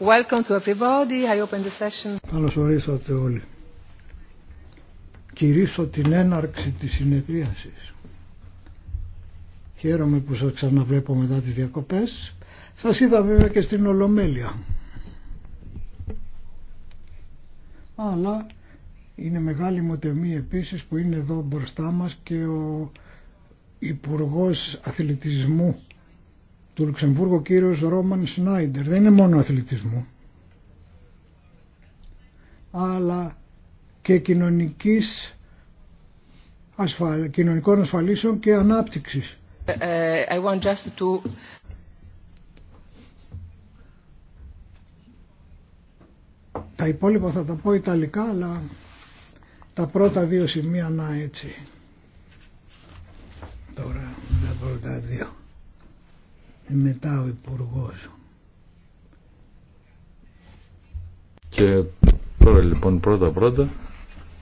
Welcome Καλώς ορίσατε όλοι. Κυρίσω την έναρξη της συνεδρίασης. Χαίρομαι που σας ξαναβλέπω μετά τις διακοπές. Σας είδα βέβαια και στην Ολομέλεια. Αλλά είναι μεγάλη μου τιμή επίσης που είναι εδώ μπροστά μας και ο Υπουργός Αθλητισμού του Λουξεμβούργου ο κύριος Ρόμαν Σνάιντερ. Δεν είναι μόνο αθλητισμού, αλλά και κοινωνικής κοινωνικών ασφαλίσεων και ανάπτυξης. Ε, ε, τα υπόλοιπα θα τα πω ιταλικά, αλλά τα πρώτα δύο σημεία να έτσι. Τώρα τα πρώτα δύο. Ε, μετά ο υπουργό. Και τώρα λοιπόν πρώτα πρώτα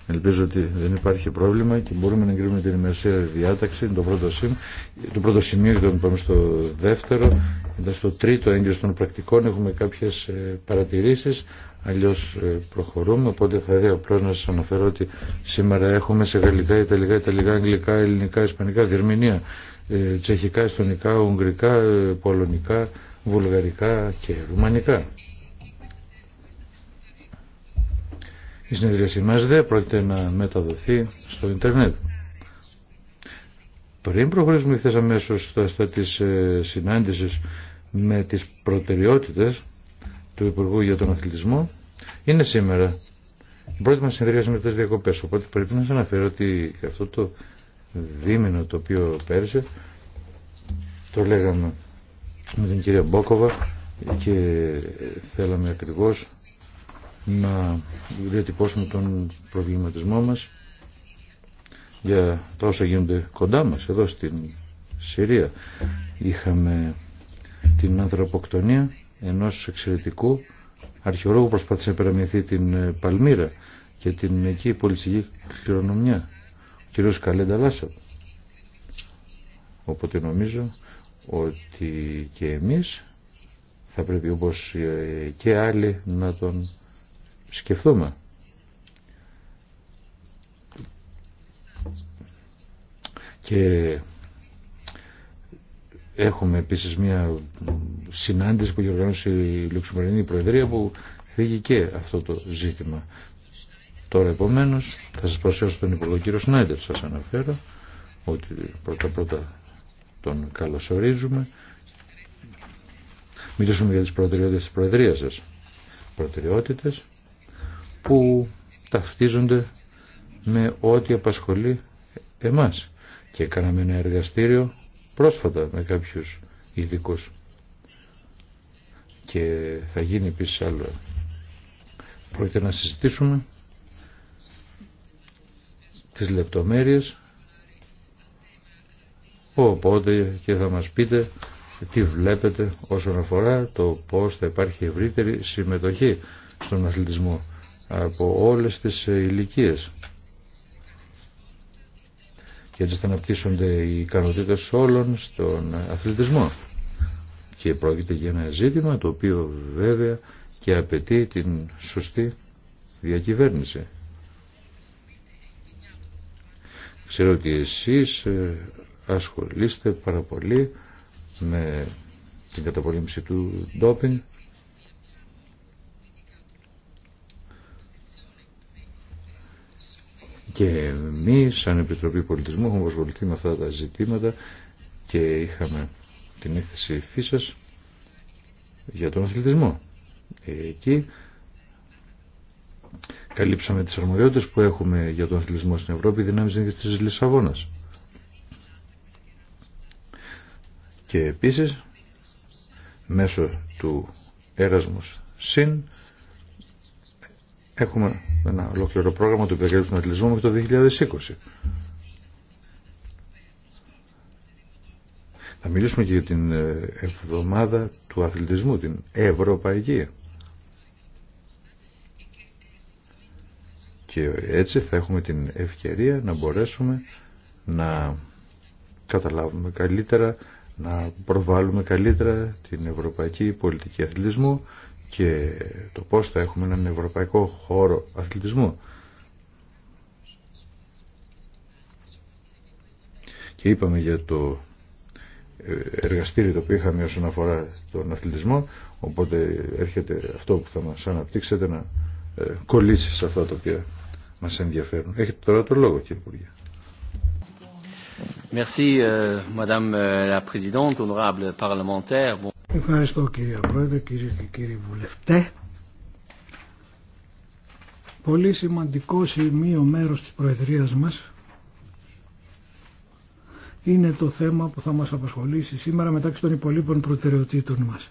ελπίζω ότι δεν υπάρχει πρόβλημα και μπορούμε να εγκρίνουμε την ημερησία διάταξη το πρώτο, το πρώτο σημείο και το πάμε στο δεύτερο ήταν στο τρίτο έγκριση των πρακτικών έχουμε κάποιες ε, παρατηρήσεις αλλιώς ε, προχωρούμε οπότε θα δει απλώς να σας αναφέρω ότι σήμερα έχουμε σε γαλλικά, ιταλικά, ιταλικά, αγγλικά, ελληνικά, ισπανικά, διερμηνία ε, τσεχικά, εστονικά, ουγγρικά, ε, πολωνικά, βουλγαρικά και ρουμανικά. Η συνεδρίαση μας δεν πρόκειται να μεταδοθεί στο ίντερνετ. Πριν προχωρήσουμε χθες αμέσως στα, στα της ε, συνάντησης με τις προτεραιότητες του Υπουργού για τον Αθλητισμό, είναι σήμερα η πρώτη μας συνεδρίαση με τις διακοπές. Οπότε πρέπει να σας αναφέρω ότι αυτό το δίμηνο το οποίο πέρασε το λέγαμε με την κυρία Μπόκοβα και θέλαμε ακριβώς να διατυπώσουμε τον προβληματισμό μας για τα όσα γίνονται κοντά μας εδώ στην Συρία είχαμε την ανθρωποκτονία ενός εξαιρετικού αρχαιολόγου προσπάθησε να την Παλμύρα και την εκεί πολιτιστική κληρονομιά κύριος Καλέντα Λάσσα. Οπότε νομίζω ότι και εμείς θα πρέπει όπως ε, και άλλοι να τον σκεφτούμε. Και έχουμε επίσης μια συνάντηση που έχει οργανώσει η Λουξεμβουργική Προεδρία που θίγει και αυτό το ζήτημα. Τώρα επομένω θα σα τον Υπουργό κύριο Σνάιντερ. Σα αναφέρω ότι πρώτα πρώτα τον καλωσορίζουμε. Μιλήσουμε για τι προτεραιότητε τη Προεδρία σα. Προτεραιότητε που ταυτίζονται με ό,τι απασχολεί εμάς και κάναμε ένα εργαστήριο πρόσφατα με κάποιους ειδικού. και θα γίνει επίση άλλο πρόκειται να συζητήσουμε τις λεπτομέρειες οπότε και θα μας πείτε τι βλέπετε όσον αφορά το πώς θα υπάρχει ευρύτερη συμμετοχή στον αθλητισμό από όλες τις ηλικίε. Και έτσι θα αναπτύσσονται οι ικανότητες όλων στον αθλητισμό. Και πρόκειται για ένα ζήτημα το οποίο βέβαια και απαιτεί την σωστή διακυβέρνηση. Ξέρω ότι εσείς ε, ασχολείστε πάρα πολύ με την καταπολέμηση του ντόπινγκ και εμεί σαν Επιτροπή Πολιτισμού έχουμε ασχοληθεί με αυτά τα ζητήματα και είχαμε την έκθεση φύσας για τον αθλητισμό. Εκεί καλύψαμε τις αρμοδιότητες που έχουμε για τον αθλητισμό στην Ευρώπη δυνάμεις συνήθως της Λισαβόνας. Και επίσης μέσω του Έρασμου ΣΥΝ έχουμε ένα ολόκληρο πρόγραμμα του υπηρεσίου του αθλητισμού μέχρι το 2020. Θα μιλήσουμε και για την ε, εβδομάδα του αθλητισμού, την ευρωπαϊκή. και έτσι θα έχουμε την ευκαιρία να μπορέσουμε να καταλάβουμε καλύτερα, να προβάλλουμε καλύτερα την ευρωπαϊκή πολιτική αθλητισμού και το πώς θα έχουμε έναν ευρωπαϊκό χώρο αθλητισμού. Και είπαμε για το ε, εργαστήριο το οποίο είχαμε όσον αφορά τον αθλητισμό, οπότε έρχεται αυτό που θα μας αναπτύξετε να ε, κολλήσει σε αυτά τα οποία μας ενδιαφέρουν. Έχετε τώρα το λόγο κύριε Υπουργέ. Euh, euh, Ευχαριστώ κύριε Πρόεδρε, κύριε και κύριοι βουλευτέ. Πολύ σημαντικό σημείο μέρος της Προεδρίας μας είναι το θέμα που θα μας απασχολήσει σήμερα μεταξύ των υπολείπων προτεραιοτήτων μας.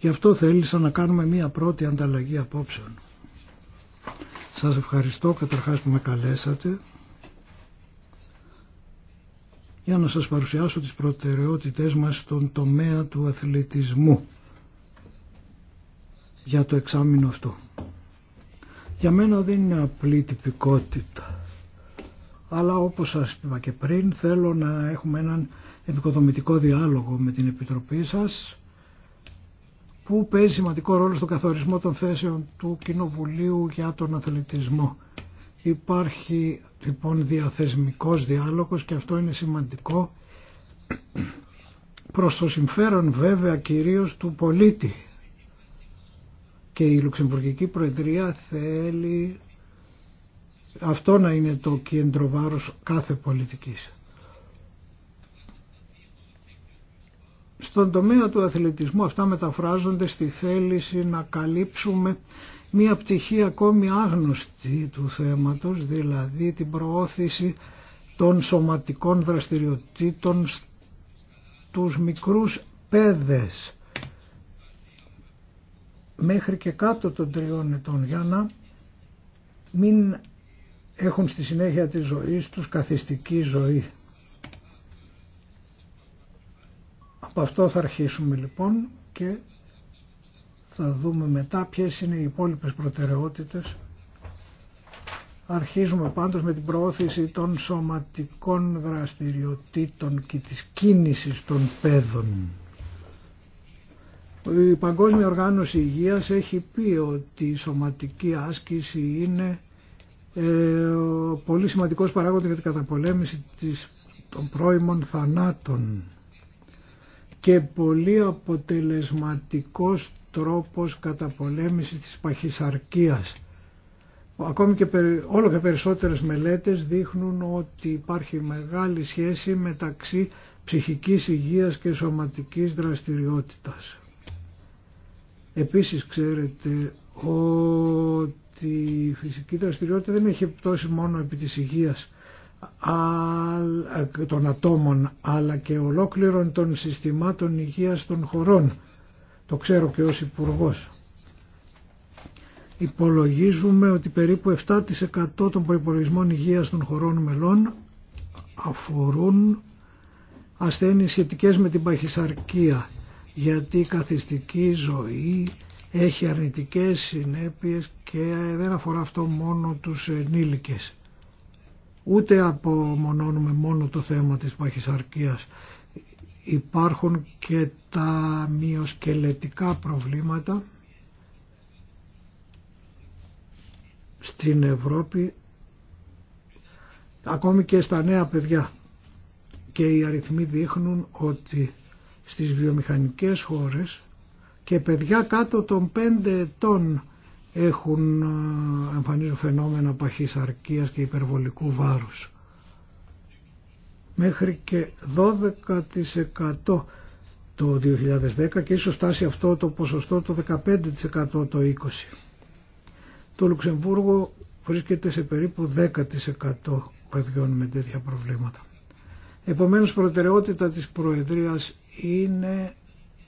Γι' αυτό θέλησα να κάνουμε μία πρώτη ανταλλαγή απόψεων. Σας ευχαριστώ καταρχάς που με καλέσατε για να σας παρουσιάσω τις προτεραιότητές μας στον τομέα του αθλητισμού για το εξάμεινο αυτό. Για μένα δεν είναι απλή τυπικότητα, αλλά όπως σας είπα και πριν θέλω να έχουμε έναν επικοδομητικό διάλογο με την Επιτροπή σας που παίζει σημαντικό ρόλο στον καθορισμό των θέσεων του Κοινοβουλίου για τον αθλητισμό. Υπάρχει λοιπόν διαθεσμικός διάλογος και αυτό είναι σημαντικό προς το συμφέρον βέβαια κυρίως του πολίτη. Και η Λουξεμβουργική Προεδρία θέλει αυτό να είναι το κέντρο βάρος κάθε πολιτικής. Στον τομέα του αθλητισμού αυτά μεταφράζονται στη θέληση να καλύψουμε μία πτυχή ακόμη άγνωστη του θέματος, δηλαδή την προώθηση των σωματικών δραστηριοτήτων στους μικρούς παιδες μέχρι και κάτω των τριών ετών για να μην έχουν στη συνέχεια της ζωής τους καθιστική ζωή. Από αυτό θα αρχίσουμε λοιπόν και θα δούμε μετά ποιες είναι οι υπόλοιπες προτεραιότητες. Αρχίζουμε πάντως με την προώθηση των σωματικών δραστηριοτήτων και της κίνησης των παιδών. Η Παγκόσμια Οργάνωση Υγείας έχει πει ότι η σωματική άσκηση είναι ε, πολύ σημαντικός παράγοντας για την καταπολέμηση της, των πρώιμων θανάτων και πολύ αποτελεσματικός τρόπος καταπολέμησης της παχυσαρκίας. Ακόμη και όλο και περισσότερες μελέτες δείχνουν ότι υπάρχει μεγάλη σχέση μεταξύ ψυχικής υγείας και σωματικής δραστηριότητας. Επίσης ξέρετε ότι η φυσική δραστηριότητα δεν έχει πτώσει μόνο επί της υγείας ε, των ατόμων αλλά και ολόκληρων των συστημάτων υγείας των χωρών. Το ξέρω και ως υπουργό. Υπολογίζουμε ότι περίπου 7% των προϋπολογισμών υγείας των χωρών μελών αφορούν ασθένειες σχετικές με την παχυσαρκία γιατί η καθιστική ζωή έχει αρνητικές συνέπειες και δεν αφορά αυτό μόνο τους ενήλικες ούτε απομονώνουμε μόνο το θέμα της παχυσαρκίας. Υπάρχουν και τα μειοσκελετικά προβλήματα στην Ευρώπη, ακόμη και στα νέα παιδιά. Και οι αριθμοί δείχνουν ότι στις βιομηχανικές χώρες και παιδιά κάτω των 5 ετών έχουν, ε, εμφανίζουν φαινόμενα παχυσαρκίας και υπερβολικού βάρους. Μέχρι και 12% το 2010 και ίσως φτάσει αυτό το ποσοστό το 15% το 20%. Το Λουξεμβούργο βρίσκεται σε περίπου 10% παιδιών με τέτοια προβλήματα. Επομένως προτεραιότητα της Προεδρίας είναι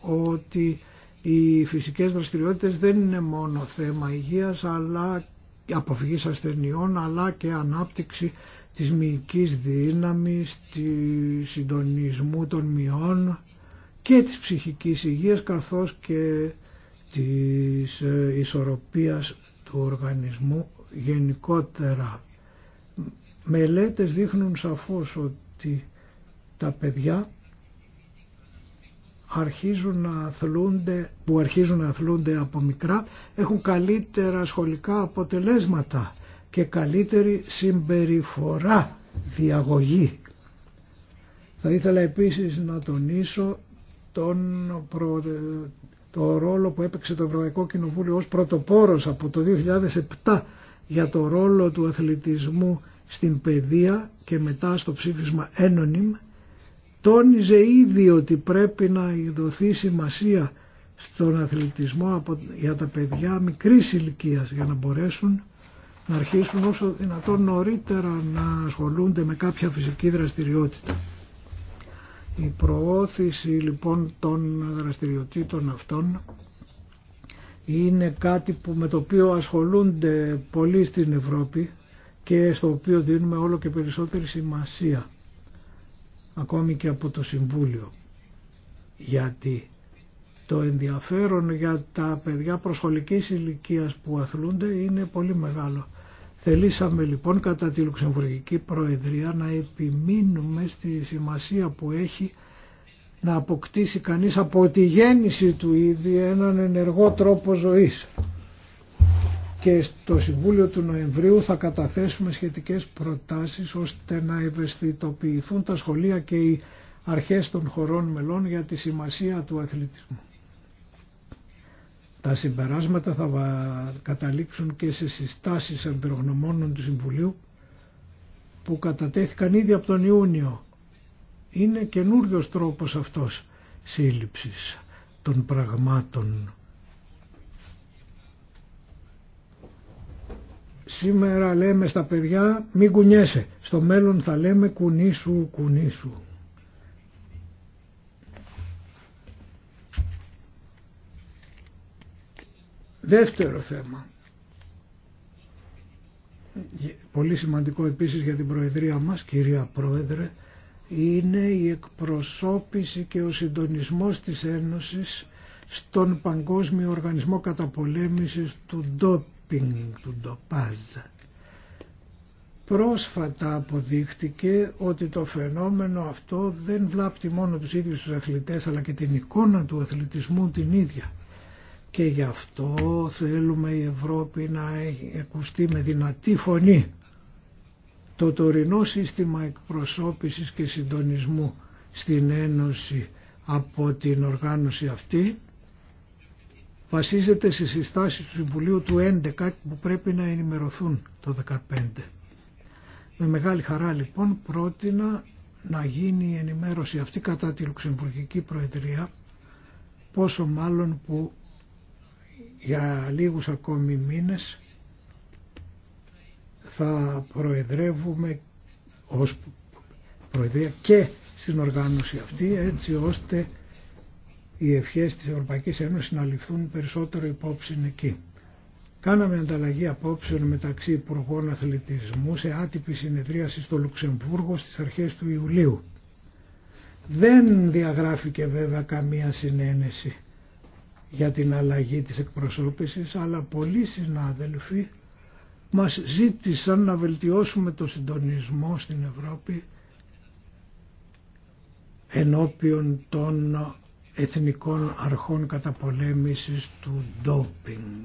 ότι οι φυσικές δραστηριότητες δεν είναι μόνο θέμα υγείας αλλά αποφυγής ασθενειών αλλά και ανάπτυξη της μυϊκής δύναμης, τη συντονισμού των μειών και της ψυχικής υγείας καθώς και της ε, ισορροπίας του οργανισμού γενικότερα. Μελέτες δείχνουν σαφώς ότι τα παιδιά αρχίζουν να αθλούνται, που αρχίζουν να αθλούνται από μικρά έχουν καλύτερα σχολικά αποτελέσματα και καλύτερη συμπεριφορά διαγωγή. Θα ήθελα επίσης να τονίσω τον το ρόλο που έπαιξε το Ευρωπαϊκό Κοινοβούλιο ως πρωτοπόρος από το 2007 για το ρόλο του αθλητισμού στην παιδεία και μετά στο ψήφισμα ένωνυμ τόνιζε ήδη ότι πρέπει να δοθεί σημασία στον αθλητισμό για τα παιδιά μικρής ηλικίας για να μπορέσουν να αρχίσουν όσο δυνατόν νωρίτερα να ασχολούνται με κάποια φυσική δραστηριότητα. Η προώθηση λοιπόν των δραστηριοτήτων αυτών είναι κάτι που, με το οποίο ασχολούνται πολλοί στην Ευρώπη και στο οποίο δίνουμε όλο και περισσότερη σημασία ακόμη και από το Συμβούλιο γιατί το ενδιαφέρον για τα παιδιά προσχολικής ηλικίας που αθλούνται είναι πολύ μεγάλο. Θελήσαμε λοιπόν κατά τη Λουξεμβουργική Προεδρία να επιμείνουμε στη σημασία που έχει να αποκτήσει κανείς από τη γέννηση του ήδη έναν ενεργό τρόπο ζωής και στο Συμβούλιο του Νοεμβρίου θα καταθέσουμε σχετικές προτάσεις ώστε να ευαισθητοποιηθούν τα σχολεία και οι αρχές των χωρών μελών για τη σημασία του αθλητισμού. Τα συμπεράσματα θα καταλήξουν και σε συστάσεις εμπειρογνωμόνων του Συμβουλίου που κατατέθηκαν ήδη από τον Ιούνιο. Είναι καινούριο τρόπος αυτός σύλληψης των πραγμάτων Σήμερα λέμε στα παιδιά μην κουνιέσαι. Στο μέλλον θα λέμε κουνήσου, κουνήσου. Δεύτερο θέμα. Πολύ σημαντικό επίσης για την Προεδρία μας, κυρία Πρόεδρε, είναι η εκπροσώπηση και ο συντονισμός της Ένωσης στον Παγκόσμιο Οργανισμό Καταπολέμησης του του ντοπάζ. Πρόσφατα αποδείχτηκε ότι το φαινόμενο αυτό δεν βλάπτει μόνο τους ίδιους τους αθλητές αλλά και την εικόνα του αθλητισμού την ίδια. Και γι' αυτό θέλουμε η Ευρώπη να ακουστεί με δυνατή φωνή. Το τωρινό σύστημα εκπροσώπησης και συντονισμού στην Ένωση από την οργάνωση αυτή βασίζεται στις συστάσεις του Συμβουλίου του 11 που πρέπει να ενημερωθούν το 15. Με μεγάλη χαρά λοιπόν πρότεινα να γίνει η ενημέρωση αυτή κατά τη Λουξεμβουργική Προεδρία πόσο μάλλον που για λίγους ακόμη μήνες θα προεδρεύουμε ως προεδρία και στην οργάνωση αυτή έτσι ώστε οι ευχές της Ευρωπαϊκής Ένωσης να ληφθούν περισσότερο υπόψη εκεί. Κάναμε ανταλλαγή απόψεων μεταξύ Υπουργών Αθλητισμού σε άτυπη συνεδρίαση στο Λουξεμβούργο στις αρχές του Ιουλίου. Δεν διαγράφηκε βέβαια καμία συνένεση για την αλλαγή της εκπροσώπησης, αλλά πολλοί συνάδελφοι μας ζήτησαν να βελτιώσουμε το συντονισμό στην Ευρώπη ενώπιον των εθνικών αρχών καταπολέμησης του ντόπινγκ.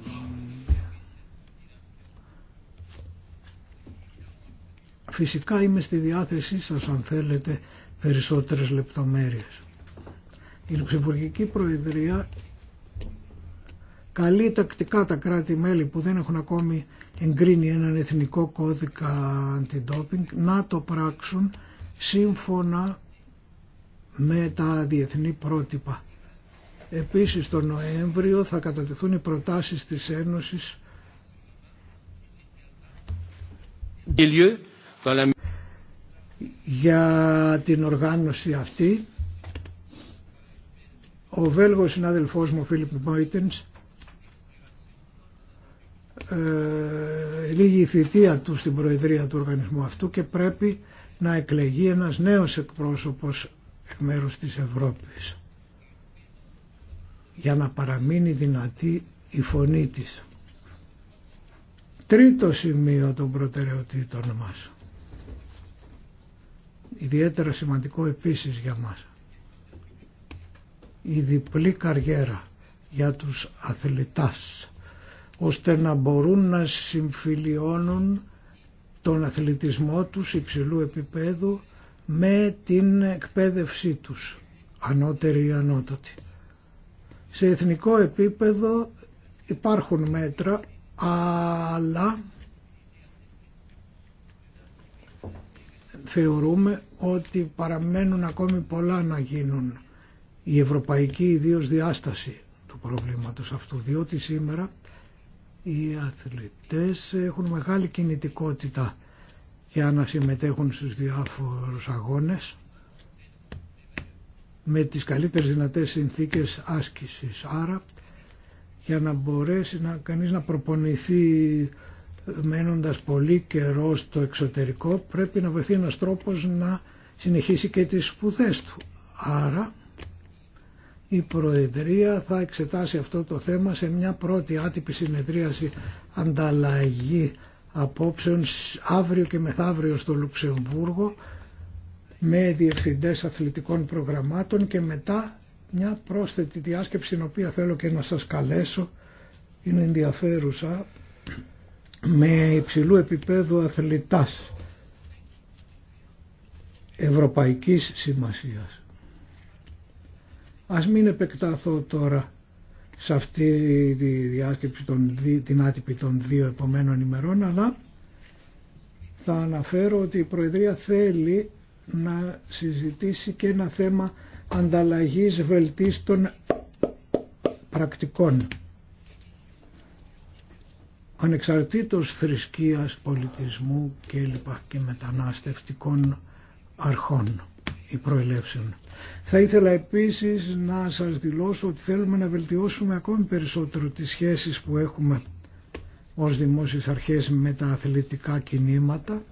Φυσικά είμαι στη διάθεσή σας αν θέλετε περισσότερες λεπτομέρειες. Η Λουξεμβουργική Προεδρία καλεί τακτικά τα κράτη-μέλη που δεν έχουν ακόμη εγκρίνει έναν εθνικό κώδικα αντιντόπινγκ να το πράξουν σύμφωνα με τα διεθνή πρότυπα. Επίσης τον Νοέμβριο θα κατατεθούν οι προτάσεις της Ένωσης για την οργάνωση αυτή. Ο Βέλγος συνάδελφός μου Φίλιπ Μόιτενς ε, λύγει λίγη η θητεία του στην Προεδρία του οργανισμού αυτού και πρέπει να εκλεγεί ένας νέος εκπρόσωπος εκ μέρους της Ευρώπης για να παραμείνει δυνατή η φωνή της. Τρίτο σημείο των προτεραιοτήτων μας. Ιδιαίτερα σημαντικό επίσης για μας. Η διπλή καριέρα για τους αθλητάς ώστε να μπορούν να συμφιλιώνουν τον αθλητισμό τους υψηλού επίπεδου με την εκπαίδευσή τους, ανώτερη ή ανώτατη. Σε εθνικό επίπεδο υπάρχουν μέτρα, αλλά θεωρούμε ότι παραμένουν ακόμη πολλά να γίνουν. Η ευρωπαϊκή ιδίως να γινουν η ευρωπαικη ιδίω διασταση του προβλήματος αυτού, διότι σήμερα οι αθλητές έχουν μεγάλη κινητικότητα για να συμμετέχουν στους διάφορους αγώνες με τις καλύτερες δυνατές συνθήκες άσκησης. Άρα για να μπορέσει να, κανείς να προπονηθεί μένοντας πολύ καιρό στο εξωτερικό πρέπει να βρεθεί ένας τρόπος να συνεχίσει και τις σπουδές του. Άρα η Προεδρία θα εξετάσει αυτό το θέμα σε μια πρώτη άτυπη συνεδρίαση ανταλλαγή απόψεων αύριο και μεθαύριο στο Λουξεμβούργο με διευθυντές αθλητικών προγραμμάτων και μετά μια πρόσθετη διάσκεψη την οποία θέλω και να σας καλέσω είναι ενδιαφέρουσα με υψηλού επίπεδου αθλητάς ευρωπαϊκής σημασίας. Ας μην επεκταθώ τώρα σε αυτή τη διάσκεψη των, την άτυπη των δύο επομένων ημερών αλλά θα αναφέρω ότι η Προεδρία θέλει να συζητήσει και ένα θέμα ανταλλαγής βελτίστων πρακτικών ανεξαρτήτως θρησκείας, πολιτισμού και λοιπά και μεταναστευτικών αρχών οι προελεύσεων. Θα ήθελα επίσης να σας δηλώσω ότι θέλουμε να βελτιώσουμε ακόμη περισσότερο τις σχέσεις που έχουμε ως δημόσιες αρχές με τα αθλητικά κινήματα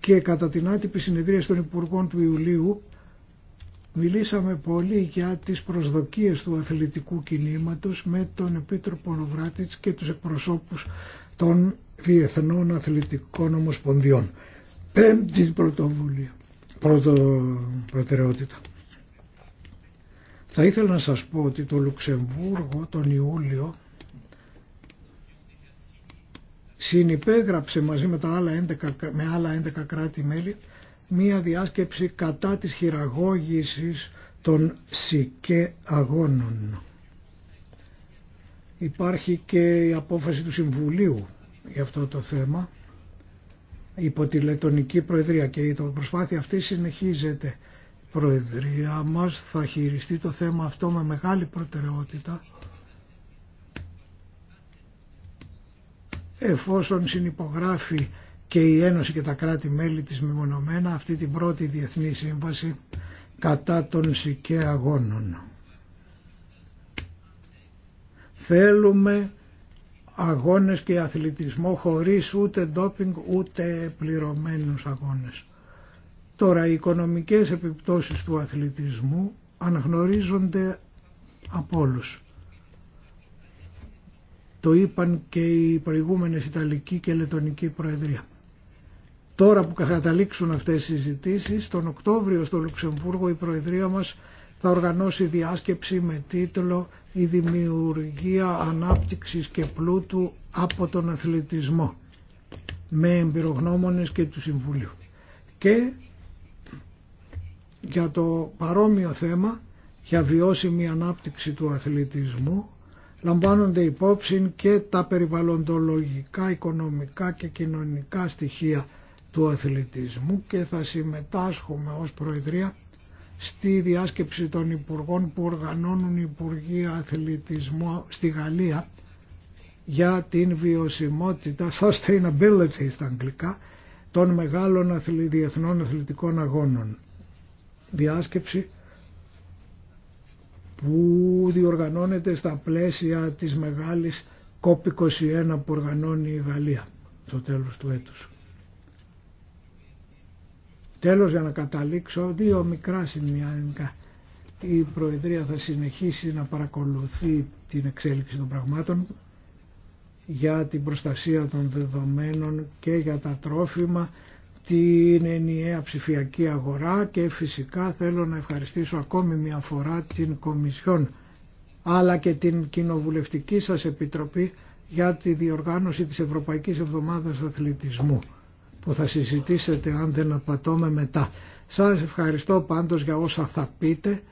και κατά την άτυπη συνεδρία των Υπουργών του Ιουλίου μιλήσαμε πολύ για τις προσδοκίες του αθλητικού κινήματος με τον Επίτροπο Νοβράτητς και τους εκπροσώπους των Διεθνών Αθλητικών Ομοσπονδιών. Πέμπτη πρωτοβουλία. Πρώτο προτεραιότητα. Θα ήθελα να σας πω ότι το Λουξεμβούργο τον Ιούλιο συνυπέγραψε μαζί με, τα άλλα 11, με άλλα 11 κράτη-μέλη μία διάσκεψη κατά της χειραγώγησης των ΣΥΚΕ αγώνων. Υπάρχει και η απόφαση του Συμβουλίου για αυτό το θέμα υπό τη Λετωνική Προεδρία και η προσπάθεια αυτή συνεχίζεται. Η Προεδρία μας θα χειριστεί το θέμα αυτό με μεγάλη προτεραιότητα εφόσον συνυπογράφει και η Ένωση και τα κράτη-μέλη της μεμονωμένα αυτή την πρώτη διεθνή σύμβαση κατά των ΣΥΚΕ αγώνων. Θέλουμε αγώνες και αθλητισμό χωρίς ούτε ντόπινγκ ούτε πληρωμένους αγώνες. Τώρα οι οικονομικές επιπτώσεις του αθλητισμού αναγνωρίζονται από όλους. Το είπαν και οι προηγούμενες Ιταλική και Λετωνική Προεδρία. Τώρα που καταλήξουν αυτές οι συζητήσεις, τον Οκτώβριο στο Λουξεμβούργο η Προεδρία μας θα οργανώσει διάσκεψη με τίτλο η δημιουργία ανάπτυξης και πλούτου από τον αθλητισμό με εμπειρογνώμονες και του Συμβουλίου. Και για το παρόμοιο θέμα, για βιώσιμη ανάπτυξη του αθλητισμού, λαμβάνονται υπόψη και τα περιβαλλοντολογικά, οικονομικά και κοινωνικά στοιχεία του αθλητισμού και θα συμμετάσχουμε ως Προεδρία στη διάσκεψη των Υπουργών που οργανώνουν Υπουργοί Αθλητισμού στη Γαλλία για την βιωσιμότητα, sustainability στα αγγλικά, των μεγάλων αθλη, διεθνών αθλητικών αγώνων. Διάσκεψη που διοργανώνεται στα πλαίσια της μεγάλης COP21 που οργανώνει η Γαλλία στο τέλος του έτους. Τέλος για να καταλήξω δύο μικρά σημεία. Η Προεδρία θα συνεχίσει να παρακολουθεί την εξέλιξη των πραγμάτων για την προστασία των δεδομένων και για τα τρόφιμα, την ενιαία ψηφιακή αγορά και φυσικά θέλω να ευχαριστήσω ακόμη μια φορά την Κομισιόν αλλά και την Κοινοβουλευτική σας Επιτροπή για τη διοργάνωση της Ευρωπαϊκής Εβδομάδας Αθλητισμού που θα συζητήσετε αν δεν απατώμε μετά. Σας ευχαριστώ πάντως για όσα θα πείτε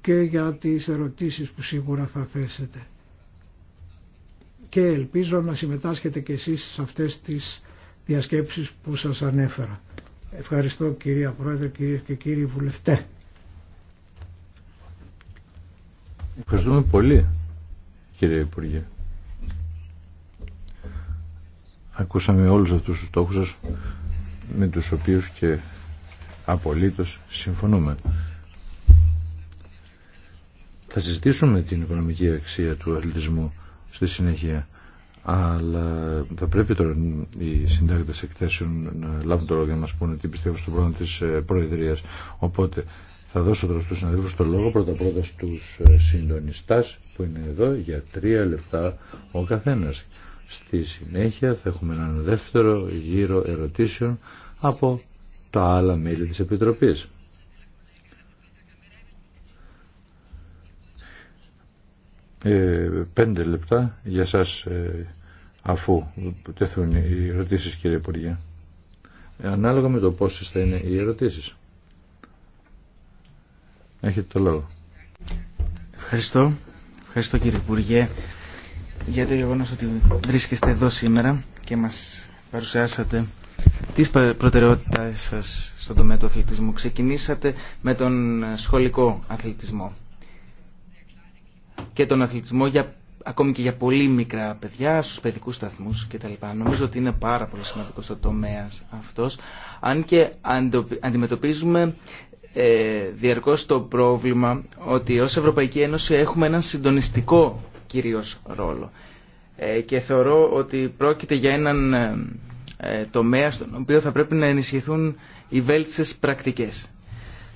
και για τις ερωτήσεις που σίγουρα θα θέσετε. Και ελπίζω να συμμετάσχετε και εσείς σε αυτές τις διασκέψεις που σας ανέφερα. Ευχαριστώ κυρία Πρόεδρε, κυρίες και κύριοι βουλευτέ. Ευχαριστούμε πολύ κύριε Υπουργέ. Ακούσαμε όλους αυτούς τους στόχους σας με τους οποίους και απολύτως συμφωνούμε. Θα συζητήσουμε την οικονομική αξία του αθλητισμού στη συνέχεια αλλά θα πρέπει τώρα οι συντάκτες εκθέσεων να λάβουν το λόγο να μας πούνε τι πιστεύω στον πρόγραμμα της ε, Προεδρίας. Οπότε θα δώσω τώρα στους συναδέλφους το λόγο πρώτα πρώτα στους ε, συντονιστάς που είναι εδώ για τρία λεπτά ο καθένας. Στη συνέχεια θα έχουμε έναν δεύτερο γύρο ερωτήσεων από τα άλλα μέλη της Επιτροπής. Ε, πέντε λεπτά για σας ε, αφού τεθούν οι ερωτήσεις κύριε Υπουργέ. Ανάλογα με το πόσες θα είναι οι ερωτήσεις. Έχετε το λόγο. Ευχαριστώ. Ευχαριστώ κύριε Υπουργέ για το γεγονός ότι βρίσκεστε εδώ σήμερα και μας παρουσιάσατε τις προτεραιότητες σας στον τομέα του αθλητισμού. Ξεκινήσατε με τον ε, σχολικό αθλητισμό και τον αθλητισμό για, ακόμη και για πολύ μικρά παιδιά, στους παιδικούς σταθμούς κτλ. Νομίζω ότι είναι πάρα πολύ σημαντικό στο τομέα αυτός, αν και αντιμετωπίζουμε ε, διαρκώς το πρόβλημα ότι ως Ευρωπαϊκή Ένωση έχουμε έναν συντονιστικό κυρίως ρόλο. Ε, και θεωρώ ότι πρόκειται για έναν ε, ε, τομέα στον οποίο θα πρέπει να ενισχυθούν οι βέλτιστες πρακτικές.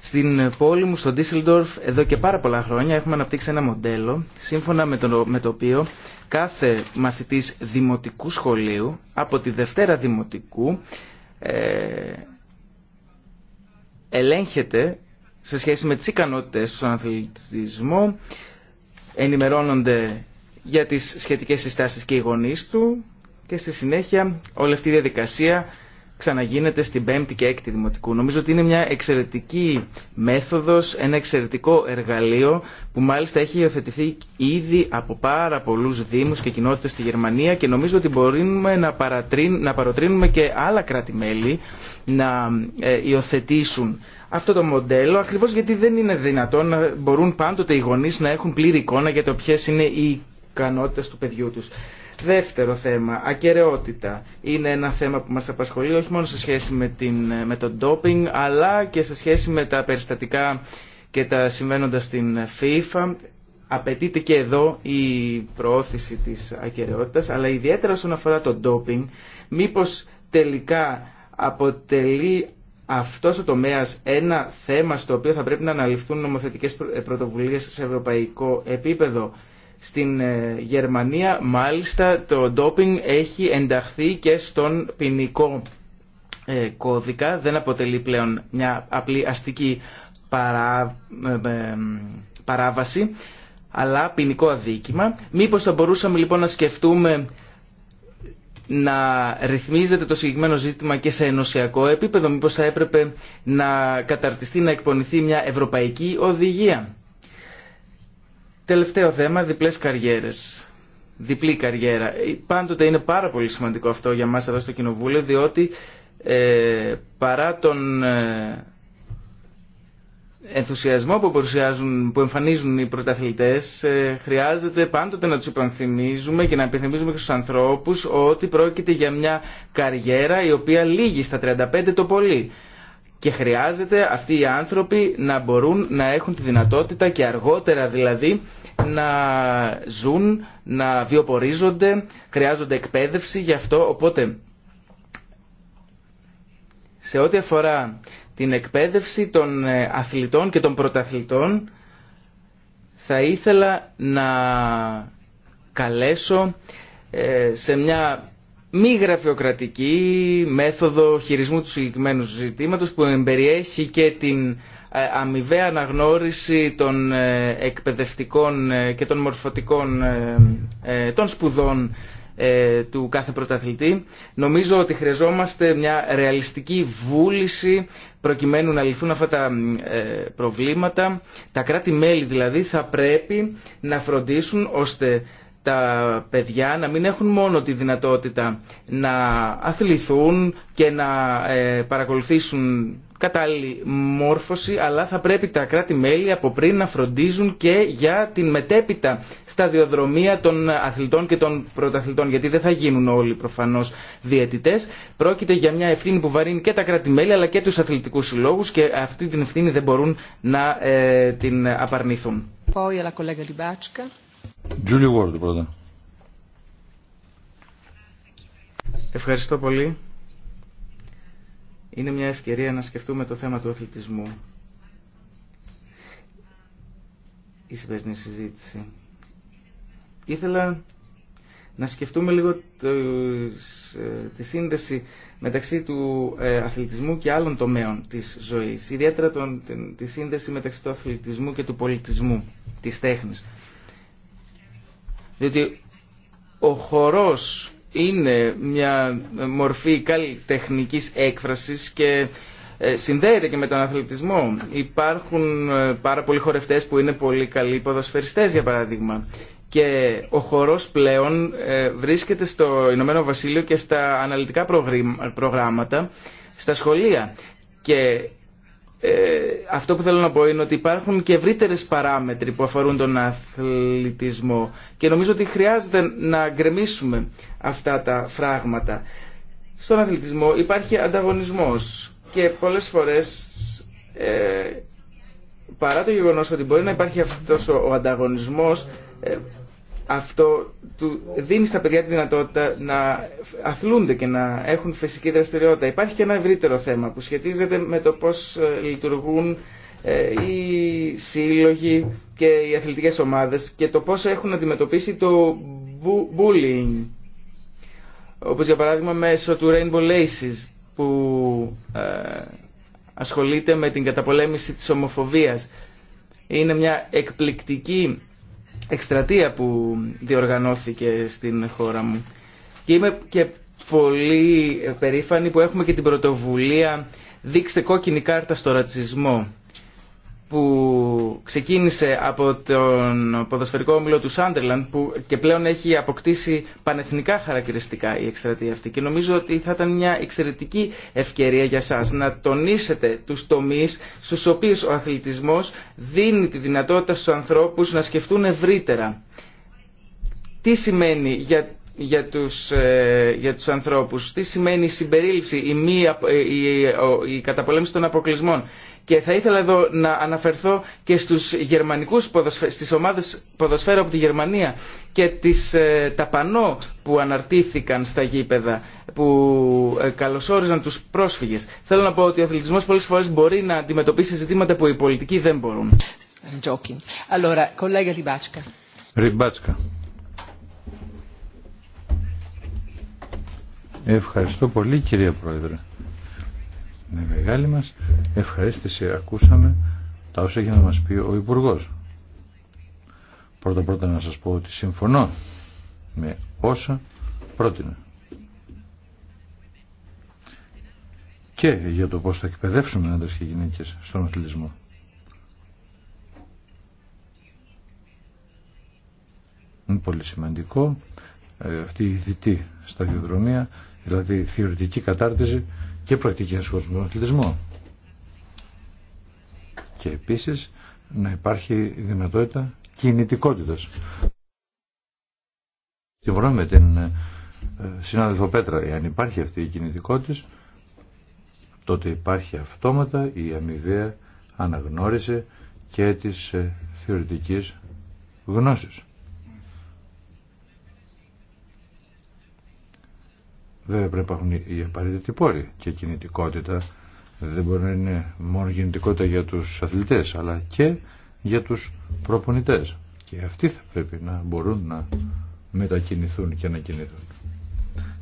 Στην πόλη μου, στο Ντίσσελντορφ, εδώ και πάρα πολλά χρόνια έχουμε αναπτύξει ένα μοντέλο σύμφωνα με το, με το οποίο κάθε μαθητής δημοτικού σχολείου από τη Δευτέρα Δημοτικού ε, ελέγχεται σε σχέση με τις ικανότητες στον αθλητισμό, ενημερώνονται για τις σχετικές συστάσεις και οι γονείς του και στη συνέχεια όλη αυτή η διαδικασία ξαναγίνεται στην 5η και 6η Δημοτικού. Νομίζω ότι είναι μια εξαιρετική μέθοδος, ένα εξαιρετικό εργαλείο που μάλιστα έχει υιοθετηθεί ήδη από πάρα πολλούς δήμους και κοινότητες στη Γερμανία και νομίζω ότι μπορούμε να, παρατρύν, παροτρύνουμε και άλλα κράτη-μέλη να ε, υιοθετήσουν αυτό το μοντέλο ακριβώς γιατί δεν είναι δυνατόν να μπορούν πάντοτε οι γονείς να έχουν πλήρη εικόνα για το ποιε είναι οι κανότες του παιδιού τους. Δεύτερο θέμα, ακαιρεότητα. Είναι ένα θέμα που μας απασχολεί όχι μόνο σε σχέση με, την, με τον ντόπινγκ αλλά και σε σχέση με τα περιστατικά και τα συμβαίνοντα στην FIFA. Απαιτείται και εδώ η προώθηση της ακαιρεότητα, αλλά ιδιαίτερα όσον αφορά το ντόπινγκ μήπως τελικά αποτελεί αυτό ο τομέας ένα θέμα στο οποίο θα πρέπει να αναλυφθούν νομοθετικές ε, πρωτοβουλίες σε ευρωπαϊκό επίπεδο στην ε, Γερμανία μάλιστα το ντόπινγκ έχει ενταχθεί και στον ποινικό ε, κώδικα, δεν αποτελεί πλέον μια απλή αστική ε, παράβαση αλλά ποινικό αδίκημα. Μήπως θα μπορούσαμε λοιπόν να σκεφτούμε να ρυθμίζεται το συγκεκριμένο ζήτημα και σε ενωσιακό επίπεδο, μήπως θα έπρεπε να καταρτιστεί, να εκπονηθεί μια ευρωπαϊκή οδηγία. Τελευταίο θέμα, διπλές καριέρες. Διπλή καριέρα. Ε, πάντοτε είναι πάρα πολύ σημαντικό αυτό για μας εδώ στο Κοινοβούλιο, διότι ε, παρά τον ε, ενθουσιασμό που, που εμφανίζουν οι πρωταθλητές, ε, χρειάζεται πάντοτε να τους υπενθυμίζουμε και να επιθυμίζουμε και στους ανθρώπους ότι πρόκειται για μια καριέρα η οποία λύγει στα 35 το πολύ. Και χρειάζεται αυτοί οι άνθρωποι να μπορούν να έχουν τη δυνατότητα και αργότερα δηλαδή να ζουν, να βιοπορίζονται, χρειάζονται εκπαίδευση γι' αυτό. Οπότε, σε ό,τι αφορά την εκπαίδευση των ε, αθλητών και των πρωταθλητών, θα ήθελα να καλέσω ε, σε μια μη γραφειοκρατική μέθοδο χειρισμού του συγκεκριμένου ζητήματος που εμπεριέχει και την ε, αμοιβαία αναγνώριση των ε, εκπαιδευτικών ε, και των μορφωτικών των σπουδών του κάθε πρωταθλητή. Νομίζω ότι χρειαζόμαστε μια ρεαλιστική βούληση προκειμένου να λυθούν αυτά τα προβλήματα. Τα κράτη-μέλη δηλαδή θα πρέπει να φροντίσουν ώστε τα παιδιά να μην έχουν μόνο τη δυνατότητα να αθληθούν και να ε, παρακολουθήσουν κατάλληλη μόρφωση, αλλά θα πρέπει τα κράτη-μέλη από πριν να φροντίζουν και για την μετέπειτα σταδιοδρομία των αθλητών και των πρωταθλητών, γιατί δεν θα γίνουν όλοι προφανώς διαιτητές. Πρόκειται για μια ευθύνη που βαρύνει και τα κράτη-μέλη, αλλά και τους αθλητικούς συλλόγους και αυτή την ευθύνη δεν μπορούν να ε, την απαρνηθούν. Julie Ward Ευχαριστώ πολύ. Είναι μια ευκαιρία να σκεφτούμε το θέμα του αθλητισμού. Η σημερινή συζήτηση. Ήθελα να σκεφτούμε λίγο ε, τη σύνδεση μεταξύ του ε, αθλητισμού και άλλων τομέων της ζωής. Ιδιαίτερα τη σύνδεση μεταξύ του αθλητισμού και του πολιτισμού, της τέχνης διότι ο χορός είναι μια μορφή καλλιτεχνικής έκφρασης και ε, συνδέεται και με τον αθλητισμό. Υπάρχουν ε, πάρα πολλοί χορευτές που είναι πολύ καλοί ποδοσφαιριστές για παράδειγμα. Και ο χορός πλέον ε, βρίσκεται στο Ηνωμένο Βασίλειο και στα αναλυτικά προγράμματα, στα σχολεία. Και ε, αυτό που θέλω να πω είναι ότι υπάρχουν και ευρύτερε παράμετροι που αφορούν τον αθλητισμό και νομίζω ότι χρειάζεται να γκρεμίσουμε αυτά τα φράγματα. Στον αθλητισμό υπάρχει ανταγωνισμός και πολλές φορές ε, παρά το γεγονός ότι μπορεί να υπάρχει αυτός ο ανταγωνισμός ε, αυτό του δίνει στα παιδιά τη δυνατότητα να αθλούνται και να έχουν φυσική δραστηριότητα. Υπάρχει και ένα ευρύτερο θέμα που σχετίζεται με το πώς ε, λειτουργούν ε, οι σύλλογοι και οι αθλητικές ομάδες και το πώς έχουν αντιμετωπίσει το bullying. Όπως για παράδειγμα μέσω του Rainbow Laces που ε, ασχολείται με την καταπολέμηση της ομοφοβίας. Είναι μια εκπληκτική εκστρατεία που διοργανώθηκε στην χώρα μου. Και είμαι και πολύ περήφανη που έχουμε και την πρωτοβουλία «Δείξτε κόκκινη κάρτα στο ρατσισμό» που ξεκίνησε από τον ποδοσφαιρικό όμιλο του Σάντερλαντ που και πλέον έχει αποκτήσει πανεθνικά χαρακτηριστικά η εκστρατεία αυτή και νομίζω ότι θα ήταν μια εξαιρετική ευκαιρία για σας να τονίσετε τους τομείς στους οποίους ο αθλητισμός δίνει τη δυνατότητα στους ανθρώπους να σκεφτούν ευρύτερα. Τι σημαίνει για για τους, ε, για τους ανθρώπους. Τι σημαίνει η συμπερίληψη, η, ε, η, ε, η, καταπολέμηση των αποκλεισμών. Και θα ήθελα εδώ να αναφερθώ και στους γερμανικούς ποδοσφαι... στις ομάδες ποδοσφαίρου από τη Γερμανία και τις, ε, τα πανό που αναρτήθηκαν στα γήπεδα που ε, καλωσόριζαν τους πρόσφυγες. Θέλω να πω ότι ο αθλητισμός πολλές φορές μπορεί να αντιμετωπίσει ζητήματα που οι πολιτικοί δεν μπορούν. Ευχαριστώ πολύ κύριε Πρόεδρε με ναι, μεγάλη μας ευχαρίστηση ακούσαμε τα όσα έχει να μας πει ο Υπουργός. Πρώτα πρώτα να σας πω ότι συμφωνώ με όσα πρότεινα. Και για το πώς θα εκπαιδεύσουμε άντρες και γυναίκες στον αθλητισμό. Είναι πολύ σημαντικό ε, αυτή η δυτή σταδιοδρομία, δηλαδή θεωρητική κατάρτιση και πρακτική ασχόληση με τον Και επίσης να υπάρχει δυνατότητα κινητικότητας. Συμφωνώ με την ε, συνάδελφο Πέτρα, αν υπάρχει αυτή η κινητικότητα, τότε υπάρχει αυτόματα η αμοιβαία αναγνώριση και της ε, θεωρητικής γνώσης. Βέβαια πρέπει να υπάρχουν οι απαραίτητοι πόροι και κινητικότητα δεν μπορεί να είναι μόνο κινητικότητα για τους αθλητές αλλά και για τους προπονητές. Και αυτοί θα πρέπει να μπορούν να μετακινηθούν και να κινηθούν.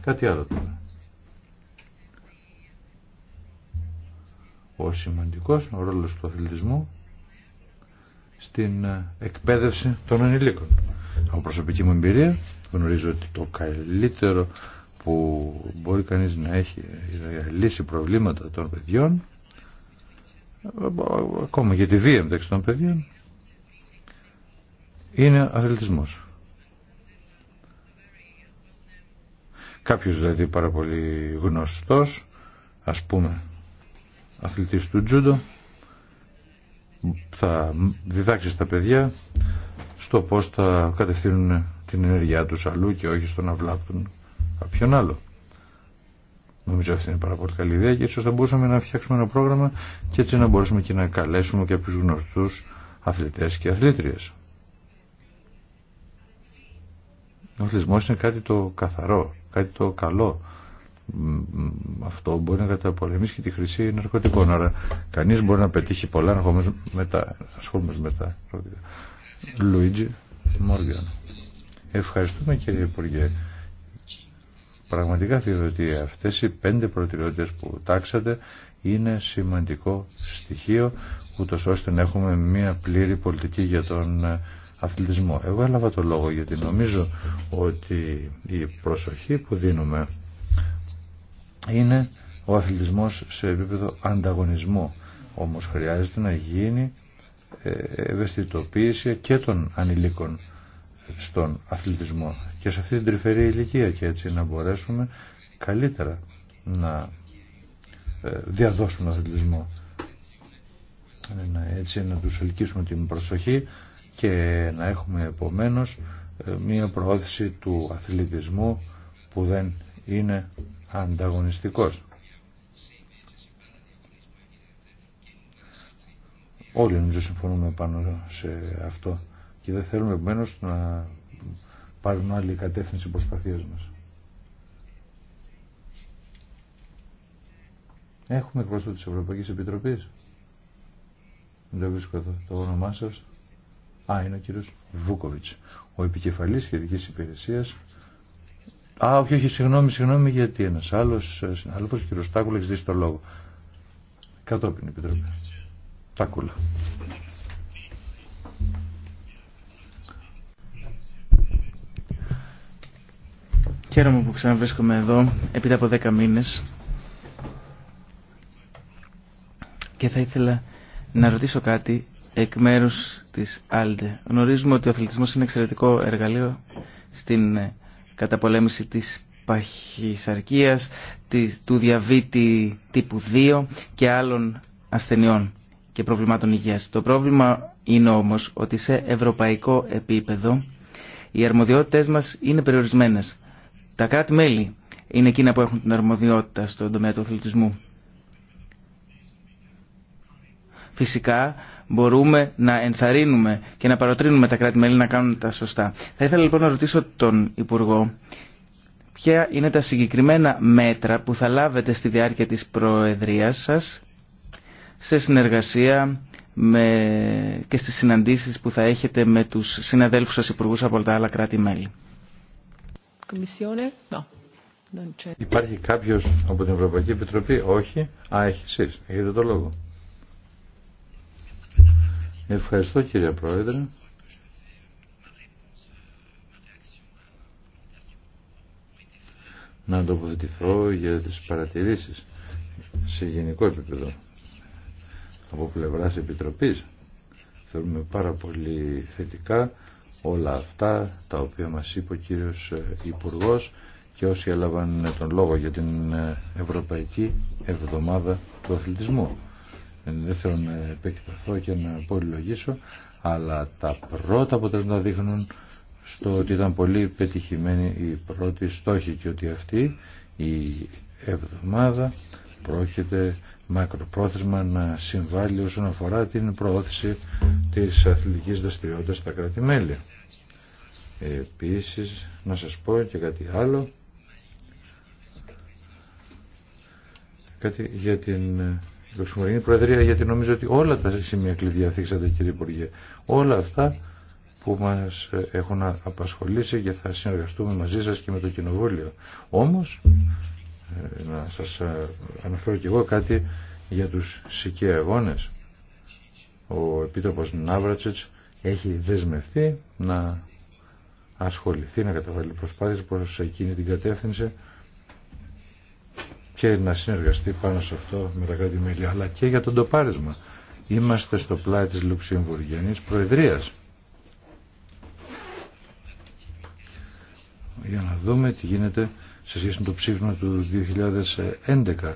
Κάτι άλλο τώρα. Ο σημαντικός ο ρόλος του αθλητισμού στην εκπαίδευση των ανηλίκων. Από προσωπική μου εμπειρία γνωρίζω ότι το καλύτερο που μπορεί κανείς να έχει λύσει προβλήματα των παιδιών ακόμα για τη βία μεταξύ των παιδιών είναι αθλητισμός. Κάποιος δηλαδή πάρα πολύ γνωστός ας πούμε αθλητής του τζούντο θα διδάξει στα παιδιά στο πώς θα κατευθύνουν την ενέργειά τους αλλού και όχι στο να βλάπτουν κάποιον άλλο. Νομίζω αυτή είναι πάρα πολύ καλή ιδέα και ίσω θα μπορούσαμε να φτιάξουμε ένα πρόγραμμα και έτσι να μπορέσουμε και να καλέσουμε και από του γνωστού αθλητέ και αθλήτριε. Ο αθλητισμό είναι κάτι το καθαρό, κάτι το καλό. Αυτό μπορεί να καταπολεμήσει και τη χρήση ναρκωτικών. Άρα κανεί μπορεί να πετύχει πολλά να μετά. τα μετά. Λουίτζι Μόργαν. Ευχαριστούμε κύριε Υπουργέ. Πραγματικά θεωρώ ότι αυτές οι πέντε προτεραιότητες που τάξατε είναι σημαντικό στοιχείο ούτως ώστε να έχουμε μια πλήρη πολιτική για τον ε, αθλητισμό. Εγώ έλαβα το λόγο γιατί νομίζω ότι η προσοχή που δίνουμε είναι ο αθλητισμός σε επίπεδο ανταγωνισμού. Όμως χρειάζεται να γίνει ε, ευαισθητοποίηση και των ανηλίκων στον αθλητισμό και σε αυτή την τρυφερή ηλικία και έτσι να μπορέσουμε καλύτερα να ε, διαδώσουμε αθλητισμό. Ε, να έτσι να τους ελκύσουμε την προσοχή και να έχουμε επομένως ε, μία προώθηση του αθλητισμού που δεν είναι ανταγωνιστικός. Όλοι νομίζω συμφωνούμε πάνω σε αυτό και δεν θέλουμε επομένω να πάρουν άλλη κατεύθυνση προσπαθίες μας. Έχουμε εκπρόσωπο της Ευρωπαϊκής Επιτροπής. Δεν βρίσκω εδώ το όνομά σας. Α, είναι ο κύριος Βούκοβιτς, ο επικεφαλής σχετικής υπηρεσίας. Α, όχι, όχι, συγγνώμη, συγγνώμη, γιατί ένας άλλος, άλλος ο κύριος Τάκουλα έχει δει το λόγο. Κατόπιν, Επιτροπή. Τάκουλα. Χαίρομαι που ξαναβρίσκομαι εδώ επί από δέκα μήνες και θα ήθελα να ρωτήσω κάτι εκ μέρους της Άλντε. Γνωρίζουμε ότι ο αθλητισμός είναι εξαιρετικό εργαλείο στην ε, καταπολέμηση της παχυσαρκίας, της, του διαβήτη τύπου 2 και άλλων ασθενειών και προβλημάτων υγείας. Το πρόβλημα είναι όμως ότι σε ευρωπαϊκό επίπεδο οι αρμοδιότητες μας είναι περιορισμένες. Τα κράτη-μέλη είναι εκείνα που έχουν την αρμοδιότητα στον τομέα του αθλητισμού. Φυσικά μπορούμε να ενθαρρύνουμε και να παροτρύνουμε τα κράτη-μέλη να κάνουν τα σωστά. Θα ήθελα λοιπόν να ρωτήσω τον Υπουργό ποια είναι τα συγκεκριμένα μέτρα που θα λάβετε στη διάρκεια της Προεδρίας σας σε συνεργασία με... και στις συναντήσεις που θα έχετε με τους συναδέλφους σας υπουργούς από τα άλλα κράτη-μέλη. Υπάρχει κάποιος από την Ευρωπαϊκή Επιτροπή, όχι. Α, έχει εσείς, έχετε το λόγο. Ευχαριστώ κύριε Πρόεδρε. Να τοποθετηθώ για τις παρατηρήσεις σε γενικό επίπεδο από πλευράς Επιτροπής. Θεωρούμε πάρα πολύ θετικά όλα αυτά τα οποία μας είπε ο κύριος ε, Υπουργός και όσοι έλαβαν ε, τον λόγο για την ε, Ευρωπαϊκή Εβδομάδα του Αθλητισμού. Δεν θέλω να επεκταθώ και να πολυλογήσω, αλλά τα πρώτα να δείχνουν στο ότι ήταν πολύ πετυχημένη η πρώτη στόχη και ότι αυτή η εβδομάδα πρόκειται μακροπρόθεσμα να συμβάλλει όσον αφορά την προώθηση της αθλητικής δραστηριότητας στα κράτη-μέλη. Επίσης, να σας πω και κάτι άλλο, κάτι για την Λουξεμβουργική Προεδρία, γιατί νομίζω ότι όλα τα σημεία κλειδιά θίξατε κύριε Υπουργέ, όλα αυτά που μας έχουν απασχολήσει και θα συνεργαστούμε μαζί σας και με το Κοινοβούλιο. Όμως, ε, να σας ε, αναφέρω και εγώ κάτι για τους ΣΥΚΕ αγώνες. Ο Επίτροπος Ναύρατσετς έχει δεσμευτεί να ασχοληθεί, να καταβάλει προσπάθειες προς εκείνη την κατεύθυνση και να συνεργαστεί πάνω σε αυτό με τα κράτη μέλη, αλλά και για τον τοπάρισμα. Είμαστε στο πλάι της Λουξεμβουργιανής Προεδρίας. Για να δούμε τι γίνεται σε σχέση με το ψήφισμα του 2011 ε,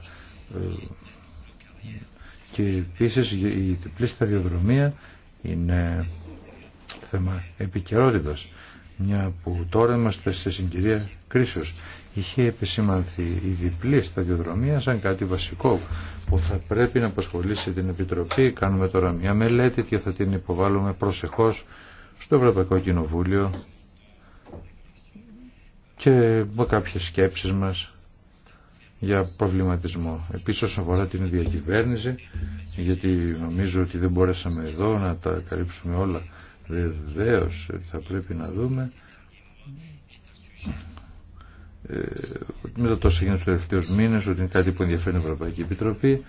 και επίση η διπλή σταδιοδρομία είναι θέμα επικαιρότητα. μια που τώρα είμαστε σε συγκυρία κρίσεω. είχε επισημανθεί η διπλή σταδιοδρομία σαν κάτι βασικό που θα πρέπει να απασχολήσει την Επιτροπή κάνουμε τώρα μια μελέτη και θα την υποβάλουμε προσεχώ στο Ευρωπαϊκό Κοινοβούλιο και με κάποιες σκέψεις μας για προβληματισμό. Επίσης όσον αφορά την διακυβέρνηση, γιατί νομίζω ότι δεν μπορέσαμε εδώ να τα καλύψουμε όλα. Βεβαίω θα πρέπει να δούμε ε, μετά τόσο έγινε στους τελευταίους μήνες ότι είναι κάτι που ενδιαφέρει η Ευρωπαϊκή Επιτροπή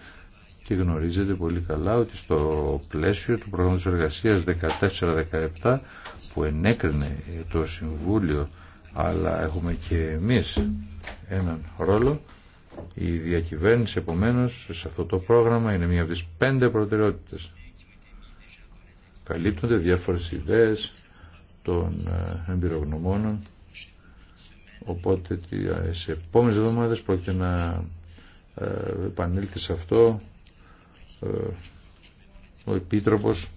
και γνωρίζετε πολύ καλά ότι στο πλαίσιο του προγράμματος εργασίας 14-17 που ενέκρινε το Συμβούλιο αλλά έχουμε και εμείς έναν ρόλο. Η διακυβέρνηση επομένως σε αυτό το πρόγραμμα είναι μία από τις πέντε προτεραιότητες. Καλύπτονται διάφορες ιδέες των ε, εμπειρογνωμόνων οπότε ε, σε επόμενες εβδομάδες πρόκειται να ε, επανέλθει σε αυτό ο Επίτροπος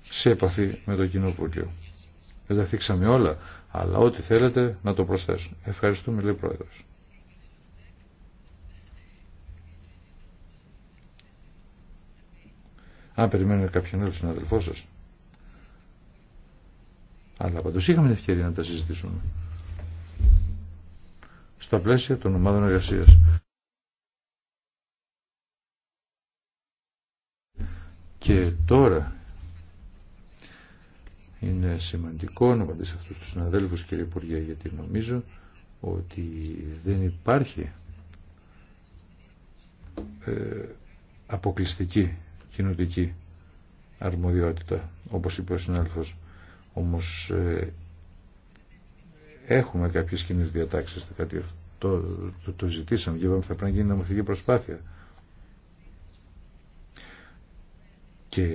σε επαφή με το Κοινοβούλιο. Δεν τα θίξαμε όλα, αλλά ό,τι θέλετε να το προσθέσουν. Ευχαριστούμε λέει πρόεδρο. Αν περιμένουμε κάποιον άλλο συναδελφό σας. Αλλά πάντως είχαμε την ευκαιρία να τα συζητήσουμε. Στα πλαίσια των ομάδων εργασία. Και τώρα είναι σημαντικό να σε αυτούς τους συναδέλφους κύριε Υπουργέ γιατί νομίζω ότι δεν υπάρχει ε, αποκλειστική κοινωτική αρμοδιότητα όπως είπε ο συνάδελφος όμως ε, έχουμε κάποιες κοινέ διατάξεις κάτι το, το, το ζητήσαμε και είπαμε θα πρέπει να γίνει νομοθετική προσπάθεια και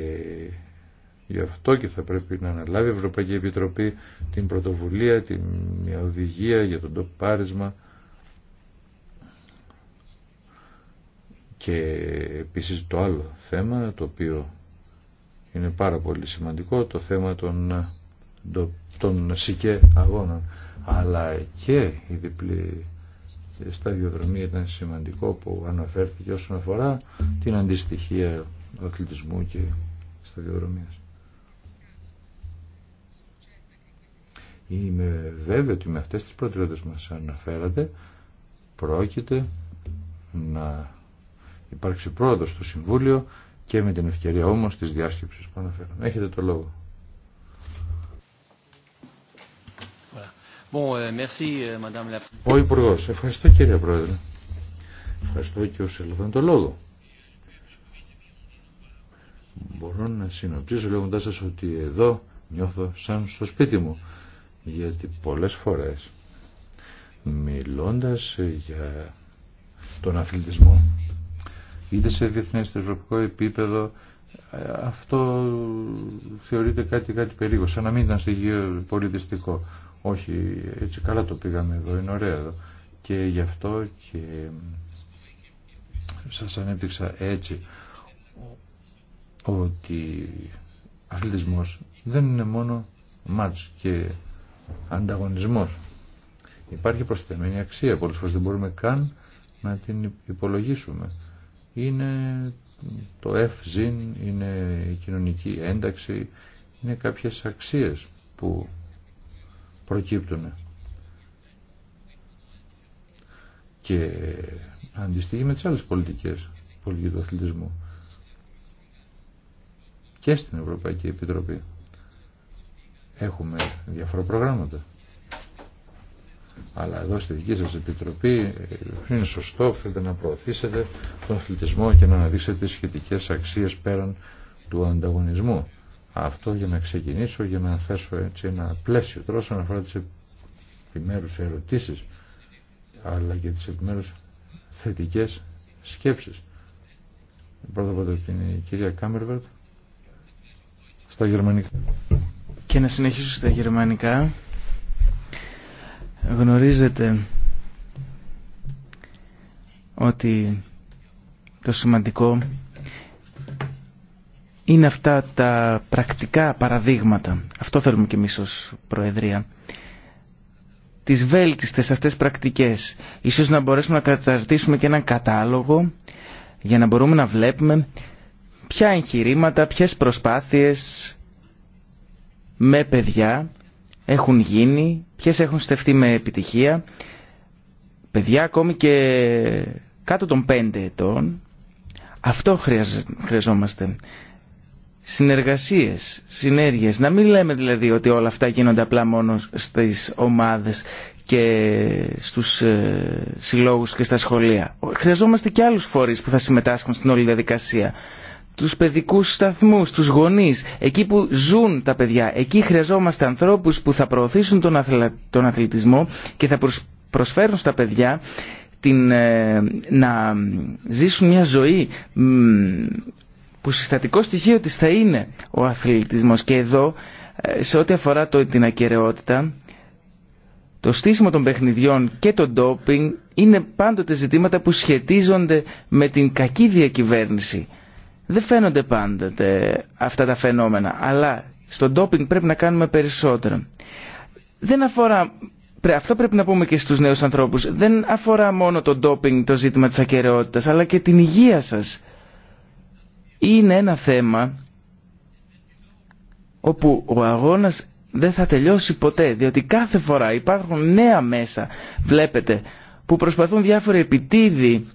Γι' αυτό και θα πρέπει να αναλάβει η Ευρωπαϊκή Επιτροπή την πρωτοβουλία, την οδηγία για τον τοπάρισμα και επίσης το άλλο θέμα το οποίο είναι πάρα πολύ σημαντικό το θέμα των, των ΣΥΚΕ αγώνων αλλά και η διπλή σταδιοδρομία ήταν σημαντικό που αναφέρθηκε όσον αφορά την αντιστοιχία αθλητισμού και σταδιοδρομίας. Είμαι βέβαιο ότι με αυτές τις προτεραιότητες μας αναφέρατε πρόκειται να υπάρξει πρόοδος στο Συμβούλιο και με την ευκαιρία όμως της διάσκεψης που αναφέραμε. Έχετε το λόγο. Euh, euh, Ο Υπουργό, ευχαριστώ κύριε Πρόεδρε. Ευχαριστώ και όσοι έλαβαν το λόγο. Μπορώ να συνοψίσω λέγοντά σα ότι εδώ νιώθω σαν στο σπίτι μου γιατί πολλές φορές μιλώντας για τον αθλητισμό είτε σε διεθνές ευρωπαϊκό επίπεδο αυτό θεωρείται κάτι, κάτι περίεργο, σαν να μην ήταν στοιχείο πολιτιστικό. Όχι, έτσι καλά το πήγαμε εδώ, είναι ωραίο εδώ. Και γι' αυτό και σας ανέπτυξα έτσι ότι αθλητισμός δεν είναι μόνο μάτς και ανταγωνισμός. Υπάρχει προσθεμένη αξία, πολλές φορές δεν μπορούμε καν να την υπολογίσουμε. Είναι το ευζήν, είναι η κοινωνική ένταξη, είναι κάποιες αξίες που προκύπτουν. Και αντιστοιχεί με τις άλλες πολιτικές, πολιτικού του αθλητισμού. Και στην Ευρωπαϊκή Επιτροπή. Έχουμε διάφορα προγράμματα. Αλλά εδώ στη δική σας επιτροπή ε, είναι σωστό, θέλετε να προωθήσετε τον αθλητισμό και να αναδείξετε τις σχετικές αξίες πέραν του ανταγωνισμού. Αυτό για να ξεκινήσω, για να θέσω έτσι ένα πλαίσιο τρόπο όσον αφορά τις επιμέρους ερωτήσεις αλλά και τις επιμέρους θετικές σκέψεις. Πρώτα απ' την κυρία Κάμερβερτ στα γερμανικά και να συνεχίσω στα γερμανικά. Γνωρίζετε ότι το σημαντικό είναι αυτά τα πρακτικά παραδείγματα. Αυτό θέλουμε και εμείς ως Προεδρία. Τις βέλτιστες αυτές πρακτικές. Ίσως να μπορέσουμε να καταρτήσουμε και έναν κατάλογο για να μπορούμε να βλέπουμε ποια εγχειρήματα, ποιες προσπάθειες με παιδιά έχουν γίνει, ποιες έχουν στεφτεί με επιτυχία. Παιδιά ακόμη και κάτω των 5 ετών, αυτό χρειαζόμαστε. Συνεργασίες, συνέργειες. Να μην λέμε δηλαδή ότι όλα αυτά γίνονται απλά μόνο στις ομάδες και στους ε, συλλόγους και στα σχολεία. Χρειαζόμαστε και άλλους φορείς που θα συμμετάσχουν στην όλη διαδικασία τους παιδικούς σταθμούς, τους γονείς, εκεί που ζουν τα παιδιά. Εκεί χρειαζόμαστε ανθρώπους που θα προωθήσουν τον, τον αθλητισμό και θα προσφέρουν στα παιδιά την, ε, να ζήσουν μια ζωή που συστατικό στοιχείο της θα είναι ο αθλητισμός. Και εδώ, ε, σε ό,τι αφορά το, την ακαιρεότητα, το στήσιμο των παιχνιδιών και το ντόπινγκ είναι πάντοτε ζητήματα που σχετίζονται με την κακή διακυβέρνηση δεν φαίνονται πάντα αυτά τα φαινόμενα, αλλά στο ντόπινγκ πρέπει να κάνουμε περισσότερο. Δεν αφορά, αυτό πρέπει να πούμε και στους νέους ανθρώπους, δεν αφορά μόνο το ντόπινγκ το ζήτημα της ακαιρεότητας, αλλά και την υγεία σας. Είναι ένα θέμα όπου ο αγώνας δεν θα τελειώσει ποτέ, διότι κάθε φορά υπάρχουν νέα μέσα, βλέπετε, που προσπαθούν διάφοροι επιτίδοι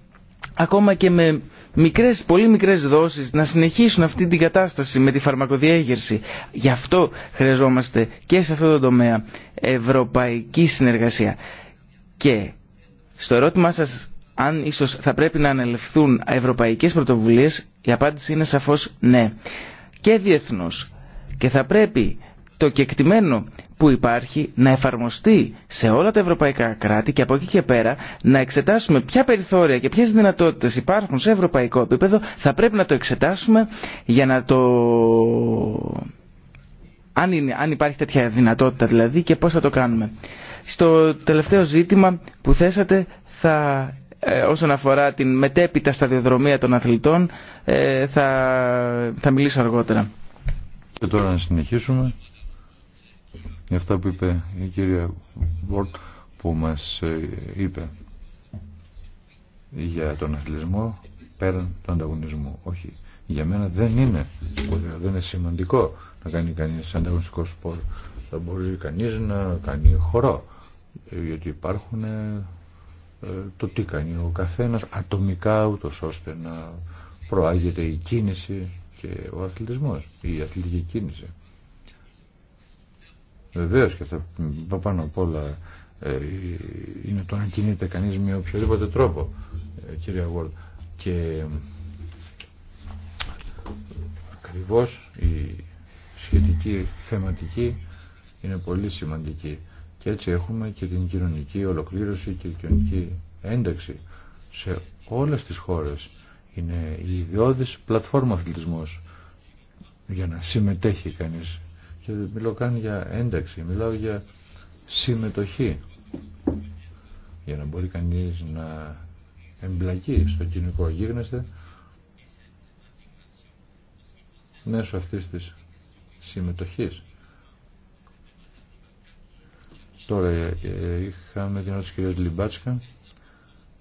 ακόμα και με μικρές, πολύ μικρές δόσεις να συνεχίσουν αυτή την κατάσταση με τη φαρμακοδιέγερση. Γι' αυτό χρειαζόμαστε και σε αυτό το τομέα ευρωπαϊκή συνεργασία. Και στο ερώτημά σας αν ίσως θα πρέπει να αναλευθούν ευρωπαϊκές πρωτοβουλίες, η απάντηση είναι σαφώς ναι. Και διεθνώς. Και θα πρέπει το κεκτημένο που υπάρχει να εφαρμοστεί σε όλα τα ευρωπαϊκά κράτη και από εκεί και πέρα να εξετάσουμε ποια περιθώρια και ποιες δυνατότητες υπάρχουν σε ευρωπαϊκό επίπεδο θα πρέπει να το εξετάσουμε για να το... Αν, αν υπάρχει τέτοια δυνατότητα δηλαδή και πώς θα το κάνουμε. Στο τελευταίο ζήτημα που θέσατε θα ε, όσον αφορά την μετέπειτα σταδιοδρομία των αθλητών ε, θα, θα μιλήσω αργότερα. Και τώρα να συνεχίσουμε αυτά που είπε η κυρία Βόρτ που μας ε, είπε για τον αθλητισμό πέραν του ανταγωνισμού. Όχι, για μένα δεν είναι σπουδαίο, δεν είναι σημαντικό να κάνει κανείς ανταγωνιστικό σπορ. Θα μπορεί κανείς να κάνει χορό, γιατί υπάρχουν ε, ε, το τι κάνει ο καθένας ατομικά ούτως ώστε να προάγεται η κίνηση και ο αθλητισμός, η αθλητική κίνηση. Βεβαίω και θα πάνω απ' όλα ε, είναι το να κινείται κανεί με οποιοδήποτε τρόπο, ε, κυρία Αγόρ. Και ε, ακριβώ η σχετική θεματική είναι πολύ σημαντική. Και έτσι έχουμε και την κοινωνική ολοκλήρωση και την κοινωνική ένταξη σε όλες τις χώρες. Είναι η ιδιώδης πλατφόρμα αθλητισμός για να συμμετέχει κανείς και καν για ένταξη, μιλάω για συμμετοχή. Για να μπορεί κανείς να εμπλακεί στο κοινικό γίγνεσθε μέσω αυτής της συμμετοχής. Τώρα ε, είχαμε την ερώτηση κυρίας Λιμπάτσκα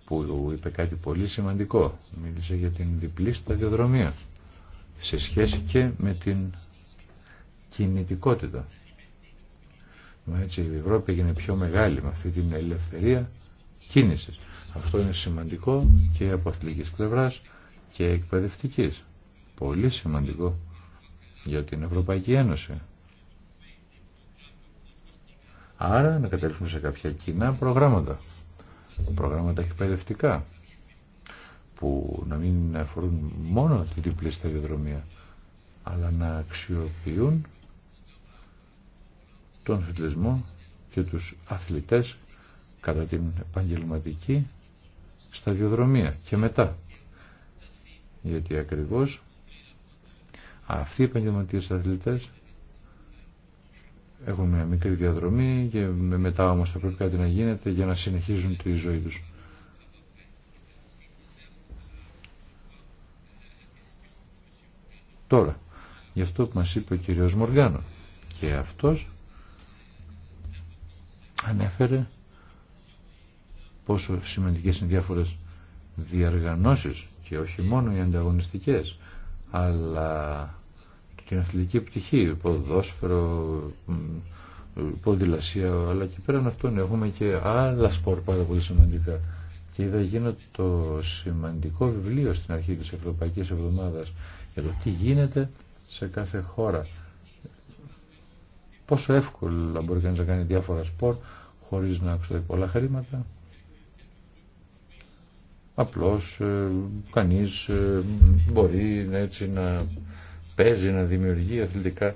που είπε κάτι πολύ σημαντικό. Μίλησε για την διπλή σταδιοδρομία σε σχέση και με την κινητικότητα. Έτσι η Ευρώπη έγινε πιο μεγάλη με αυτή την ελευθερία κίνησης. Αυτό είναι σημαντικό και από αθλητικής πλευράς και εκπαιδευτικής. Πολύ σημαντικό για την Ευρωπαϊκή Ένωση. Άρα να καταλήξουμε σε κάποια κοινά προγράμματα. Προγράμματα εκπαιδευτικά που να μην αφορούν μόνο την διπλή σταδιοδρομία αλλά να αξιοποιούν τον αθλητισμό και τους αθλητές κατά την επαγγελματική σταδιοδρομία και μετά. Γιατί ακριβώς αυτοί οι επαγγελματίες αθλητές έχουν μια μικρή διαδρομή και μετά όμως θα πρέπει κάτι να γίνεται για να συνεχίζουν τη ζωή τους. Τώρα, γι' αυτό που μας είπε ο κύριος Μοργάνο και αυτός ανέφερε πόσο σημαντικές είναι διάφορες διαργανώσεις και όχι μόνο οι ανταγωνιστικές αλλά και την αθλητική πτυχή, ποδόσφαιρο, ποδηλασία αλλά και πέραν αυτών έχουμε και άλλα σπορ πάρα πολύ σημαντικά και είδα γίνεται το σημαντικό βιβλίο στην αρχή της Ευρωπαϊκής Εβδομάδας για το τι γίνεται σε κάθε χώρα Πόσο εύκολα μπορεί κανείς να κάνει διάφορα σπορ χωρίς να ξοδεύει πολλά χρήματα. Απλώς ε, κανείς ε, μπορεί ε, έτσι να παίζει, να δημιουργεί αθλητικά.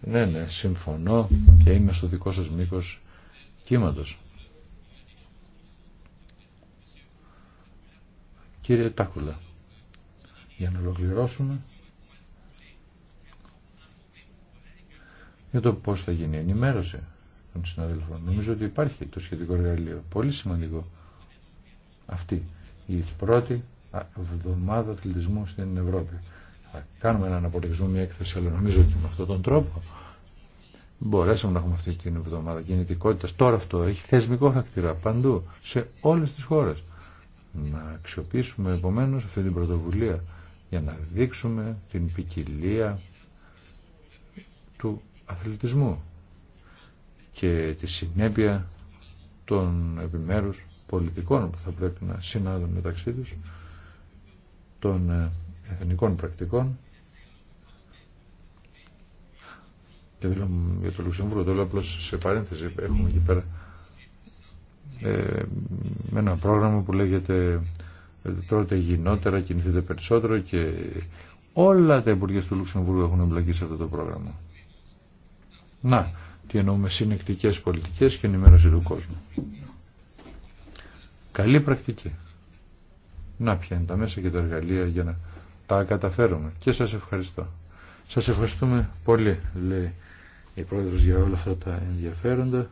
Ναι, ναι, συμφωνώ και είμαι στο δικό σας μήκος κύματος. Κύριε Τάκουλα, για να ολοκληρώσουμε για το πώς θα γίνει η ενημέρωση των συναδελφών. Νομίζω ότι υπάρχει το σχετικό εργαλείο. Πολύ σημαντικό. Αυτή η πρώτη εβδομάδα αθλητισμού στην Ευρώπη. Θα κάνουμε έναν απολογισμό, μια έκθεση, αλλά νομίζω ότι με αυτόν τον τρόπο μπορέσαμε να έχουμε αυτή την εβδομάδα κινητικότητα. Τώρα αυτό έχει θεσμικό χαρακτήρα παντού, σε όλε τι χώρε. Να αξιοποιήσουμε επομένω αυτή την πρωτοβουλία για να δείξουμε την ποικιλία του αθλητισμού και τη συνέπεια των επιμέρους πολιτικών που θα πρέπει να συνάδουν μεταξύ τους των ε, εθνικών πρακτικών και δεν για το Λουξεμβούργο, το λέω απλώς σε παρένθεση, έχουμε εκεί πέρα ε, με ένα πρόγραμμα που λέγεται ε, τρώτε γινότερα, κινηθείτε περισσότερο και όλα τα υπουργεία του Λουξεμβούργου έχουν εμπλακεί σε αυτό το πρόγραμμα. Να, τι εννοούμε συνεκτικές πολιτικές και ενημέρωση του κόσμου. Καλή πρακτική. Να ποια τα μέσα και τα εργαλεία για να τα καταφέρουμε. Και σας ευχαριστώ. Σας ευχαριστούμε πολύ, λέει η πρόεδρος για όλα αυτά τα ενδιαφέροντα.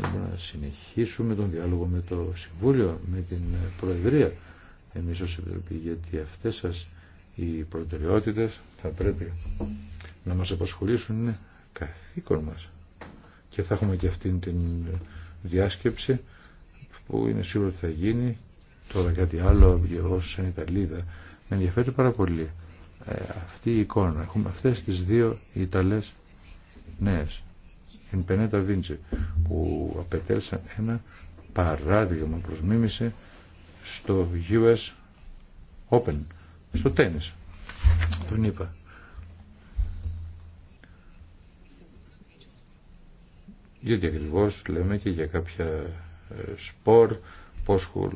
Να συνεχίσουμε τον διάλογο με το Συμβούλιο, με την Προεδρία, εμείς ως Επιτροπή, γιατί αυτές σας οι προτεραιότητες θα πρέπει να μας απασχολήσουν καθήκον μας. Και θα έχουμε και αυτήν την διάσκεψη που είναι σίγουρο ότι θα γίνει. Τώρα κάτι άλλο, εγώ σαν Ιταλίδα, με ενδιαφέρει πάρα πολύ ε, αυτή η εικόνα. Έχουμε αυτές τις δύο Ιταλές νέες, την Πενέτα Βίντζε που απαιτέλσαν ένα παράδειγμα προς μίμηση στο US Open, στο τέννις. Τον είπα γιατί ακριβώ λέμε και για κάποια ε, σπορ, που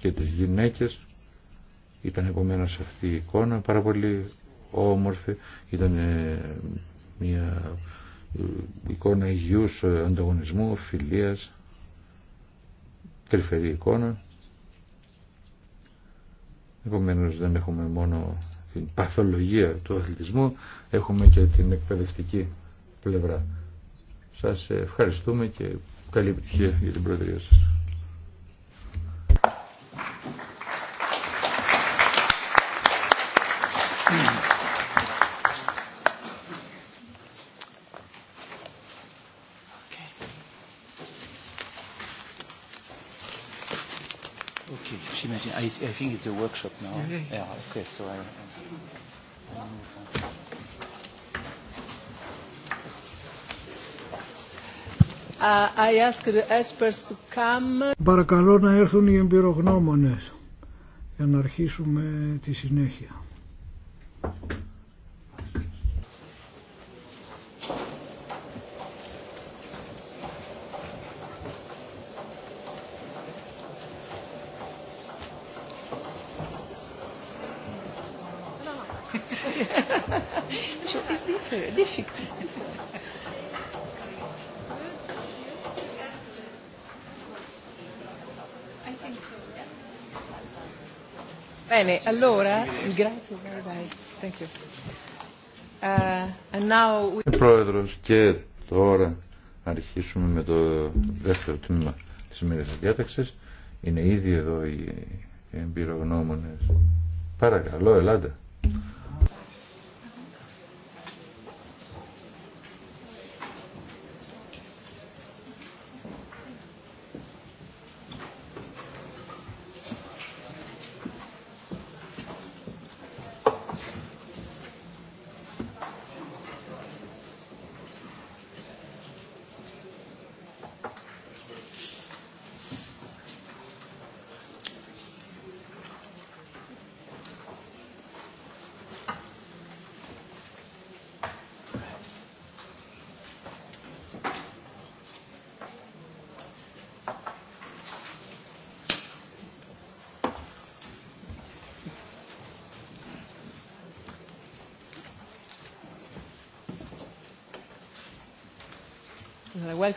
και τις γυναίκες. Ήταν επομένως αυτή η εικόνα πάρα πολύ όμορφη. Ήταν ε, μια ε, εικόνα υγιούς ανταγωνισμού, φιλίας, τρυφερή εικόνα. Επομένως δεν έχουμε μόνο την παθολογία του αθλητισμού, έχουμε και την εκπαιδευτική πλευρά. Σας ευχαριστούμε και καλή επιτυχία για την Προεδρία σας. I think it's a workshop now. Yeah, okay, so I. Uh, Παρακαλώ να έρθουν οι εμπειρογνώμονες για να αρχίσουμε τη συνέχεια. Bene, allora, και τώρα αρχίσουμε με το δεύτερο τμήμα της τη διάταξη. Είναι ήδη εδώ οι εμπειρογνώμονε. Παρακαλώ, ελάτε.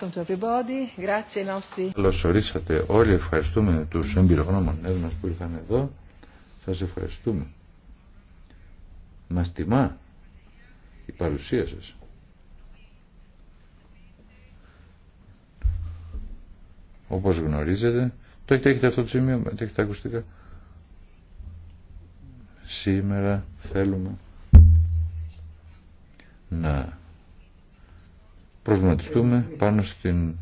Welcome ορίσατε όλοι. Ευχαριστούμε τους εμπειρογνώμονε μας που ήρθαν εδώ. Σας ευχαριστούμε. Μας τιμά η παρουσία σας. Όπως γνωρίζετε, το έχετε, έχετε αυτό το σημείο, το έχετε ακουστικά. Σήμερα θέλουμε να προβληματιστούμε πάνω στην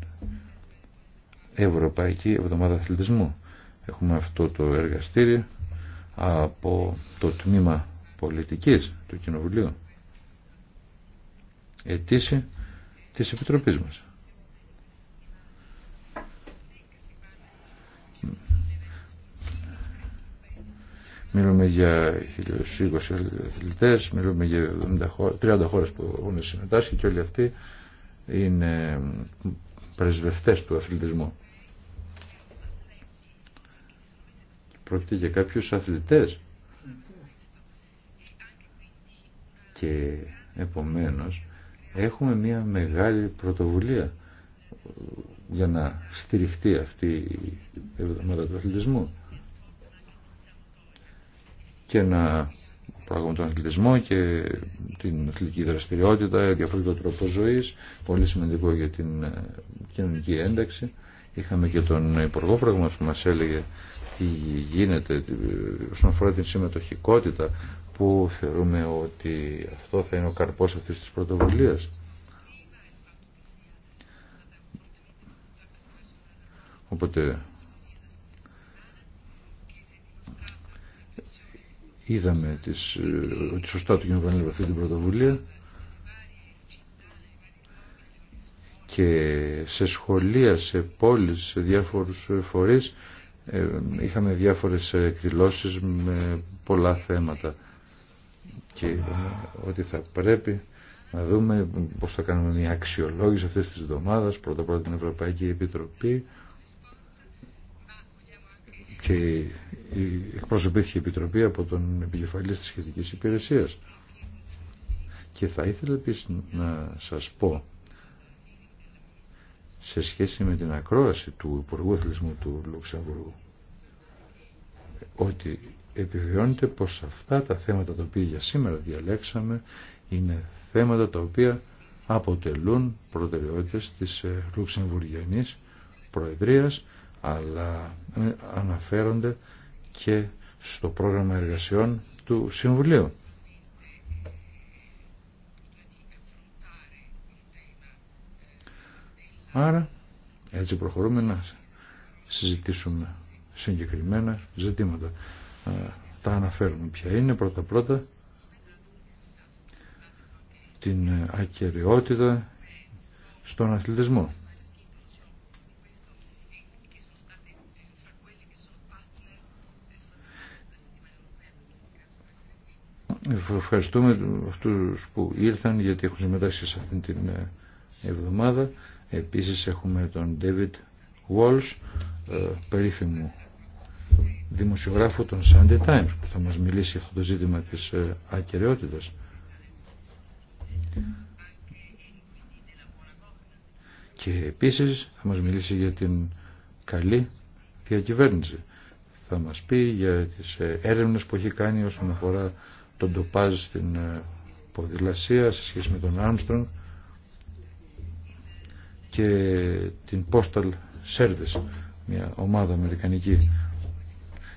Ευρωπαϊκή Εβδομάδα Αθλητισμού. Έχουμε αυτό το εργαστήριο από το τμήμα πολιτικής του Κοινοβουλίου. Ετήσι της Επιτροπής μας. Μιλούμε για 1.020 αθλητές, μιλούμε για 30 χώρες που έχουν συμμετάσχει και όλοι αυτοί είναι πρεσβευτές του αθλητισμού. Πρόκειται για κάποιους αθλητές. Και επομένως έχουμε μια μεγάλη πρωτοβουλία για να στηριχτεί αυτή η εβδομάδα του αθλητισμού και να πράγμα τον αθλητισμό και την αθλητική δραστηριότητα, διαφορετικό τρόπο ζωή, πολύ σημαντικό για την ε, κοινωνική ένταξη. Είχαμε και τον Υπουργό πράγμα που μα έλεγε τι γίνεται ε, όσον αφορά την συμμετοχικότητα που θεωρούμε ότι αυτό θα είναι ο καρπός αυτής της πρωτοβουλίας. Οπότε Είδαμε τις, ε, ότι σωστά του κοινό πανέλαβε αυτή την πρωτοβουλία και σε σχολεία, σε πόλεις, σε διάφορους φορείς ε, είχαμε διάφορες εκδηλώσεις με πολλά θέματα και ε, ότι θα πρέπει να δούμε πώς θα κάνουμε μια αξιολόγηση αυτής της εβδομάδας πρώτα πρώτα την Ευρωπαϊκή Επιτροπή και εκπροσωπήθηκε η Επιτροπή από τον επικεφαλής της σχετικής υπηρεσίας. Και θα ήθελα επίσης να σας πω σε σχέση με την ακρόαση του Υπουργού του Λουξεμβούργου ότι επιβιώνεται πως αυτά τα θέματα τα οποία για σήμερα διαλέξαμε είναι θέματα τα οποία αποτελούν προτεραιότητες της ε, Λουξεμβουργιανής Προεδρίας αλλά ε, αναφέρονται και στο πρόγραμμα εργασιών του Συμβουλίου. Άρα έτσι προχωρούμε να συζητήσουμε συγκεκριμένα ζητήματα. Ε, τα αναφέρουμε ποια είναι πρώτα πρώτα την ακεραιότητα στον αθλητισμό. Ευχαριστούμε αυτούς που ήρθαν γιατί έχουν συμμετάσχει σε αυτήν την ε, εβδομάδα. Επίσης έχουμε τον David Walsh, ε, περίφημο δημοσιογράφο των Sunday Times που θα μας μιλήσει αυτό το ζήτημα της ε, ακαιρεότητας. Και επίσης θα μας μιλήσει για την καλή διακυβέρνηση. Θα μας πει για τις έρευνες που έχει κάνει όσον αφορά τον Τοπάζ στην ε, ποδηλασία σε σχέση με τον Άμστρον και την Postal Service, μια ομάδα αμερικανική.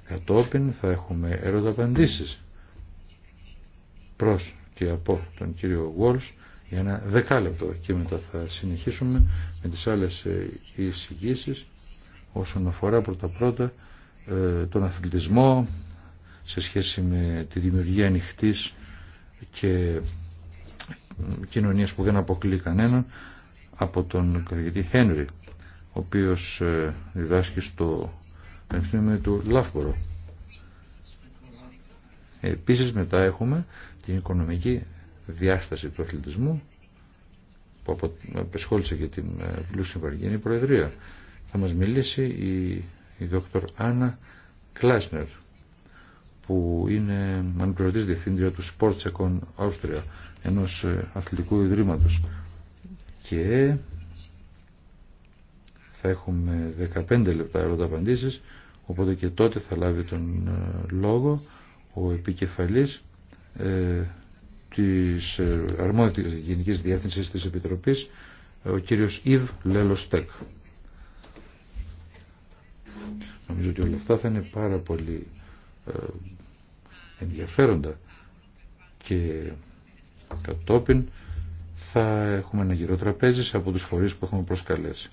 Κατόπιν θα έχουμε έρωτα απαντήσει προς και από τον κύριο Γουόλς για ένα δεκάλεπτο και μετά θα συνεχίσουμε με τις άλλες ε, εισηγήσεις όσον αφορά πρώτα πρώτα ε, τον αθλητισμό, σε σχέση με τη δημιουργία ανοιχτή και κοινωνίας που δεν αποκλεί κανέναν από τον καθηγητή Χένρι ο οποίος ε, διδάσκει στο Πανεπιστήμιο του Λάφπορο. Επίσης μετά έχουμε την οικονομική διάσταση του αθλητισμού που απεσχόλησε και την πλούσια ε, Βαργίνη Προεδρία. Θα μας μιλήσει η, η δόκτωρ Άννα Κλάσνερ που είναι αναπληρωτής διευθύντρια του Sportsecon Austria ενός ε, αθλητικού ιδρύματος. Και θα έχουμε 15 λεπτά ερωταπαντήσεις, οπότε και τότε θα λάβει τον ε, λόγο ο επικεφαλής ε, της ε, αρμόδιας Γενικής Διεύθυνσης της Επιτροπής, ο κύριος Ιβ Λέλοστεκ. Νομίζω ότι όλα αυτά θα είναι πάρα πολύ ε, ενδιαφέροντα και κατόπιν θα έχουμε ένα γυρό τραπέζι από τους φορείς που έχουμε προσκαλέσει.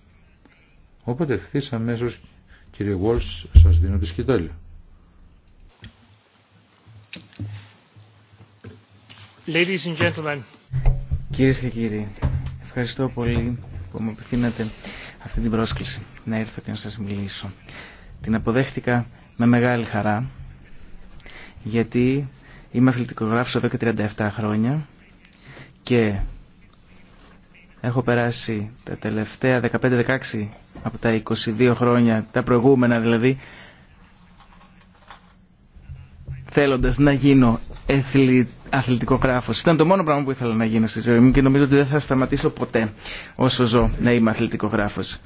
Οπότε ευθύ αμέσω, κύριε Βόλς, σας δίνω τη σκητάλη. Ladies and gentlemen. Κυρίες και κύριοι, ευχαριστώ πολύ που μου επιθύνατε αυτή την πρόσκληση να έρθω και να σας μιλήσω. Την αποδέχτηκα με μεγάλη χαρά γιατί είμαι αθλητικογράφος εδώ και 37 χρόνια και έχω περάσει τα τελευταία 15-16 από τα 22 χρόνια, τα προηγούμενα δηλαδή, θέλοντας να γίνω αθλητικογράφος. Ήταν το μόνο πράγμα που ήθελα να γίνω στη ζωή μου και νομίζω ότι δεν θα σταματήσω ποτέ όσο ζω να είμαι αθλητικογράφος.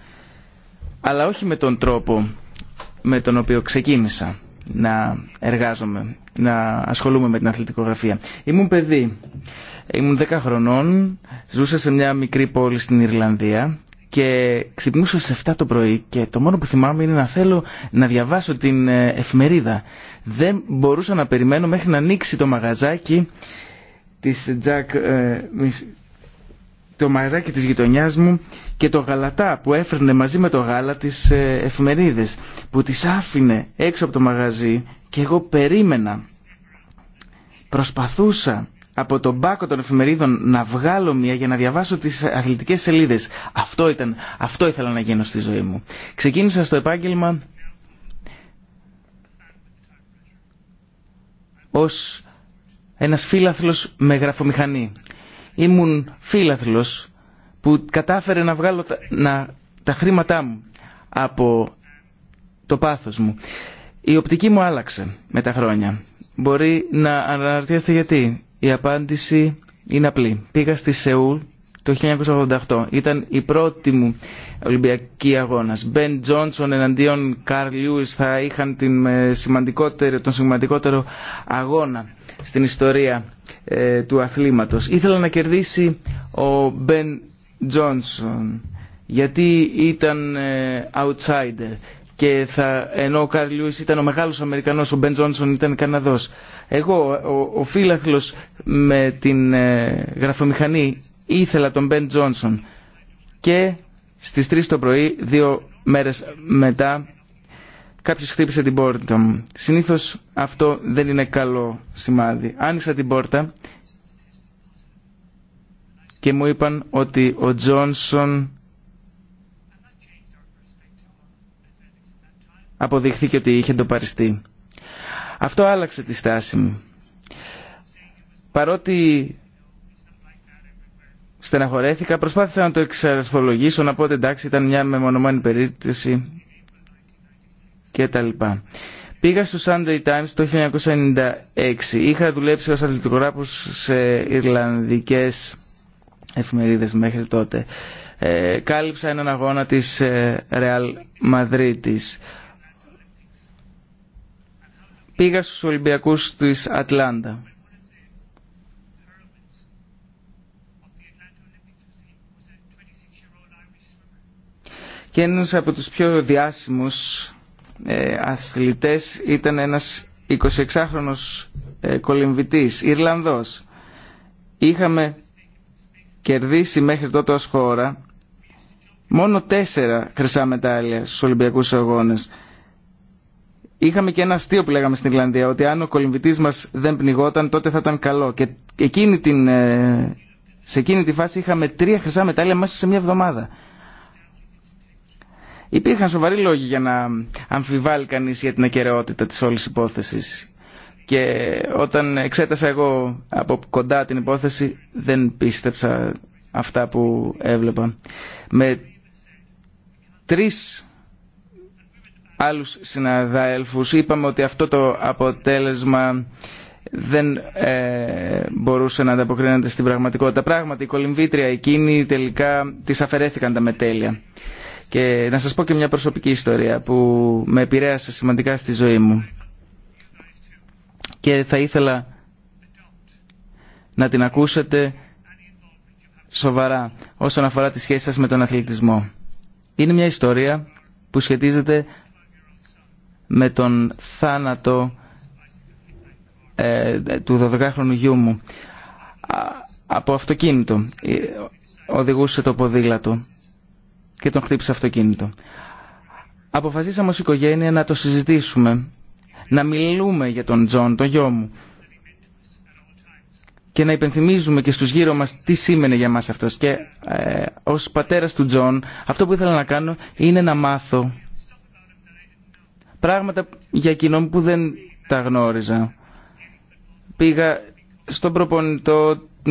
Αλλά όχι με τον τρόπο με τον οποίο ξεκίνησα να εργάζομαι, να ασχολούμαι με την αθλητικογραφία. Ήμουν παιδί, ήμουν 10 χρονών, ζούσα σε μια μικρή πόλη στην Ιρλανδία και ξυπνούσα σε 7 το πρωί και το μόνο που θυμάμαι είναι να θέλω να διαβάσω την ε, εφημερίδα. Δεν μπορούσα να περιμένω μέχρι να ανοίξει το μαγαζάκι της Jack, ε, το μαγαζάκι της γειτονιάς μου και το γαλατά που έφερνε μαζί με το γάλα τις ε, εφημερίδες που τις άφηνε έξω από το μαγαζί και εγώ περίμενα, προσπαθούσα από τον πάκο των εφημερίδων να βγάλω μία για να διαβάσω τις αθλητικές σελίδες. Αυτό ήταν, αυτό ήθελα να γίνω στη ζωή μου. Ξεκίνησα στο επάγγελμα ως ένας φίλαθλος με γραφομηχανή. Ήμουν φίλαθλος που κατάφερε να βγάλω τα, τα χρήματά μου από το πάθος μου. Η οπτική μου άλλαξε με τα χρόνια. Μπορεί να αναρωτιέστε γιατί. Η απάντηση είναι απλή. Πήγα στη Σεούλ το 1988. Ήταν η πρώτη μου Ολυμπιακή αγώνας. Μπεν Τζόνσον εναντίον Καρλ Λιούις θα είχαν την ε, σημαντικότερη, τον σημαντικότερο αγώνα στην ιστορία ε, του αθλήματος. Ήθελα να κερδίσει ο Μπεν Τζόνσον γιατί ήταν ε, outsider και θα, ενώ ο Καρλ Λιούις ήταν ο μεγάλος Αμερικανός, ο Μπεν Τζόνσον ήταν Καναδός. Εγώ, ο, ο με την ε, γραφομηχανή, ήθελα τον Μπεν Τζόνσον και στις 3 το πρωί, δύο μέρες μετά, κάποιος χτύπησε την πόρτα μου. Συνήθως αυτό δεν είναι καλό σημάδι. Άνοιξα την πόρτα και μου είπαν ότι ο Τζόνσον αποδειχθήκε ότι είχε το παριστεί. Αυτό άλλαξε τη στάση μου. Παρότι στεναχωρέθηκα, προσπάθησα να το εξαρθολογήσω, να πω ότι εντάξει ήταν μια μεμονωμένη περίπτωση και τα λοιπά. Πήγα στο Sunday Times το 1996. Είχα δουλέψει ως αθλητικογράφος σε Ιρλανδικές εφημερίδες μέχρι τότε. Ε, κάλυψα έναν αγώνα της Ρεάλ Μαδρίτης. Πήγα στους Ολυμπιακούς της Ατλάντα. Και ένας από τους πιο διάσημους ε, αθλητές ήταν ένας 26χρονος ε, κολυμβητής, Ιρλανδός. Είχαμε κερδίσει μέχρι τότε ως χώρα μόνο τέσσερα χρυσά μετάλλια στους Ολυμπιακούς Αγώνες. Είχαμε και ένα αστείο που λέγαμε στην Ιρλανδία, ότι αν ο κολυμβητής μας δεν πνιγόταν τότε θα ήταν καλό. Και εκείνη την, ε, σε εκείνη τη φάση είχαμε τρία χρυσά μετάλλια μέσα σε μια εβδομάδα. Υπήρχαν σοβαροί λόγοι για να αμφιβάλλει κανείς για την ακαιρεότητα της όλης υπόθεσης. Και όταν εξέτασα εγώ από κοντά την υπόθεση δεν πίστεψα αυτά που έβλεπα. Με τρεις άλλους συναδέλφους είπαμε ότι αυτό το αποτέλεσμα δεν ε, μπορούσε να ανταποκρίνεται στην πραγματικότητα. Πράγματι, η κολυμβήτρια εκείνη τελικά της αφαιρέθηκαν τα μετέλεια. Και να σας πω και μια προσωπική ιστορία που με επηρέασε σημαντικά στη ζωή μου και θα ήθελα να την ακούσετε σοβαρά όσον αφορά τη σχέση σας με τον αθλητισμό. Είναι μια ιστορία που σχετίζεται με τον θάνατο ε, του 12χρονου γιού μου. Από αυτοκίνητο ε, οδηγούσε το ποδήλατο και τον χτύπησε αυτοκίνητο. Αποφασίσαμε ως οικογένεια να το συζητήσουμε να μιλούμε για τον Τζον, τον γιο μου και να υπενθυμίζουμε και στους γύρω μας τι σήμαινε για μας αυτός. Και ε, ως πατέρας του Τζον, αυτό που ήθελα να κάνω είναι να μάθω πράγματα για εκείνον που δεν τα γνώριζα. Πήγα στον,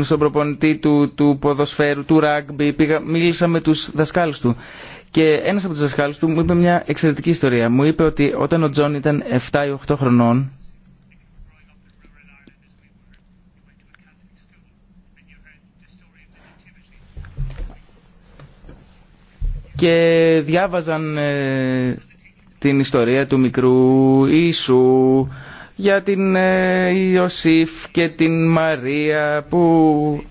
στον προπονητή του, του ποδοσφαίρου, του ράγμπι, πήγα, μίλησα με τους δασκάλους του. Και ένα από του δασκάλου του μου είπε μια εξαιρετική ιστορία. Μου είπε ότι όταν ο Τζον ήταν 7 ή 8 χρονών, και διάβαζαν ε, την ιστορία του μικρού Ιησού για την ε, Ιωσήφ και την Μαρία που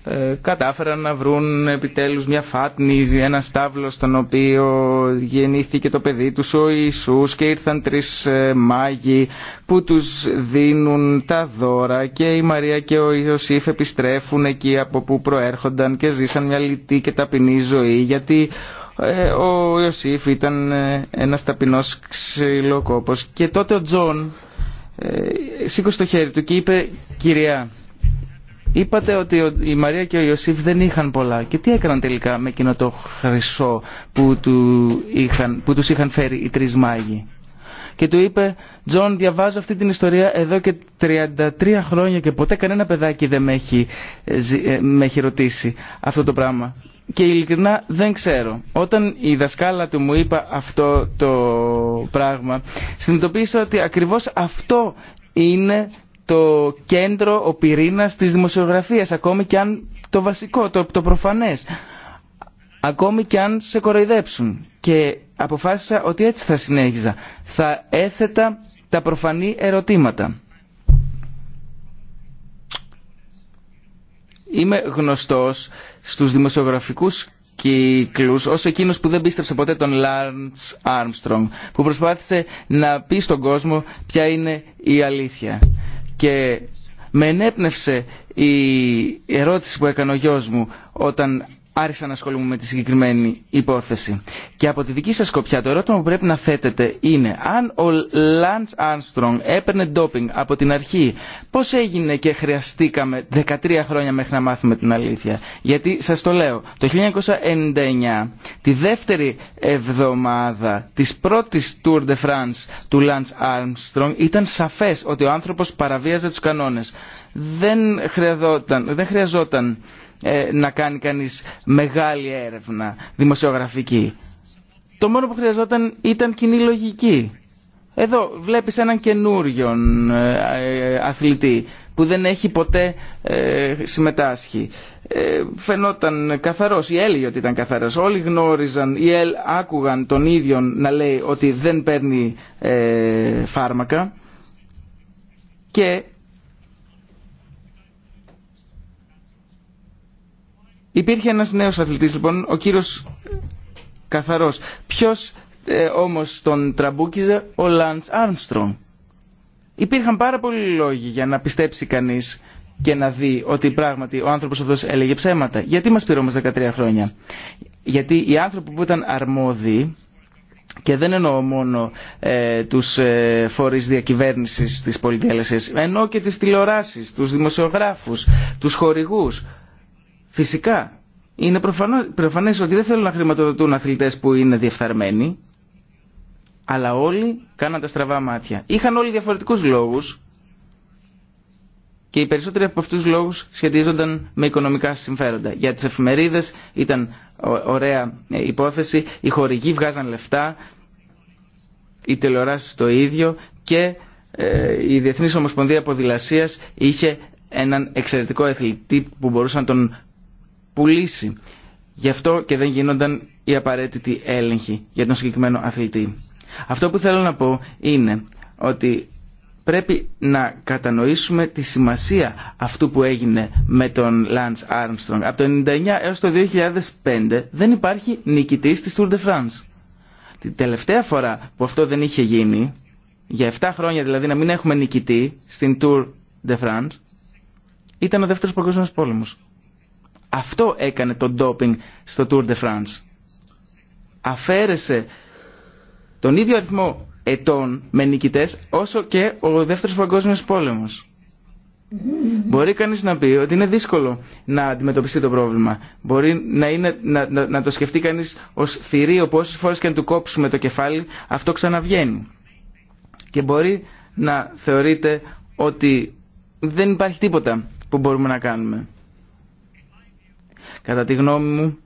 ε, κατάφεραν να βρουν επιτέλους μια φάτνη, ένα στάβλο στον οποίο γεννήθηκε το παιδί τους ο Ιησούς και ήρθαν τρεις ε, μάγοι που τους δίνουν τα δώρα και η Μαρία και ο Ιωσήφ επιστρέφουν εκεί από που προέρχονταν και ζήσαν μια λιτή και ταπεινή ζωή γιατί ο Ιωσήφ ήταν ένας ταπεινός ξυλοκόπος και τότε ο Τζον ε, σήκωσε το χέρι του και είπε «Κυρία, είπατε ότι η Μαρία και ο Ιωσήφ δεν είχαν πολλά και τι έκαναν τελικά με εκείνο το χρυσό που, του είχαν, που τους είχαν φέρει οι τρεις μάγοι» και του είπε «Τζον, διαβάζω αυτή την ιστορία εδώ και 33 χρόνια και ποτέ κανένα παιδάκι δεν με έχει, ε, ε, με έχει ρωτήσει αυτό το πράγμα και ειλικρινά δεν ξέρω. Όταν η δασκάλα του μου είπα αυτό το πράγμα, συνειδητοποίησα ότι ακριβώς αυτό είναι το κέντρο, ο πυρήνας της δημοσιογραφίας, ακόμη και αν το βασικό, το, το προφανές. Ακόμη και αν σε κοροϊδέψουν. Και αποφάσισα ότι έτσι θα συνέχιζα. Θα έθετα τα προφανή ερωτήματα. Είμαι γνωστός στους δημοσιογραφικούς κύκλους ως εκείνος που δεν πίστευσε ποτέ τον Λάρντς Άρμστρομ που προσπάθησε να πει στον κόσμο ποια είναι η αλήθεια. Και με ενέπνευσε η ερώτηση που έκανε ο γιος μου όταν άρχισα να ασχολούμαι με τη συγκεκριμένη υπόθεση. Και από τη δική σας σκοπιά το ερώτημα που πρέπει να θέτετε είναι αν ο Λάντς Άνστρονγκ έπαιρνε ντόπινγκ από την αρχή πώς έγινε και χρειαστήκαμε 13 χρόνια μέχρι να μάθουμε την αλήθεια. Γιατί σας το λέω, το 1999 τη δεύτερη εβδομάδα της πρώτης Tour de France του Λάντς Άνστρονγκ ήταν σαφές ότι ο άνθρωπος παραβίαζε τους κανόνες. Δεν χρειαζόταν, δεν χρειαζόταν ε, να κάνει κανείς μεγάλη έρευνα δημοσιογραφική. Το μόνο που χρειαζόταν ήταν κοινή λογική. Εδώ βλέπεις έναν καινούριον ε, ε, αθλητή που δεν έχει ποτέ συμμετάσχει. Φαινόταν καθαρός, η έλεγε ότι ήταν καθαρός. Όλοι γνώριζαν, η ελ άκουγαν τον ίδιο να λέει ότι δεν παίρνει φάρμακα και Υπήρχε ένας νέος αθλητής λοιπόν, ο κύριος Καθαρός. Ποιος ε, όμως τον τραμπούκιζε, ο Λαντς Άρμστρον. Υπήρχαν πάρα πολλοί λόγοι για να πιστέψει κανείς και να δει ότι πράγματι ο άνθρωπος αυτός έλεγε ψέματα. Γιατί μας πήρε όμως 13 χρόνια. Γιατί οι άνθρωποι που ήταν αρμόδιοι και δεν εννοώ μόνο ε, τους ε, φορείς διακυβέρνησης της εννοώ και τις τηλεοράσεις, τους δημοσιογράφους, τους χορηγούς, Φυσικά, είναι προφανέ ότι δεν θέλουν να χρηματοδοτούν αθλητέ που είναι διεφθαρμένοι, αλλά όλοι κάναν τα στραβά μάτια. Είχαν όλοι διαφορετικού λόγου και οι περισσότεροι από αυτού του λόγου σχετίζονταν με οικονομικά συμφέροντα. Για τι εφημερίδε, ήταν ωραία ε, υπόθεση, οι χορηγοί βγάζαν λεφτά, οι τηλεοράσει το ίδιο και ε, η διεθνή Ομοσπονδία Ποδηλασίας είχε έναν εξαιρετικό αθλητή που μπορούσε να τον πουλήσει. Γι' αυτό και δεν γίνονταν οι απαραίτητοι έλεγχοι για τον συγκεκριμένο αθλητή. Αυτό που θέλω να πω είναι ότι πρέπει να κατανοήσουμε τη σημασία αυτού που έγινε με τον Lance Armstrong. Από το 1999 έως το 2005 δεν υπάρχει νικητής της Tour de France. Την τελευταία φορά που αυτό δεν είχε γίνει, για 7 χρόνια δηλαδή να μην έχουμε νικητή στην Tour de France, ήταν ο δεύτερος παγκόσμιος πόλεμος. Αυτό έκανε το ντόπινγκ στο Tour de France. Αφαίρεσε τον ίδιο αριθμό ετών με νικητές όσο και ο δεύτερος παγκόσμιος πόλεμος. Μπορεί κανείς να πει ότι είναι δύσκολο να αντιμετωπιστεί το πρόβλημα. Μπορεί να, είναι, να, να, να το σκεφτεί κανείς ως θηρίο πόσες φορές και να του κόψουμε το κεφάλι, αυτό ξαναβγαίνει. Και μπορεί να θεωρείται ότι δεν υπάρχει τίποτα που μπορούμε να κάνουμε. Κατά τη γνώμη μου,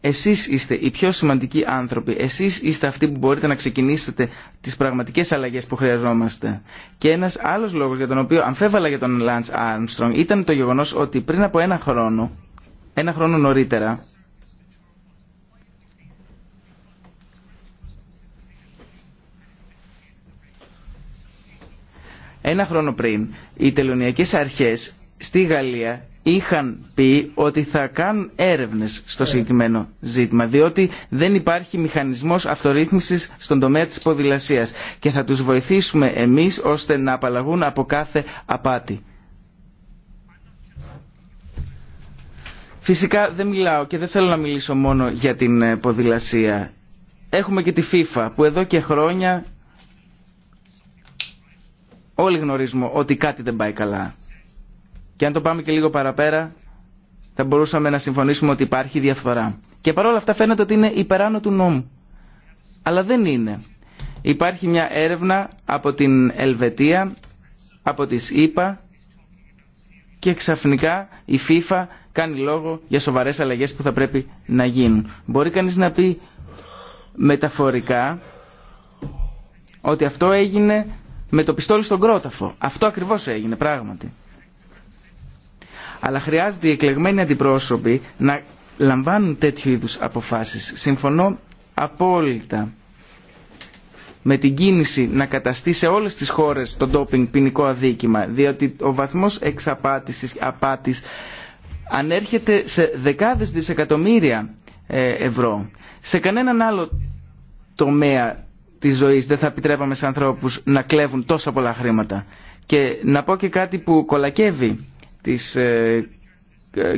εσείς είστε οι πιο σημαντικοί άνθρωποι. Εσείς είστε αυτοί που μπορείτε να ξεκινήσετε τις πραγματικές αλλαγές που χρειαζόμαστε. Και ένας άλλος λόγος για τον οποίο αμφέβαλα για τον Λάντς Άρμστρομ ήταν το γεγονός ότι πριν από ένα χρόνο, ένα χρόνο νωρίτερα, ένα χρόνο πριν, οι τελωνιακές αρχές στη Γαλλία είχαν πει ότι θα κάνουν έρευνες στο ε. συγκεκριμένο ζήτημα διότι δεν υπάρχει μηχανισμός αυτορύθμισης στον τομέα της ποδηλασίας και θα τους βοηθήσουμε εμείς ώστε να απαλλαγούν από κάθε απάτη. Φυσικά δεν μιλάω και δεν θέλω να μιλήσω μόνο για την ε, ποδηλασία. Έχουμε και τη FIFA που εδώ και χρόνια όλοι γνωρίζουμε ότι κάτι δεν πάει καλά. Και αν το πάμε και λίγο παραπέρα, θα μπορούσαμε να συμφωνήσουμε ότι υπάρχει διαφθορά. Και παρόλα αυτά φαίνεται ότι είναι υπεράνω του νόμου. Αλλά δεν είναι. Υπάρχει μια έρευνα από την Ελβετία, από τις ΗΠΑ και ξαφνικά η FIFA κάνει λόγο για σοβαρές αλλαγές που θα πρέπει να γίνουν. Μπορεί κανείς να πει μεταφορικά ότι αυτό έγινε με το πιστόλι στον κρόταφο. Αυτό ακριβώς έγινε πράγματι αλλά χρειάζεται οι εκλεγμένοι αντιπρόσωποι να λαμβάνουν τέτοιου είδους αποφάσεις. Συμφωνώ απόλυτα με την κίνηση να καταστεί σε όλες τις χώρες το ντόπινγκ ποινικό αδίκημα, διότι ο βαθμός εξαπάτησης, απάτης, ανέρχεται σε δεκάδες δισεκατομμύρια ε, ευρώ. Σε κανέναν άλλο τομέα της ζωής δεν θα επιτρέπαμε σε ανθρώπους να κλέβουν τόσα πολλά χρήματα. Και να πω και κάτι που κολακεύει τις ε,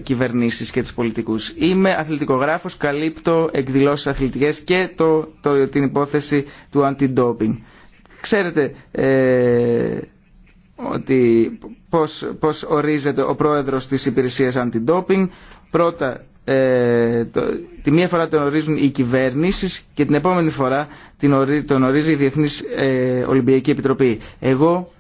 κυβερνήσεις και τους πολιτικούς. Είμαι αθλητικογράφος, καλύπτω εκδηλώσεις αθλητικές και το, την υπόθεση του anti-doping. Ξέρετε ε, ότι πώς, πώς ορίζεται ο πρόεδρος της υπηρεσίας anti-doping. Πρώτα, ε, το, τη μία φορά τον ορίζουν οι κυβερνήσεις και την επόμενη φορά την τον ορίζει η Διεθνής ε, Ολυμπιακή Επιτροπή. Εγώ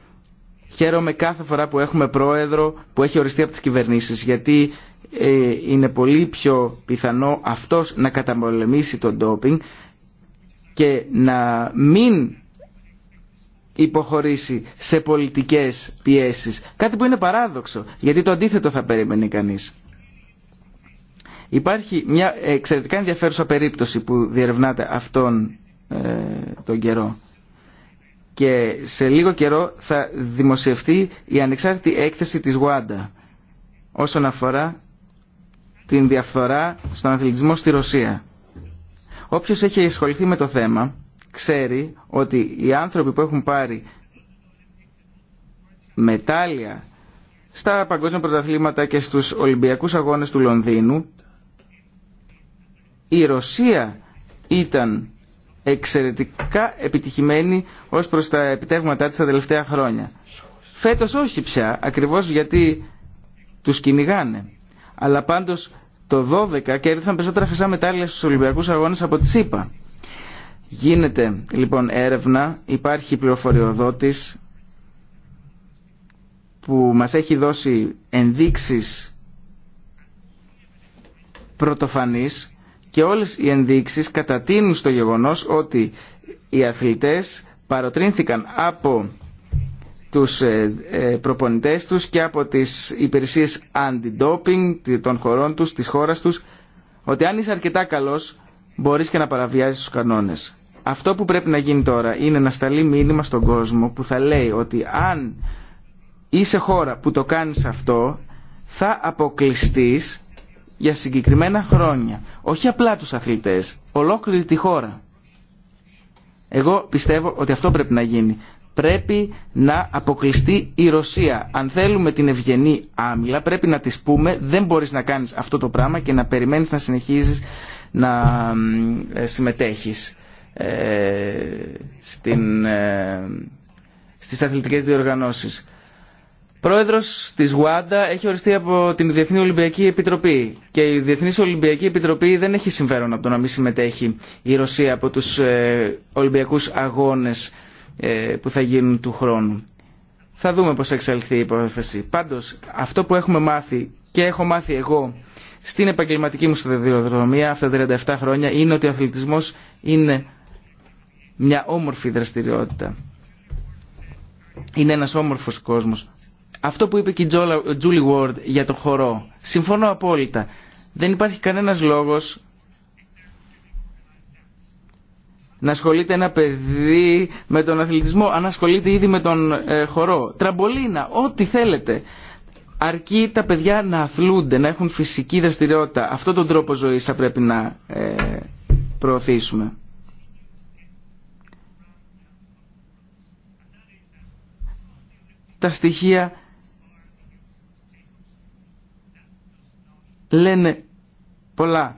Χαίρομαι κάθε φορά που έχουμε πρόεδρο που έχει οριστεί από τις κυβερνήσεις γιατί ε, είναι πολύ πιο πιθανό αυτός να καταπολεμήσει τον ντόπινγκ και να μην υποχωρήσει σε πολιτικές πιέσεις. Κάτι που είναι παράδοξο, γιατί το αντίθετο θα περίμενε κανείς. Υπάρχει μια εξαιρετικά ενδιαφέρουσα περίπτωση που διερευνάται αυτόν ε, τον καιρό και σε λίγο καιρό θα δημοσιευτεί η ανεξάρτητη έκθεση της WADA όσον αφορά την διαφθορά στον αθλητισμό στη Ρωσία. Όποιος έχει ασχοληθεί με το θέμα ξέρει ότι οι άνθρωποι που έχουν πάρει μετάλλια στα παγκόσμια πρωταθλήματα και στους Ολυμπιακούς Αγώνες του Λονδίνου η Ρωσία ήταν εξαιρετικά επιτυχημένη ως προς τα επιτεύγματά της τα τελευταία χρόνια. Φέτος όχι πια, ακριβώς γιατί τους κυνηγάνε. Αλλά πάντως το 12 κέρδισαν περισσότερα χρυσά μετάλλια στους Ολυμπιακούς Αγώνες από τη ΣΥΠΑ. Γίνεται λοιπόν έρευνα, υπάρχει πληροφοριοδότης που μας έχει δώσει ενδείξεις πρωτοφανής και όλες οι ενδείξεις κατατείνουν στο γεγονός ότι οι αθλητές παροτρύνθηκαν από τους ε, ε, προπονητές τους και από τις υπηρεσίες αντι-doping των χωρών τους, της χώρας τους, ότι αν είσαι αρκετά καλός μπορείς και να παραβιάζεις τους κανόνες. Αυτό που πρέπει να γίνει τώρα είναι να σταλεί μήνυμα στον κόσμο που θα λέει ότι αν είσαι χώρα που το κάνεις αυτό θα αποκλειστείς για συγκεκριμένα χρόνια. Όχι απλά τους αθλητές, ολόκληρη τη χώρα. Εγώ πιστεύω ότι αυτό πρέπει να γίνει. Πρέπει να αποκλειστεί η Ρωσία. Αν θέλουμε την ευγενή άμυλα πρέπει να της πούμε δεν μπορείς να κάνεις αυτό το πράγμα και να περιμένεις να συνεχίζεις να ε, συμμετέχεις ε, στην, ε, στις αθλητικές διοργανώσεις. Πρόεδρο τη Γουάντα έχει οριστεί από την Διεθνή Ολυμπιακή Επιτροπή και η Διεθνή Ολυμπιακή Επιτροπή δεν έχει συμφέρον από το να μην συμμετέχει η Ρωσία από τους ε, Ολυμπιακούς Αγώνες ε, που θα γίνουν του χρόνου. Θα δούμε πώ θα εξελιχθεί η υπόθεση. Πάντω, αυτό που έχουμε μάθει και έχω μάθει εγώ στην επαγγελματική μου σταδιοδρομία αυτά τα 37 χρόνια είναι ότι ο αθλητισμό είναι μια όμορφη δραστηριότητα. Είναι ένα όμορφο κόσμο. Αυτό που είπε και η Τζούλι Βόρτ για το χορό. Συμφωνώ απόλυτα. Δεν υπάρχει κανένας λόγος να ασχολείται ένα παιδί με τον αθλητισμό αν ασχολείται ήδη με τον ε, χορό. Τραμπολίνα, ό,τι θέλετε. Αρκεί τα παιδιά να αθλούνται, να έχουν φυσική δραστηριότητα. Αυτό τον τρόπο ζωής θα πρέπει να ε, προωθήσουμε. Τα στοιχεία λένε πολλά.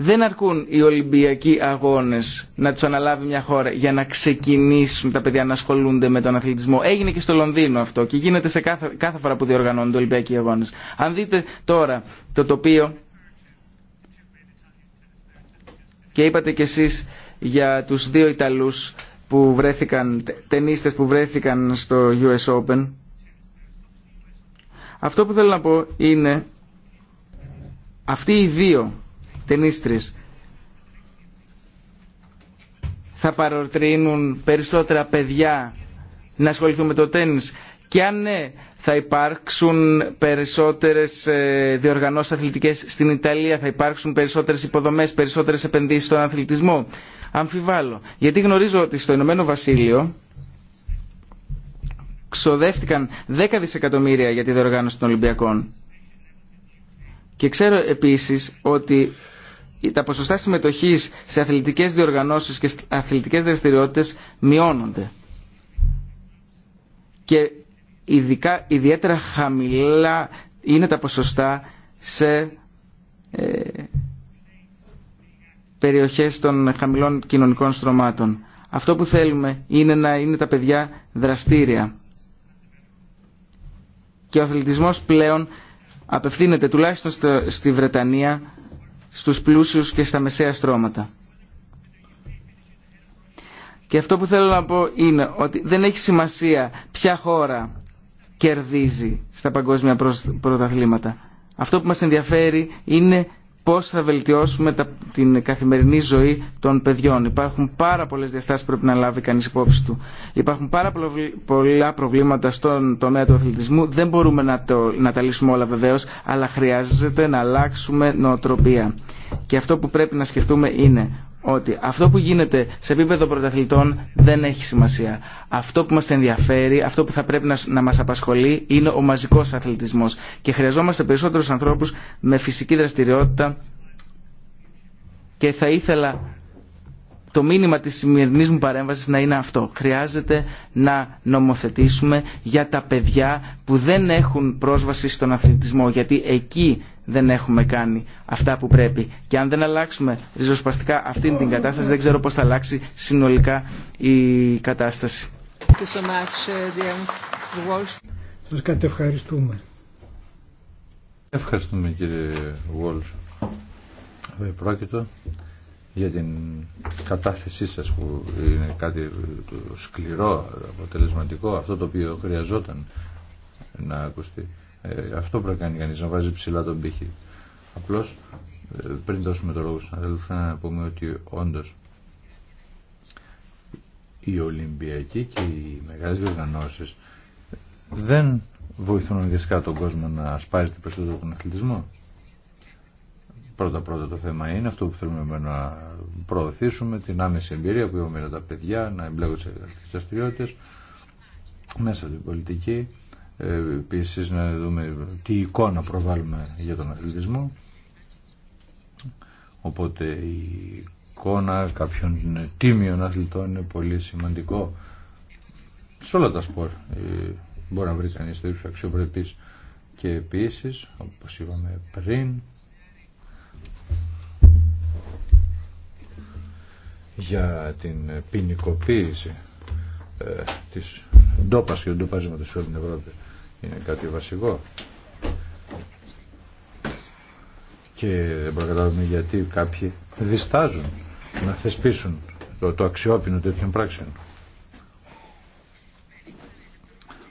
Δεν αρκούν οι Ολυμπιακοί αγώνες να του αναλάβει μια χώρα για να ξεκινήσουν τα παιδιά να ασχολούνται με τον αθλητισμό. Έγινε και στο Λονδίνο αυτό και γίνεται σε κάθε, κάθε φορά που διοργανώνονται Ολυμπιακοί αγώνες. Αν δείτε τώρα το τοπίο και είπατε κι εσείς για τους δύο Ιταλούς που βρέθηκαν, ταινίστες που βρέθηκαν στο US Open αυτό που θέλω να πω είναι αυτοί οι δύο ταινίστρες θα παροτρύνουν περισσότερα παιδιά να ασχοληθούν με το τέννις και αν ναι θα υπάρξουν περισσότερες ε, διοργανώσεις αθλητικές στην Ιταλία, θα υπάρξουν περισσότερες υποδομές, περισσότερες επενδύσεις στον αθλητισμό. Αμφιβάλλω. Γιατί γνωρίζω ότι στο Ηνωμένο Βασίλειο ξοδεύτηκαν 10 δισεκατομμύρια για τη διοργάνωση των Ολυμπιακών. Και ξέρω επίσης ότι τα ποσοστά συμμετοχής σε αθλητικές διοργανώσεις και αθλητικές δραστηριότητες μειώνονται. Και ειδικά, ιδιαίτερα χαμηλά είναι τα ποσοστά σε ε, περιοχές των χαμηλών κοινωνικών στρωμάτων. Αυτό που θέλουμε είναι να είναι τα παιδιά δραστήρια και ο αθλητισμός πλέον απευθύνεται τουλάχιστον στη Βρετανία στους πλούσιους και στα μεσαία στρώματα. Και αυτό που θέλω να πω είναι ότι δεν έχει σημασία ποια χώρα κερδίζει στα παγκόσμια πρωταθλήματα. Αυτό που μας ενδιαφέρει είναι πώς θα βελτιώσουμε τα, την καθημερινή ζωή των παιδιών. Υπάρχουν πάρα πολλές διαστάσεις που πρέπει να λάβει κανείς υπόψη του. Υπάρχουν πάρα πολλά προβλήματα στον τομέα του αθλητισμού. Δεν μπορούμε να, το, να τα λύσουμε όλα βεβαίως, αλλά χρειάζεται να αλλάξουμε νοοτροπία. Και αυτό που πρέπει να σκεφτούμε είναι ότι αυτό που γίνεται σε επίπεδο πρωταθλητών δεν έχει σημασία. Αυτό που μας ενδιαφέρει, αυτό που θα πρέπει να, να μας απασχολεί είναι ο μαζικός αθλητισμός και χρειαζόμαστε περισσότερους ανθρώπους με φυσική δραστηριότητα και θα ήθελα το μήνυμα της σημερινή μου παρέμβασης να είναι αυτό. Χρειάζεται να νομοθετήσουμε για τα παιδιά που δεν έχουν πρόσβαση στον αθλητισμό, γιατί εκεί δεν έχουμε κάνει αυτά που πρέπει. Και αν δεν αλλάξουμε ριζοσπαστικά αυτήν την κατάσταση, δεν ξέρω πώς θα αλλάξει συνολικά η κατάσταση. Uh, Σας κατευχαριστούμε. Ευχαριστούμε κύριε Βόλς. Ε, πρόκειτο για την κατάθεσή σας που είναι κάτι ε, σκληρό, αποτελεσματικό, αυτό το οποίο χρειαζόταν να ακουστεί. Ε, αυτό πρέπει να κάνει κανείς, να βάζει ψηλά τον πύχη. Απλώς, ε, πριν δώσουμε το λόγο στους αδέλφους, να πούμε ότι όντως οι Ολυμπιακοί και οι μεγάλες διοργανώσεις δεν βοηθούν για τον κόσμο να σπάσει περισσότερο τον αθλητισμό. Πρώτα πρώτα το θέμα είναι αυτό που θέλουμε να προωθήσουμε, την άμεση εμπειρία που έχουμε με τα παιδιά, να εμπλέκονται σε αυτές μέσα από την πολιτική. Ε, Επίση να δούμε τι εικόνα προβάλλουμε για τον αθλητισμό. Οπότε η εικόνα κάποιων τίμιων αθλητών είναι πολύ σημαντικό. Σε όλα τα σπορ ε, μπορεί να βρει κανείς και επίσης, όπως είπαμε πριν, για την ποινικοποίηση ε, της ντόπας και του ντοπάζηματος σε όλη την Ευρώπη είναι κάτι βασικό και δεν γιατί κάποιοι διστάζουν να θεσπίσουν το, το αξιόπινο τέτοιων πράξεων.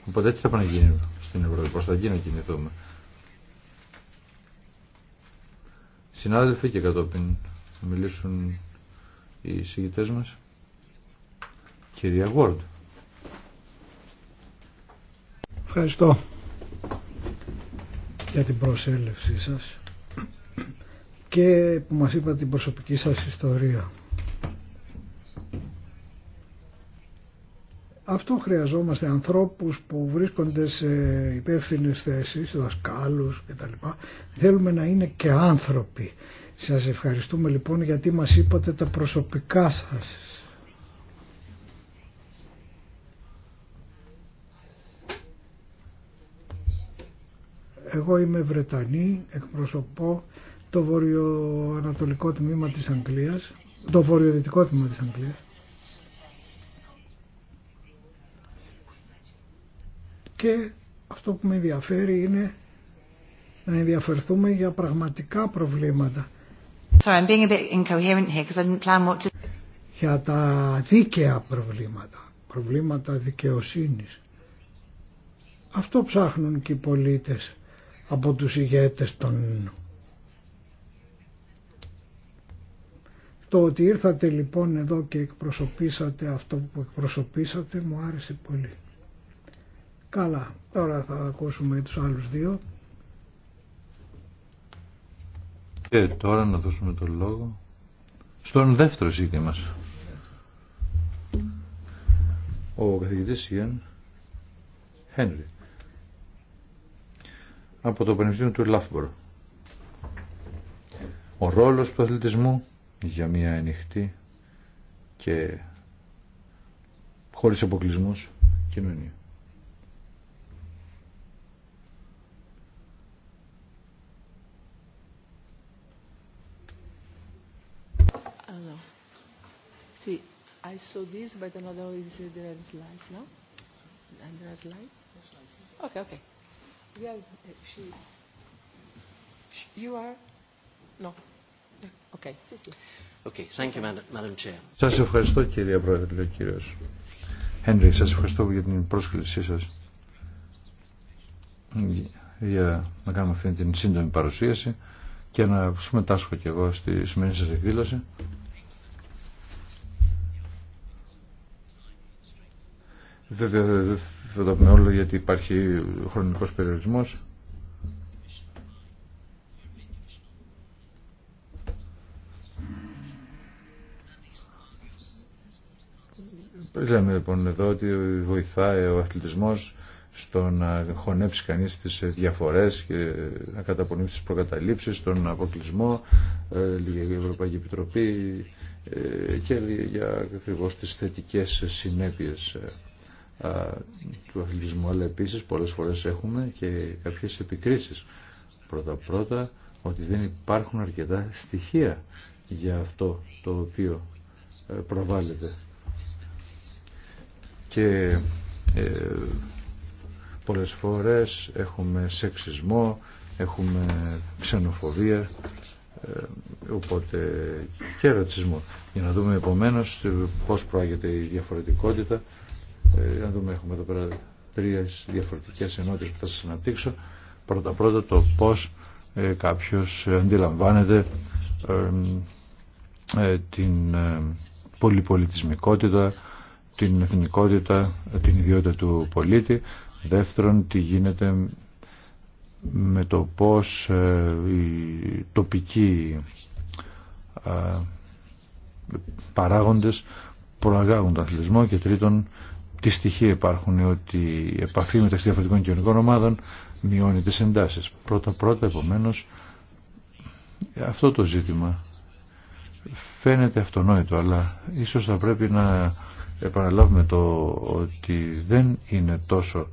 Οπότε έτσι θα πάνε γίνει στην Ευρώπη, πώς θα γίνει να κινηθούμε. Συνάδελφοι και κατόπιν μιλήσουν οι μας. Κυρία Γουόρντ. Ευχαριστώ για την προσέλευσή σας και που μας είπα την προσωπική σας ιστορία. Αυτό χρειαζόμαστε ανθρώπους που βρίσκονται σε υπεύθυνε θέσεις, δασκάλους κτλ. Θέλουμε να είναι και άνθρωποι σας ευχαριστούμε λοιπόν γιατί μας είπατε τα προσωπικά σας. Εγώ είμαι Βρετανή, εκπροσωπώ το βορειοανατολικό τμήμα της Αγγλίας, το βορειοδυτικό τμήμα της Αγγλίας. Και αυτό που με ενδιαφέρει είναι να ενδιαφερθούμε για πραγματικά προβλήματα incoherent Για τα δίκαια προβλήματα, προβλήματα δικαιοσύνης. Αυτό ψάχνουν και οι πολίτες από τους ηγέτες των... Το ότι ήρθατε λοιπόν εδώ και εκπροσωπήσατε αυτό που εκπροσωπήσατε μου άρεσε πολύ. Καλά, τώρα θα ακούσουμε τους άλλους δύο. Και τώρα να δώσουμε το λόγο στον δεύτερο σύγκρι μας. Ο καθηγητής Ιαν Χένρι από το Πανεπιστήμιο του Λάφμπορο. Ο ρόλος του αθλητισμού για μια ανοιχτή και χωρίς αποκλεισμούς κοινωνία. see, Σας ευχαριστώ κυρία Πρόεδρε, ο κύριος. Henry, σας ευχαριστώ για την πρόσκλησή σας για να κάνουμε αυτή την σύντομη παρουσίαση και να συμμετάσχω και εγώ στη σημερινή σας εκδήλωση. Βέβαια δεν θα το πούμε όλο γιατί υπάρχει χρονικός περιορισμός. Λέμε λοιπόν εδώ ότι βοηθάει ο αθλητισμός στο να χωνέψει κανείς τις διαφορές και να καταπονήσει τις προκαταλήψεις, τον αποκλεισμό, ε, για η Ευρωπαϊκή Επιτροπή ε, και για ακριβώ τις θετικές συνέπειες του αθλητισμού, αλλά επίσης πολλές φορές έχουμε και κάποιες επικρίσεις. Πρώτα-πρώτα ότι δεν υπάρχουν αρκετά στοιχεία για αυτό το οποίο ε, προβάλλεται. Και ε, πολλές φορές έχουμε σεξισμό, έχουμε ξενοφοβία, ε, οπότε και ρατσισμό. Για να δούμε επομένως ε, πώς προάγεται η διαφορετικότητα ε, να δούμε έχουμε εδώ πέρα τρεις διαφορετικές ενότητες που θα σας αναπτύξω. Πρώτα πρώτα το πώς ε, κάποιος αντιλαμβάνεται ε, την ε, πολυπολιτισμικότητα, την εθνικότητα, την ιδιότητα του πολίτη. Δεύτερον, τι γίνεται με το πώς οι ε, τοπικοί παράγοντες προαγάγουν τον αθλητισμό και τρίτον τι στοιχεία υπάρχουν ότι η επαφή μεταξύ διαφορετικών κοινωνικών ομάδων μειώνει τις εντάσεις. Πρώτα-πρώτα, επομένως, αυτό το ζήτημα φαίνεται αυτονόητο, αλλά ίσως θα πρέπει να επαναλάβουμε το ότι δεν είναι τόσο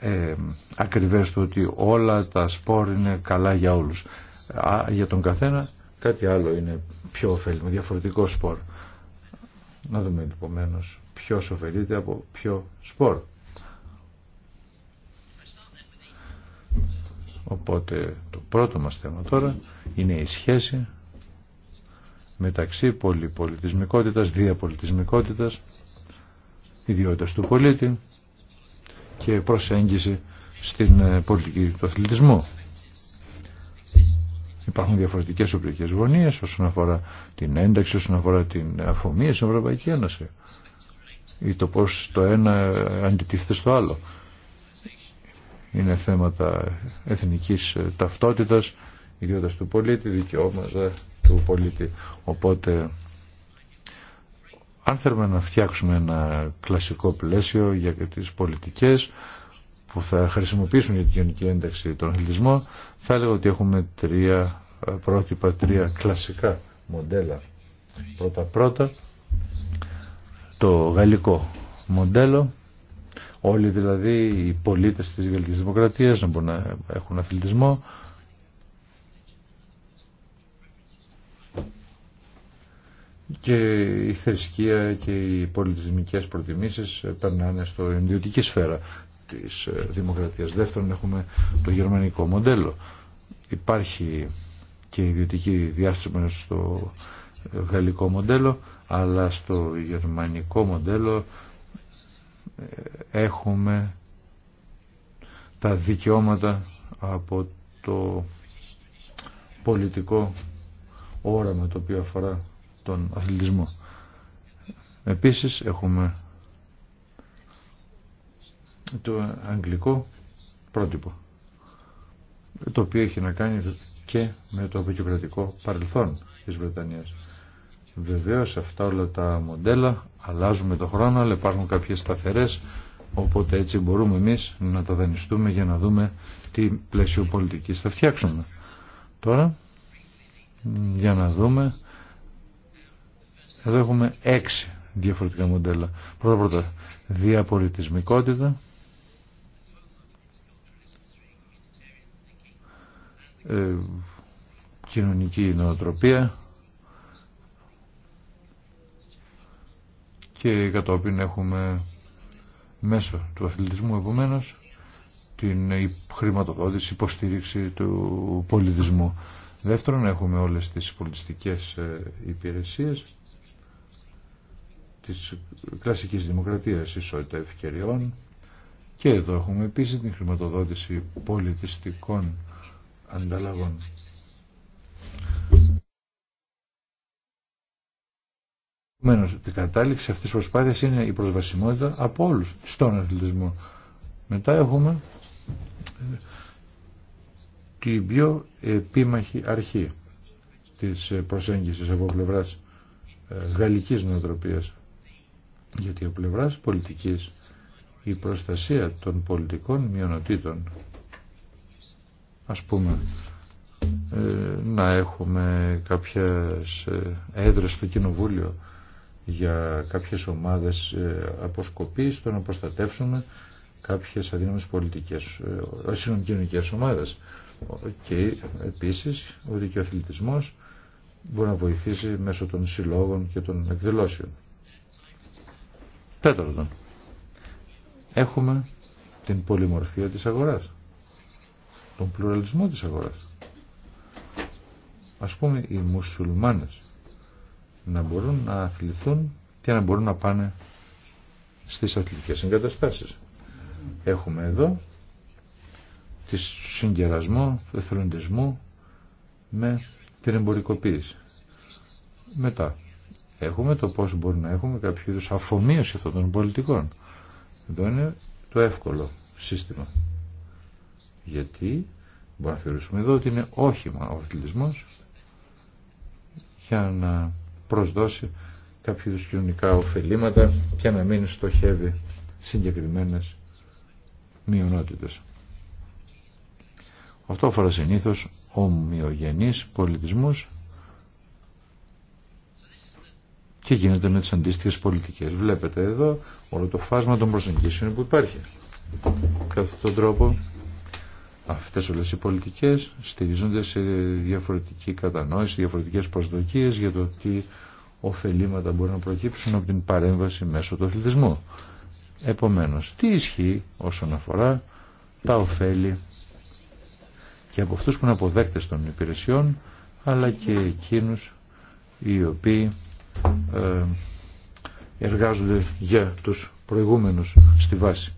ε, ακριβές το ότι όλα τα σπορ είναι καλά για όλους. για τον καθένα κάτι άλλο είναι πιο ωφέλιμο, διαφορετικό σπορ. Να δούμε λοιπόν ποιος ωφελείται από ποιο σπορ. Οπότε το πρώτο μας θέμα τώρα είναι η σχέση μεταξύ πολυπολιτισμικότητας, διαπολιτισμικότητας, ιδιότητας του πολίτη και προσέγγιση στην ε, πολιτική του αθλητισμού. Υπάρχουν διαφορετικές οπτικές γωνίες όσον αφορά την ένταξη, όσον αφορά την αφομία στην Ευρωπαϊκή Ένωση ή το πώς το ένα αντιτίθεται στο άλλο. Είναι θέματα εθνικής ε, ταυτότητας, ιδιότητας του πολίτη, δικαιώματα του πολίτη. Οπότε, αν θέλουμε να φτιάξουμε ένα κλασικό πλαίσιο για τις πολιτικές που θα χρησιμοποιήσουν για την κοινωνική ένταξη τον αθλητισμό, θα έλεγα ότι έχουμε τρία ε, πρότυπα, τρία κλασικά μοντέλα. Πρώτα-πρώτα, το γαλλικό μοντέλο όλοι δηλαδή οι πολίτες της Γαλλικής Δημοκρατίας να μπορούν να έχουν αθλητισμό και η θρησκεία και οι πολιτισμικές προτιμήσεις περνάνε στο ιδιωτική σφαίρα της ε, δημοκρατίας. Δεύτερον έχουμε το γερμανικό μοντέλο. Υπάρχει και ιδιωτική διάστημα στο γαλλικό μοντέλο αλλά στο γερμανικό μοντέλο ε, έχουμε τα δικαιώματα από το πολιτικό όραμα το οποίο αφορά τον αθλητισμό. Επίσης έχουμε το αγγλικό πρότυπο το οποίο έχει να κάνει και με το αποκυκρατικό παρελθόν της Βρετανίας. Βεβαίως αυτά όλα τα μοντέλα αλλάζουμε το χρόνο αλλά υπάρχουν κάποιες σταθερές οπότε έτσι μπορούμε εμείς να τα δανειστούμε για να δούμε τι πλαίσιο πολιτικής θα φτιάξουμε. Τώρα για να δούμε εδώ έχουμε έξι διαφορετικά μοντέλα. Πρώτα πρώτα διαπολιτισμικότητα ε, κοινωνική νοοτροπία και κατόπιν έχουμε μέσω του αθλητισμού επομένως την χρηματοδότηση, υποστήριξη του πολιτισμού. Δεύτερον, έχουμε όλες τις πολιτιστικές ε, υπηρεσίες της κλασικής δημοκρατίας, ισότητα ευκαιριών και εδώ έχουμε επίσης την χρηματοδότηση πολιτιστικών ανταλλαγών. Επομένω, η κατάληξη αυτή τη προσπάθεια είναι η προσβασιμότητα από όλου στον αθλητισμό. Μετά έχουμε την πιο επίμαχη αρχή της προσέγγισης από πλευράς ε, γαλλικής νοοτροπίας γιατί από πλευράς πολιτικής η προστασία των πολιτικών μειονοτήτων ας πούμε ε, να έχουμε κάποιες ε, έδρες στο κοινοβούλιο για κάποιες ομάδες ε, αποσκοπής, στο να προστατεύσουμε κάποιες αδύναμες πολιτικές, κοινωνικές ε, ομάδες. Και επίσης ο αθλητισμός μπορεί να βοηθήσει μέσω των συλλόγων και των εκδηλώσεων. Τέταρτον, έχουμε την πολυμορφία της αγοράς, τον πλουραλισμό της αγοράς. Ας πούμε οι μουσουλμάνες να μπορούν να αθληθούν και να μπορούν να πάνε στις αθλητικές εγκαταστάσεις. Έχουμε εδώ τη συγκερασμό του εθελοντισμού με την εμπορικοποίηση. Μετά έχουμε το πώς μπορεί να έχουμε κάποιο είδους αφομοίωση αυτών των πολιτικών. Εδώ είναι το εύκολο σύστημα. Γιατί μπορούμε να θεωρήσουμε εδώ ότι είναι όχημα ο αθλητισμός για να προσδώσει κάποιου κοινωνικά ωφελήματα και να μην στοχεύει συγκεκριμένες μειονότητες. Αυτό αφορά συνήθως ομοιογενείς πολιτισμούς και γίνεται με τις αντίστοιχες πολιτικές. Βλέπετε εδώ όλο το φάσμα των προσεγγίσεων που υπάρχει. Κατά τον τρόπο Αυτές όλες οι πολιτικές στηρίζονται σε διαφορετική κατανόηση, διαφορετικές προσδοκίες για το τι ωφελήματα μπορεί να προκύψουν από την παρέμβαση μέσω του αθλητισμού. Επομένως, τι ισχύει όσον αφορά τα ωφέλη και από αυτούς που είναι αποδέκτες των υπηρεσιών αλλά και εκείνους οι οποίοι ε, εργάζονται για τους προηγούμενους στη βάση.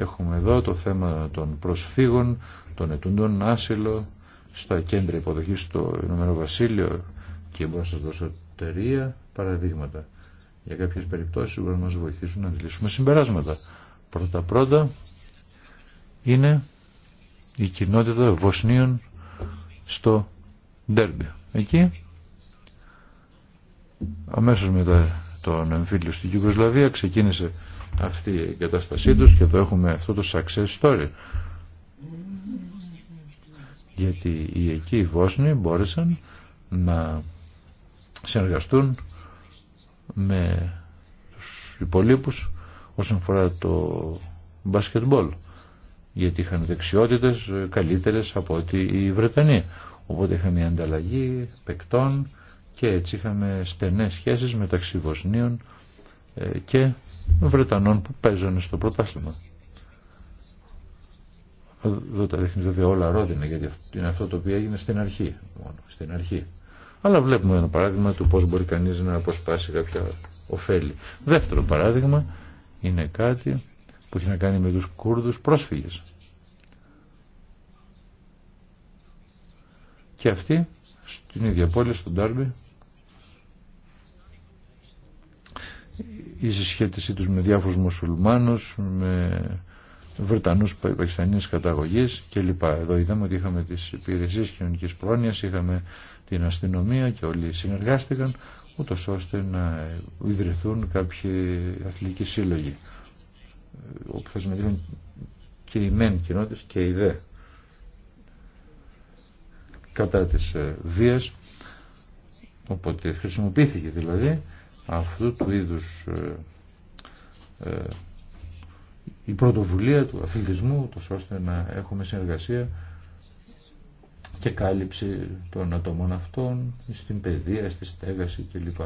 Έχουμε εδώ το θέμα των προσφύγων, των ετούντων άσυλο, στα κέντρα υποδοχής στο Ηνωμένο Βασίλειο και μπορώ να σας δώσω τρία παραδείγματα. Για κάποιες περιπτώσεις μπορεί να μας βοηθήσουν να αντιλήσουμε συμπεράσματα. Πρώτα-πρώτα είναι η κοινότητα Βοσνίων στο Ντέρμπι. Εκεί αμέσως μετά τον εμφύλιο στην Κυκλοσλαβία ξεκίνησε αυτή η εγκατάστασή τους και εδώ έχουμε αυτό το success story. Γιατί οι εκεί οι Βόσνοι μπόρεσαν να συνεργαστούν με τους υπολείπους όσον αφορά το μπασκετμπόλ γιατί είχαν δεξιότητες καλύτερες από ότι οι Βρετανοί οπότε είχαμε ανταλλαγή παικτών και έτσι είχαμε στενές σχέσεις μεταξύ Βοσνίων ε, και Βρετανών που παίζουν στο πρωτάθλημα. Εδώ τα δείχνει βέβαια όλα ρόδινα γιατί είναι αυτό το οποίο έγινε στην αρχή μόνο, στην αρχή. Αλλά βλέπουμε ένα παράδειγμα του πώς μπορεί κανείς να αποσπάσει κάποια ωφέλη. Δεύτερο παράδειγμα είναι κάτι που έχει να κάνει με τους Κούρδους πρόσφυγες. Και αυτοί στην ίδια πόλη, στον Τάρμπι, η συσχέτισή τους με διάφορους μουσουλμάνους, με Βρετανούς Πακιστανής καταγωγής κλπ. Εδώ είδαμε ότι είχαμε τις υπηρεσίες κοινωνική πρόνοιας, είχαμε την αστυνομία και όλοι συνεργάστηκαν ούτω ώστε να ιδρυθούν κάποιοι αθλητικοί σύλλογοι όπου θα συμμετείχαν και οι μεν κοινότητες και οι δε κατά της ε, βίας οπότε χρησιμοποιήθηκε δηλαδή αυτού του είδους ε, ε, η πρωτοβουλία του αθλητισμού το ώστε να έχουμε συνεργασία και κάλυψη των ατομών αυτών στην παιδεία, στη στέγαση κλπ.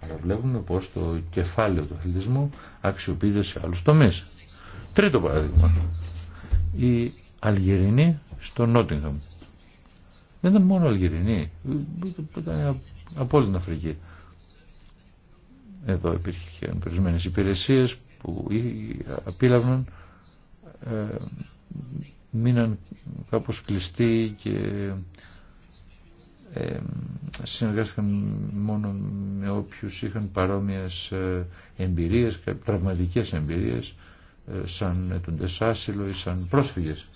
Αλλά βλέπουμε πως το κεφάλαιο του αθλητισμού αξιοποιείται σε άλλους τομείς. Τρίτο παράδειγμα. η αλγερινή στο Νότιγχαμ. Δεν ήταν μόνο αλγερινή ήταν από όλη την Αφρική. Εδώ υπήρχαν ορισμένε υπηρεσίες που απίλαυναν ε, μείναν κάπως κλειστοί και ε, συνεργάστηκαν μόνο με όποιους είχαν παρόμοιες ε, εμπειρίες, τραυματικές εμπειρίες ε, σαν τον άσυλο ή σαν πρόσφυγες.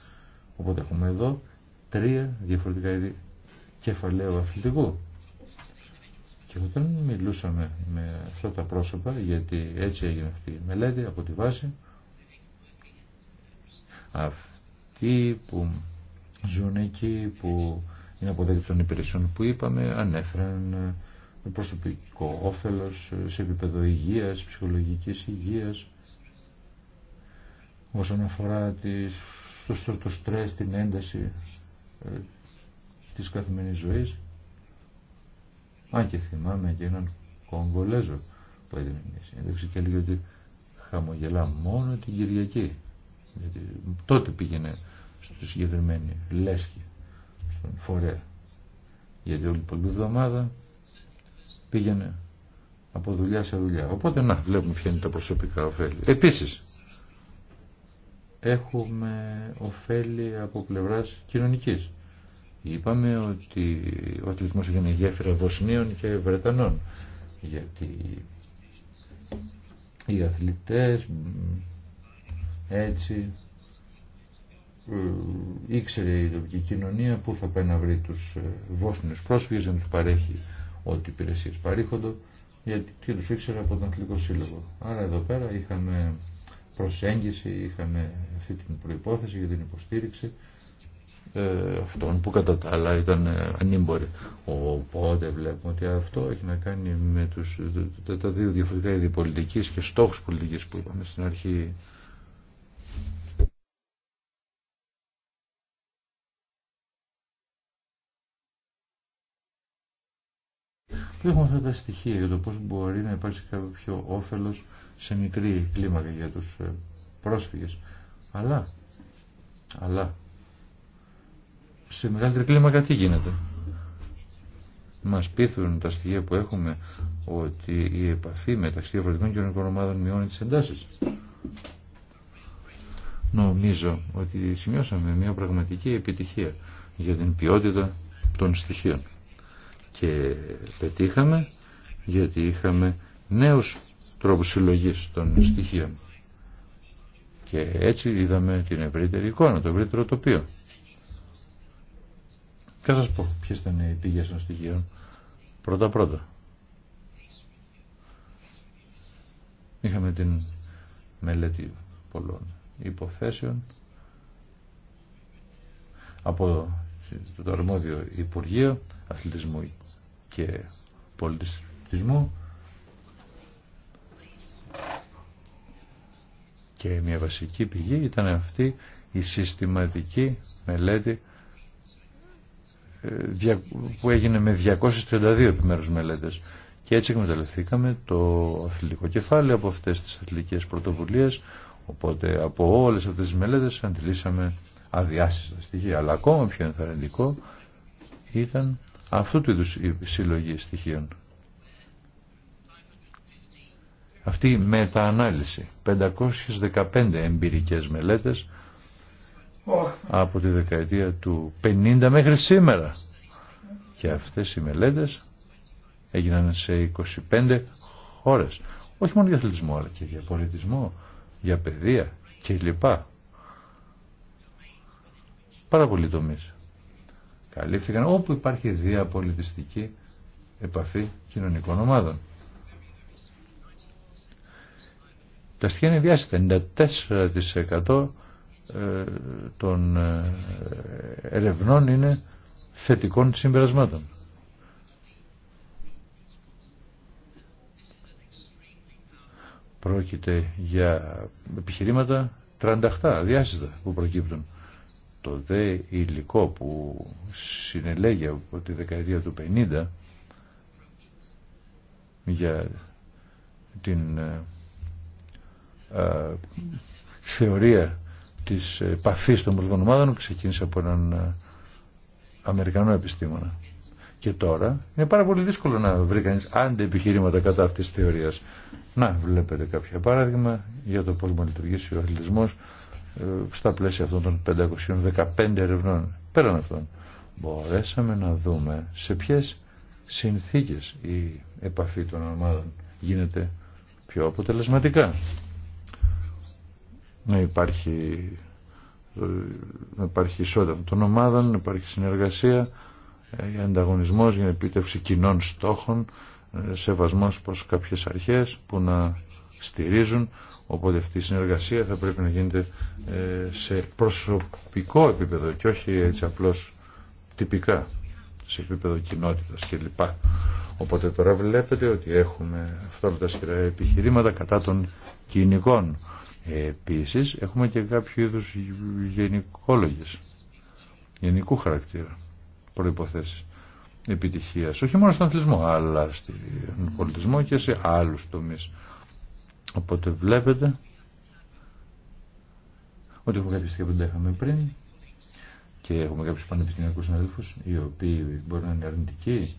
Οπότε έχουμε εδώ τρία διαφορετικά είδη κεφαλαίου αθλητικού. Και όταν μιλούσαμε με αυτά τα πρόσωπα, γιατί έτσι έγινε αυτή η μελέτη από τη βάση, αυτοί που ζουν εκεί, που είναι αποδεκτών των υπηρεσιών που είπαμε, ανέφεραν προσωπικό όφελος σε επίπεδο υγείας, ψυχολογικής υγείας, όσον αφορά τις, το, στρες, την ένταση ε, της καθημερινής ζωής. Αν και θυμάμαι και έναν Κογκολέζο που έδινε μια συνέντευξη και έλεγε ότι χαμογελά μόνο την Κυριακή. Γιατί τότε πήγαινε στο συγκεκριμένη λέσχη, στον φορέα. Γιατί όλη την εβδομάδα πήγαινε από δουλειά σε δουλειά. Οπότε να βλέπουμε ποια είναι τα προσωπικά ωφέλη. Επίσης, έχουμε ωφέλη από πλευράς κοινωνικής. Είπαμε ότι ο αθλητισμός έγινε γέφυρα Βοσνίων και Βρετανών γιατί οι αθλητές έτσι ε, ήξερε η τοπική κοινωνία πού θα πάει να βρει τους ε, Βόσνιους πρόσφυγες να τους παρέχει ό,τι υπηρεσίε παρήχονται γιατί και τους ήξερε από τον Αθλητικό Σύλλογο. Άρα εδώ πέρα είχαμε προσέγγιση, είχαμε αυτή την προϋπόθεση για την υποστήριξη ε, αυτών που κατά τα άλλα ήταν ε, ανήμποροι. Οπότε βλέπουμε ότι αυτό έχει να κάνει με τους, τα δύο διαφορετικά είδη και στόχους Πολιτική που είπαμε στην αρχή. Και έχουμε αυτά τα στοιχεία για το πώς μπορεί να υπάρξει κάποιο όφελος σε μικρή κλίμακα για τους ε, πρόσφυγες. Αλλά, αλλά σε μεγάλη κλίμακα τι γίνεται. Μας πείθουν τα στοιχεία που έχουμε ότι η επαφή μεταξύ διαφορετικών κοινωνικών ομάδων μειώνει τι εντάσει. Νομίζω ότι σημειώσαμε μια πραγματική επιτυχία για την ποιότητα των στοιχείων. Και πετύχαμε γιατί είχαμε νέους τρόπους συλλογή των στοιχείων. Και έτσι είδαμε την ευρύτερη εικόνα, το ευρύτερο τοπίο. Θα σας πω ποιες ήταν οι πηγές των στοιχείων. Πρώτα-πρώτα. Είχαμε την μελέτη πολλών υποθέσεων από το αρμόδιο Υπουργείο Αθλητισμού και Πολιτισμού και μια βασική πηγή ήταν αυτή η συστηματική μελέτη που έγινε με 232 επιμέρους μελέτες. Και έτσι εκμεταλλευθήκαμε το αθλητικό κεφάλαιο από αυτές τις αθλητικές πρωτοβουλίες, οπότε από όλες αυτές τις μελέτες αντιλήσαμε αδιάσυστα στοιχεία. Αλλά ακόμα πιο ενθαρρυντικό ήταν αυτού του είδους η συλλογή στοιχείων. Αυτή η μεταανάλυση, 515 εμπειρικές μελέτες, από τη δεκαετία του 50 μέχρι σήμερα. Και αυτές οι μελέτες έγιναν σε 25 χώρες. Όχι μόνο για αθλητισμό, αλλά και για πολιτισμό, για παιδεία κλπ. Πάρα πολλοί τομείς. Καλύφθηκαν όπου υπάρχει διαπολιτιστική επαφή κοινωνικών ομάδων. Τα στοιχεία είναι διάστητα. 94% ε, των ε, ερευνών είναι θετικών συμπερασμάτων. Πρόκειται για επιχειρήματα τρανταχτά, διάσυστα που προκύπτουν. Το δε υλικό που συνελέγει από τη δεκαετία του 50 για την ε, θεωρία της επαφής των πολιτικών ομάδων ξεκίνησε από έναν ε, Αμερικανό επιστήμονα. Και τώρα είναι πάρα πολύ δύσκολο να βρει κανείς επιχείρηματα κατά αυτής της θεωρίας. Να, βλέπετε κάποια παράδειγμα για το πώς μπορεί να λειτουργήσει ο αθλητισμός ε, στα πλαίσια αυτών των 515 ερευνών. Πέραν αυτών, μπορέσαμε να δούμε σε ποιε συνθήκες η επαφή των ομάδων γίνεται πιο αποτελεσματικά να υπάρχει, να υπάρχει ισότητα των ομάδων, να υπάρχει συνεργασία, ε, ανταγωνισμός για επίτευξη κοινών στόχων, ε, σεβασμός προς κάποιες αρχές που να στηρίζουν, οπότε αυτή η συνεργασία θα πρέπει να γίνεται ε, σε προσωπικό επίπεδο και όχι έτσι απλώς τυπικά σε επίπεδο κοινότητας κλπ. Οπότε τώρα βλέπετε ότι έχουμε αυτά τα σειρά επιχειρήματα κατά των κοινικών Επίση έχουμε και κάποιο είδους γενικόλογες, γενικού χαρακτήρα προποθέσει επιτυχίας, όχι μόνο στον αθλητισμό, αλλά στον πολιτισμό και σε άλλους τομείς. Οπότε βλέπετε ότι έχουμε κάποια στιγμή που είχαμε πριν και έχουμε κάποιου πανεπιστημιακού συναδέλφου, οι οποίοι μπορεί να είναι αρνητικοί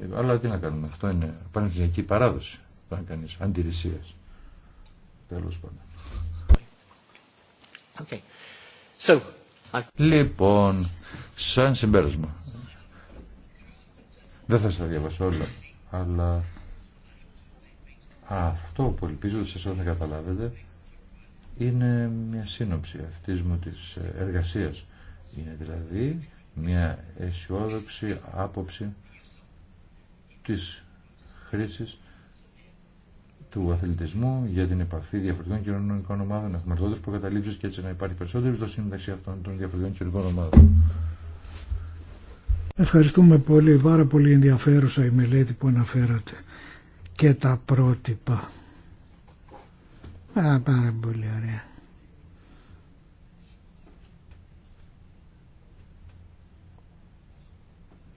ε, αλλά τι να κάνουμε, αυτό είναι πανεπιστημιακή παράδοση όταν κάνει αντιρρησίας. Τέλος πάντων. Okay. So, Λοιπόν, σαν συμπέρασμα. Δεν θα σας διαβάσω όλα, αλλά αυτό που ελπίζω ότι σας όταν καταλάβετε είναι μια σύνοψη αυτής μου της εργασίας. Είναι δηλαδή μια αισιόδοξη άποψη της χρήσης του αθλητισμού, για την επαφή διαφορετικών κοινωνικών ομάδων, να έχουμε που προκαταλήψει και έτσι να υπάρχει περισσότερη εμπιστοσύνη μεταξύ αυτών των διαφορετικών κοινωνικών ομάδων. Ευχαριστούμε πολύ, πάρα πολύ ενδιαφέρουσα η μελέτη που αναφέρατε και τα πρότυπα. Α, πάρα πολύ ωραία.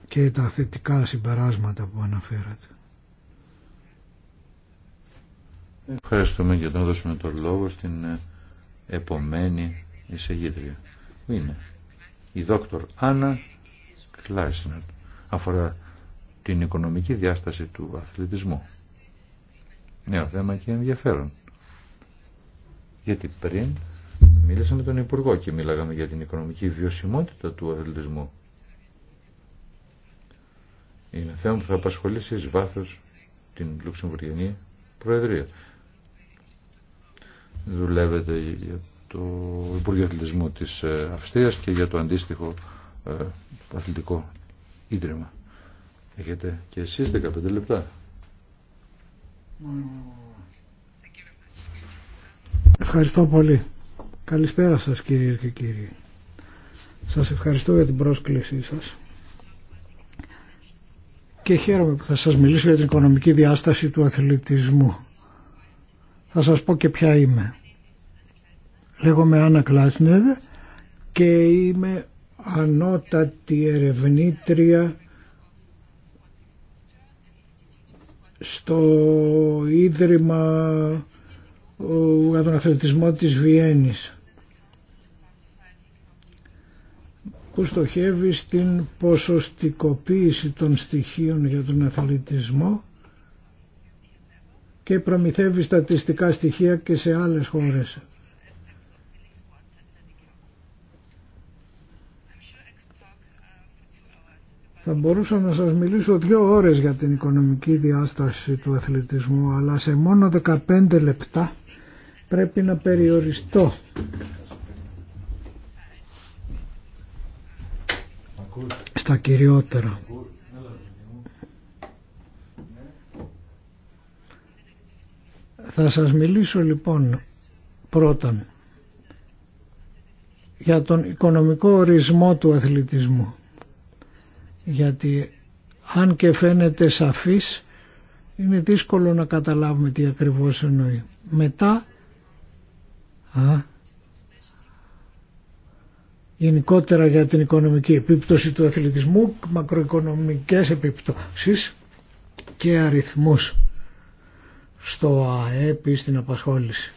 Και τα θετικά συμπεράσματα που αναφέρατε. Ευχαριστούμε και θα δώσουμε τον λόγο στην ε, επομένη εισηγήτρια. είναι η δόκτωρ Άννα Κλάισνερ. Αφορά την οικονομική διάσταση του αθλητισμού. Νέο θέμα και ενδιαφέρον. Γιατί πριν μίλησα με τον Υπουργό και μίλαγαμε για την οικονομική βιωσιμότητα του αθλητισμού. Είναι θέμα που θα απασχολήσει εις βάθος την Λουξεμβουργενή Προεδρία δουλεύετε για το Υπουργείο Αθλητισμού της ε, Αυστρίας και για το αντίστοιχο ε, αθλητικό ίδρυμα. Έχετε και εσείς 15 λεπτά. Ευχαριστώ πολύ. Καλησπέρα σας κύριε και κύριοι. Σας ευχαριστώ για την πρόσκλησή σας και χαίρομαι που θα σας μιλήσω για την οικονομική διάσταση του αθλητισμού. Θα σας πω και ποια είμαι. Λέγομαι Άννα Κλάσνερ και είμαι ανώτατη ερευνήτρια στο Ίδρυμα για τον Αθλητισμό της Βιέννης που στοχεύει στην ποσοστικοποίηση των στοιχείων για τον αθλητισμό και προμηθεύει στατιστικά στοιχεία και σε άλλες χώρες. Θα μπορούσα να σας μιλήσω δύο ώρες για την οικονομική διάσταση του αθλητισμού, αλλά σε μόνο 15 λεπτά πρέπει να περιοριστώ. Στα κυριότερα. Θα σας μιλήσω λοιπόν πρώτον για τον οικονομικό ορισμό του αθλητισμού. Γιατί αν και φαίνεται σαφής είναι δύσκολο να καταλάβουμε τι ακριβώς εννοεί. Μετά α, γενικότερα για την οικονομική επίπτωση του αθλητισμού, μακροοικονομικές επιπτώσεις και αριθμούς στο ΑΕΠ ή στην απασχόληση.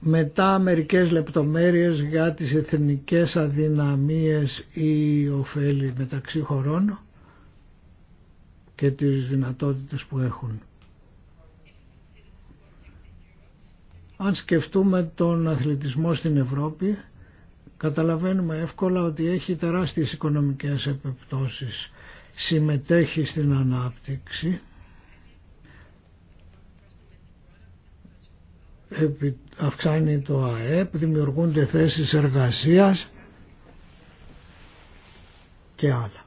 Μετά μερικές λεπτομέρειες για τις εθνικές αδυναμίες ή ωφέλη μεταξύ χωρών και τις δυνατότητες που έχουν. Αν σκεφτούμε τον αθλητισμό στην Ευρώπη, καταλαβαίνουμε εύκολα ότι έχει τεράστιες οικονομικές επιπτώσεις. Συμμετέχει στην ανάπτυξη αυξάνει το ΑΕΠ, δημιουργούνται θέσεις εργασίας και άλλα.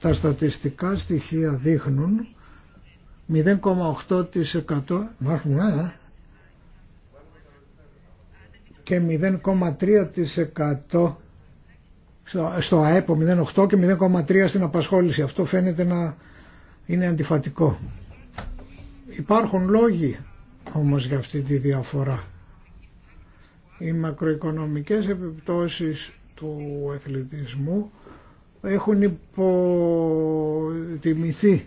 Τα στατιστικά στοιχεία δείχνουν 0,8% ε, ε, και 0,3% στο ΑΕΠ 0,8 και 0,3 στην απασχόληση. Αυτό φαίνεται να είναι αντιφατικό. Υπάρχουν λόγοι όμως για αυτή τη διαφορά. Οι μακροοικονομικές επιπτώσεις του αθλητισμού έχουν υποτιμηθεί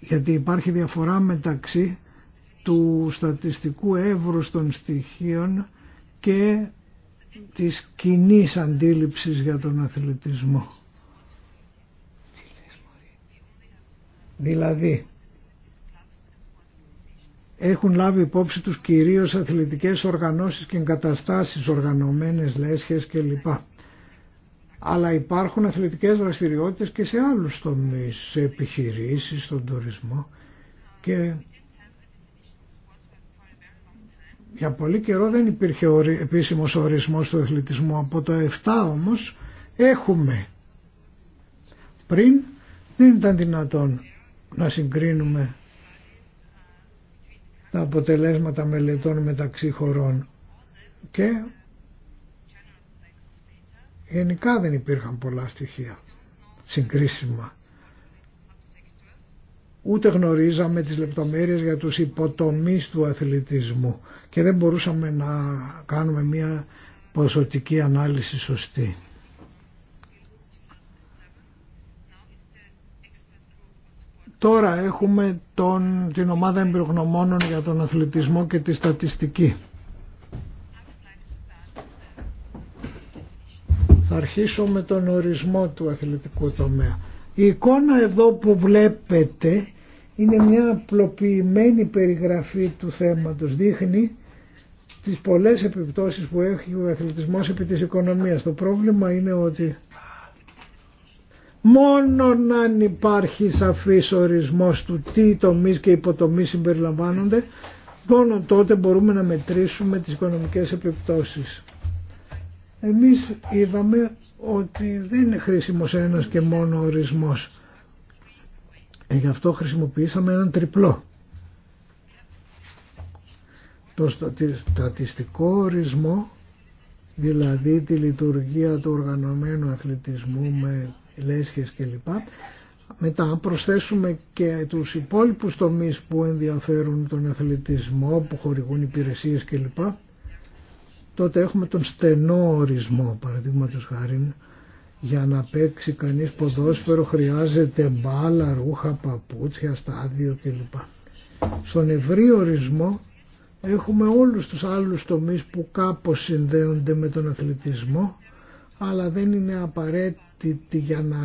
γιατί υπάρχει διαφορά μεταξύ του στατιστικού εύρου των στοιχείων και της κοινή αντίληψης για τον αθλητισμό. Δηλαδή, έχουν λάβει υπόψη τους κυρίως αθλητικές οργανώσεις και εγκαταστάσεις, οργανωμένες λέσχες κλπ. Αλλά υπάρχουν αθλητικές δραστηριότητες και σε άλλους τομείς, σε επιχειρήσεις, στον τουρισμό και για πολύ καιρό δεν υπήρχε επίσημος ορισμός του αθλητισμού. Από το 7 όμως έχουμε. Πριν δεν ήταν δυνατόν να συγκρίνουμε τα αποτελέσματα μελετών μεταξύ χωρών και γενικά δεν υπήρχαν πολλά στοιχεία συγκρίσιμα. Ούτε γνωρίζαμε τις λεπτομέρειες για τους υποτομείς του αθλητισμού και δεν μπορούσαμε να κάνουμε μια ποσοτική ανάλυση σωστή. Τώρα έχουμε τον, την ομάδα εμπειρογνωμόνων για τον αθλητισμό και τη στατιστική. Θα αρχίσω με τον ορισμό του αθλητικού τομέα. Η εικόνα εδώ που βλέπετε είναι μια απλοποιημένη περιγραφή του θέματος. Δείχνει τις πολλές επιπτώσεις που έχει ο αθλητισμός επί της οικονομίας. Το πρόβλημα είναι ότι Μόνον αν υπάρχει σαφής ορισμός του τι τομείς και υποτομείς συμπεριλαμβάνονται, μόνο τότε μπορούμε να μετρήσουμε τις οικονομικές επιπτώσεις. Εμείς είδαμε ότι δεν είναι χρήσιμος ένας και μόνο ορισμός. Ε, γι' αυτό χρησιμοποιήσαμε έναν τριπλό. Το στατιστικό ορισμό, δηλαδή τη λειτουργία του οργανωμένου αθλητισμού με λέσχες κλπ. Μετά αν προσθέσουμε και τους υπόλοιπους τομείς που ενδιαφέρουν τον αθλητισμό, που χορηγούν υπηρεσίες κλπ. Τότε έχουμε τον στενό ορισμό, παραδείγματος χάρη, για να παίξει κανείς ποδόσφαιρο χρειάζεται μπάλα, ρούχα, παπούτσια, στάδιο κλπ. Στον ευρύ ορισμό έχουμε όλους τους άλλους τομείς που κάπως συνδέονται με τον αθλητισμό αλλά δεν είναι απαραίτητη για να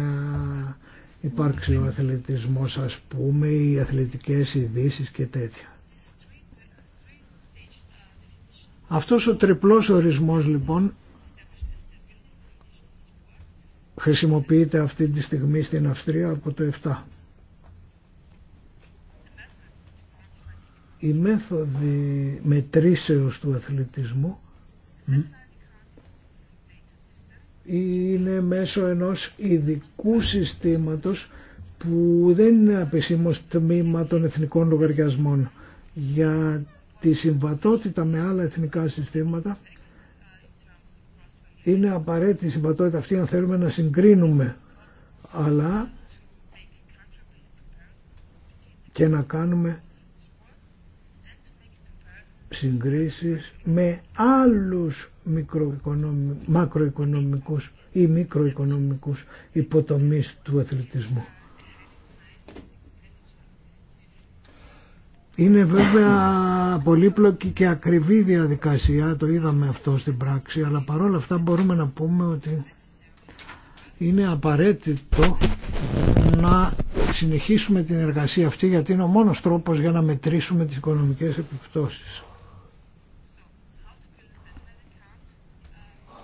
υπάρξει ο αθλητισμός ας πούμε, οι αθλητικές ειδήσει και τέτοια. Αυτός ο τριπλός ορισμός λοιπόν χρησιμοποιείται αυτή τη στιγμή στην Αυστρία από το 7. Η μέθοδοι μετρήσεως του αθλητισμού είναι μέσω ενός ειδικού συστήματος που δεν είναι απεσήμως τμήμα των εθνικών λογαριασμών για τη συμβατότητα με άλλα εθνικά συστήματα είναι απαραίτητη η συμβατότητα αυτή αν θέλουμε να συγκρίνουμε αλλά και να κάνουμε συγκρίσεις με άλλους μακροοικονομικούς ή μικροοικονομικούς υποτομείς του αθλητισμού. Είναι βέβαια πολύπλοκη και ακριβή διαδικασία, το είδαμε αυτό στην πράξη, αλλά παρόλα αυτά μπορούμε να πούμε ότι είναι απαραίτητο να συνεχίσουμε την εργασία αυτή γιατί είναι ο μόνος τρόπος για να μετρήσουμε τις οικονομικές επιπτώσεις.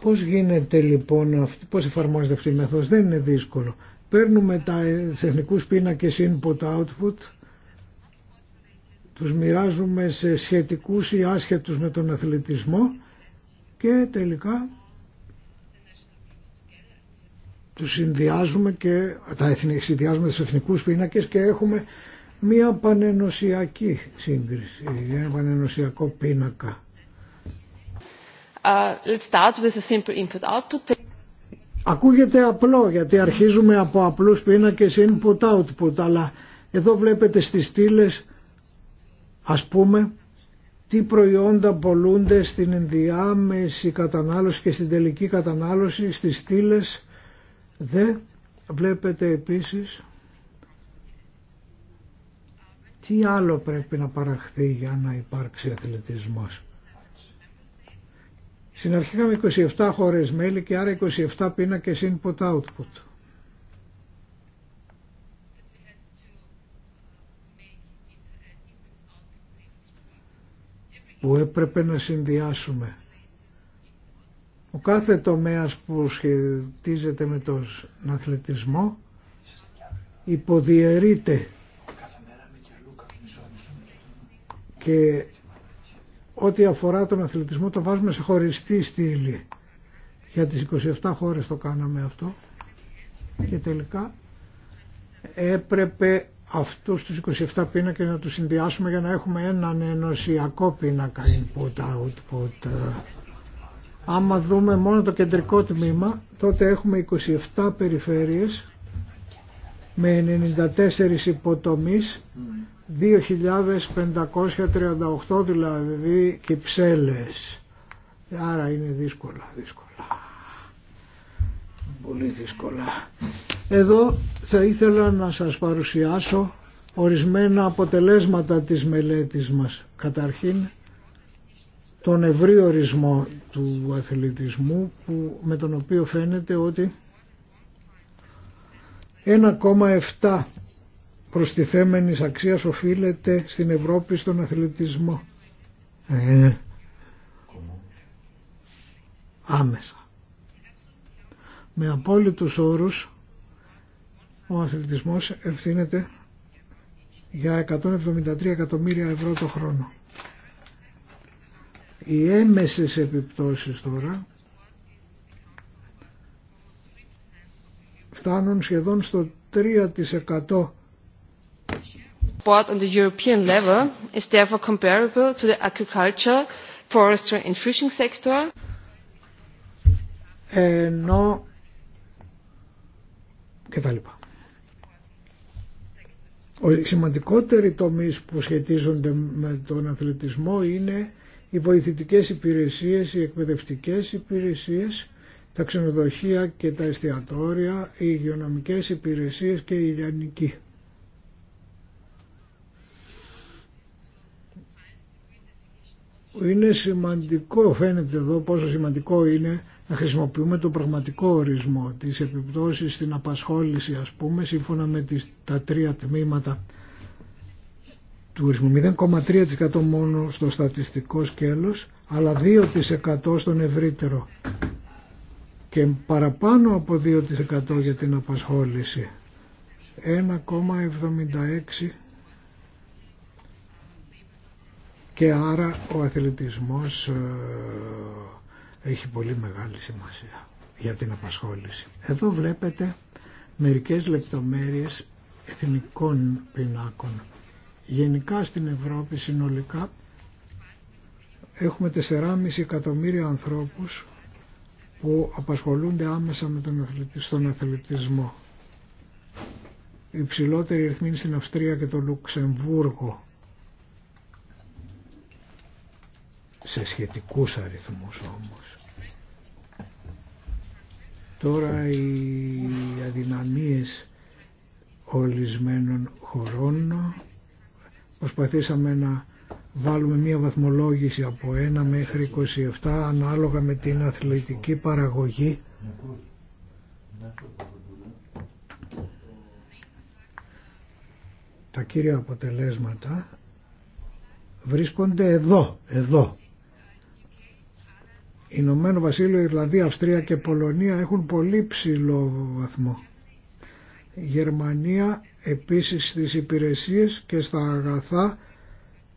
Πώς γίνεται λοιπόν, αυτή, πώς εφαρμόζεται αυτή η μέθοδος, δεν είναι δύσκολο. Παίρνουμε τα εθνικούς πίνακες input-output, τους μοιράζουμε σε σχετικούς ή άσχετους με τον αθλητισμό και τελικά τους συνδυάζουμε και τα συνδυάζουμε τους εθνικούς πίνακες και έχουμε μία πανενοσιακή σύγκριση, ένα πανενοσιακό πίνακα. Uh, Ακούγεται απλό γιατί αρχίζουμε από απλούς πίνακες input-output αλλά εδώ βλέπετε στις στήλε ας πούμε τι προϊόντα πολλούνται στην ενδιάμεση κατανάλωση και στην τελική κατανάλωση στις στήλε δε βλέπετε επίσης τι άλλο πρέπει να παραχθεί για να υπάρξει αθλητισμός. Στην 27 χώρες μέλη και άρα 27 πίνακες input-output. που έπρεπε να συνδυάσουμε. Ο κάθε τομέας που σχετίζεται με τον αθλητισμό υποδιαιρείται και ό,τι αφορά τον αθλητισμό το βάζουμε σε χωριστή στήλη. Για τις 27 χώρες το κάναμε αυτό και τελικά έπρεπε αυτούς τους 27 πίνακες να τους συνδυάσουμε για να έχουμε έναν ενωσιακό πίνακα input output. Άμα δούμε μόνο το κεντρικό τμήμα τότε έχουμε 27 περιφέρειες με 94 υποτομής 2.538 δηλαδή κυψέλες. Άρα είναι δύσκολα, δύσκολα. Πολύ δύσκολα. Εδώ θα ήθελα να σας παρουσιάσω ορισμένα αποτελέσματα της μελέτης μας. Καταρχήν τον ευρύ ορισμό του αθλητισμού που, με τον οποίο φαίνεται ότι 1,7 προστιθέμενης αξίας οφείλεται στην Ευρώπη στον αθλητισμό. Ε, άμεσα. Με απόλυτους όρους ο αθλητισμός ευθύνεται για 173 εκατομμύρια ευρώ το χρόνο. Οι έμεσες επιπτώσεις τώρα φτάνουν σχεδόν στο 3% support on the European level is therefore comparable to the agriculture, forestry and fishing sector. Ενώ και τα λοιπά. Οι σημαντικότεροι τομείς που σχετίζονται με τον αθλητισμό είναι οι βοηθητικές υπηρεσίες, οι εκπαιδευτικές υπηρεσίες τα ξενοδοχεία και τα εστιατόρια, οι υγειονομικές υπηρεσίες και η λιανική. Είναι σημαντικό, φαίνεται εδώ πόσο σημαντικό είναι να χρησιμοποιούμε το πραγματικό ορισμό της επιπτώσεις στην απασχόληση ας πούμε σύμφωνα με τις, τα τρία τμήματα του ορισμού 0,3% μόνο στο στατιστικό σκέλος αλλά 2% στον ευρύτερο και παραπάνω από 2% για την απασχόληση. 1,76% και άρα ο αθλητισμός ε, έχει πολύ μεγάλη σημασία για την απασχόληση. Εδώ βλέπετε μερικές λεπτομέρειες εθνικών πινάκων. Γενικά στην Ευρώπη συνολικά έχουμε 4,5 εκατομμύρια ανθρώπους που απασχολούνται άμεσα με τον αθλητισμό, στον αθλητισμό. Η ψηλότερη ρυθμή στην Αυστρία και το Λουξεμβούργο σε σχετικούς αριθμούς όμως. Τώρα οι αδυναμίες ορισμένων χωρών προσπαθήσαμε να βάλουμε μία βαθμολόγηση από 1 μέχρι 27 ανάλογα με την αθλητική παραγωγή τα κύρια αποτελέσματα βρίσκονται εδώ, εδώ. Ηνωμένο Βασίλειο, Ιρλανδία, Αυστρία και Πολωνία έχουν πολύ ψηλό βαθμό. Γερμανία επίσης στις υπηρεσίες και στα αγαθά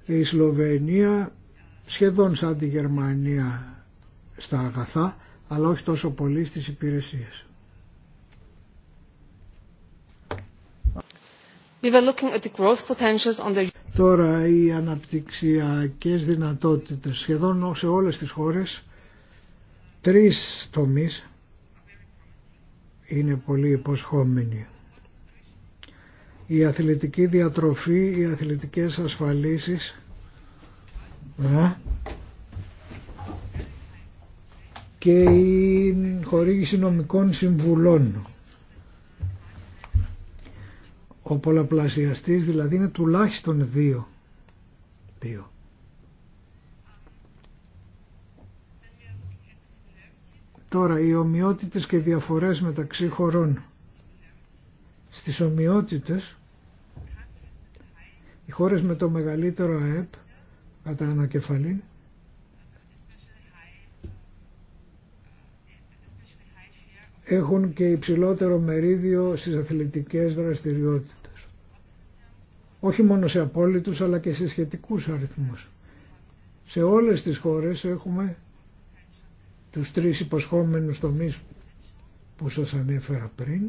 η Σλοβενία σχεδόν σαν τη Γερμανία στα αγαθά, αλλά όχι τόσο πολύ στις υπηρεσίες. We were looking at Τώρα οι αναπτυξιακές δυνατότητες σχεδόν σε όλες τις χώρες τρεις τομείς είναι πολύ υποσχόμενοι η αθλητική διατροφή, οι αθλητικές ασφαλίσεις. και η χορήγηση νομικών συμβουλών. Ο πολλαπλασιαστής δηλαδή είναι τουλάχιστον δύο. δύο. Τώρα οι ομοιότητες και διαφορές μεταξύ χωρών. Στις ομοιότητες οι χώρες με το μεγαλύτερο ΑΕΠ κατά ανακεφαλή έχουν και υψηλότερο μερίδιο στις αθλητικές δραστηριότητες. Όχι μόνο σε απόλυτους αλλά και σε σχετικούς αριθμούς. Σε όλες τις χώρες έχουμε τους τρεις υποσχόμενους τομείς που σας ανέφερα πριν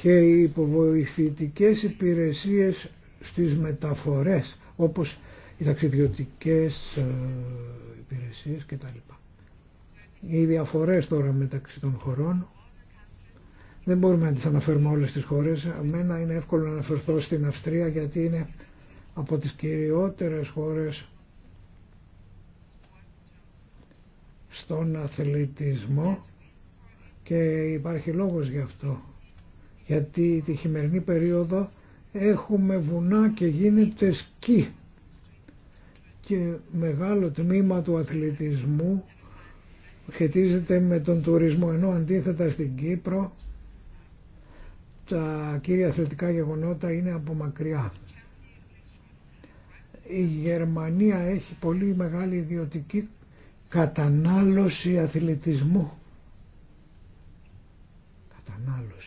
και οι υποβοηθητικές υπηρεσίες στις μεταφορές όπως οι ταξιδιωτικές ε, υπηρεσίες κτλ. Οι διαφορές τώρα μεταξύ των χωρών δεν μπορούμε να τις αναφέρουμε όλες τις χώρες. εμένα είναι εύκολο να αναφερθώ στην Αυστρία γιατί είναι από τις κυριότερες χώρες στον αθλητισμό και υπάρχει λόγος γι' αυτό γιατί τη χειμερινή περίοδο έχουμε βουνά και γίνεται σκι και μεγάλο τμήμα του αθλητισμού σχετίζεται με τον τουρισμό ενώ αντίθετα στην Κύπρο τα κύρια αθλητικά γεγονότα είναι από μακριά. Η Γερμανία έχει πολύ μεγάλη ιδιωτική κατανάλωση αθλητισμού. Κατανάλωση.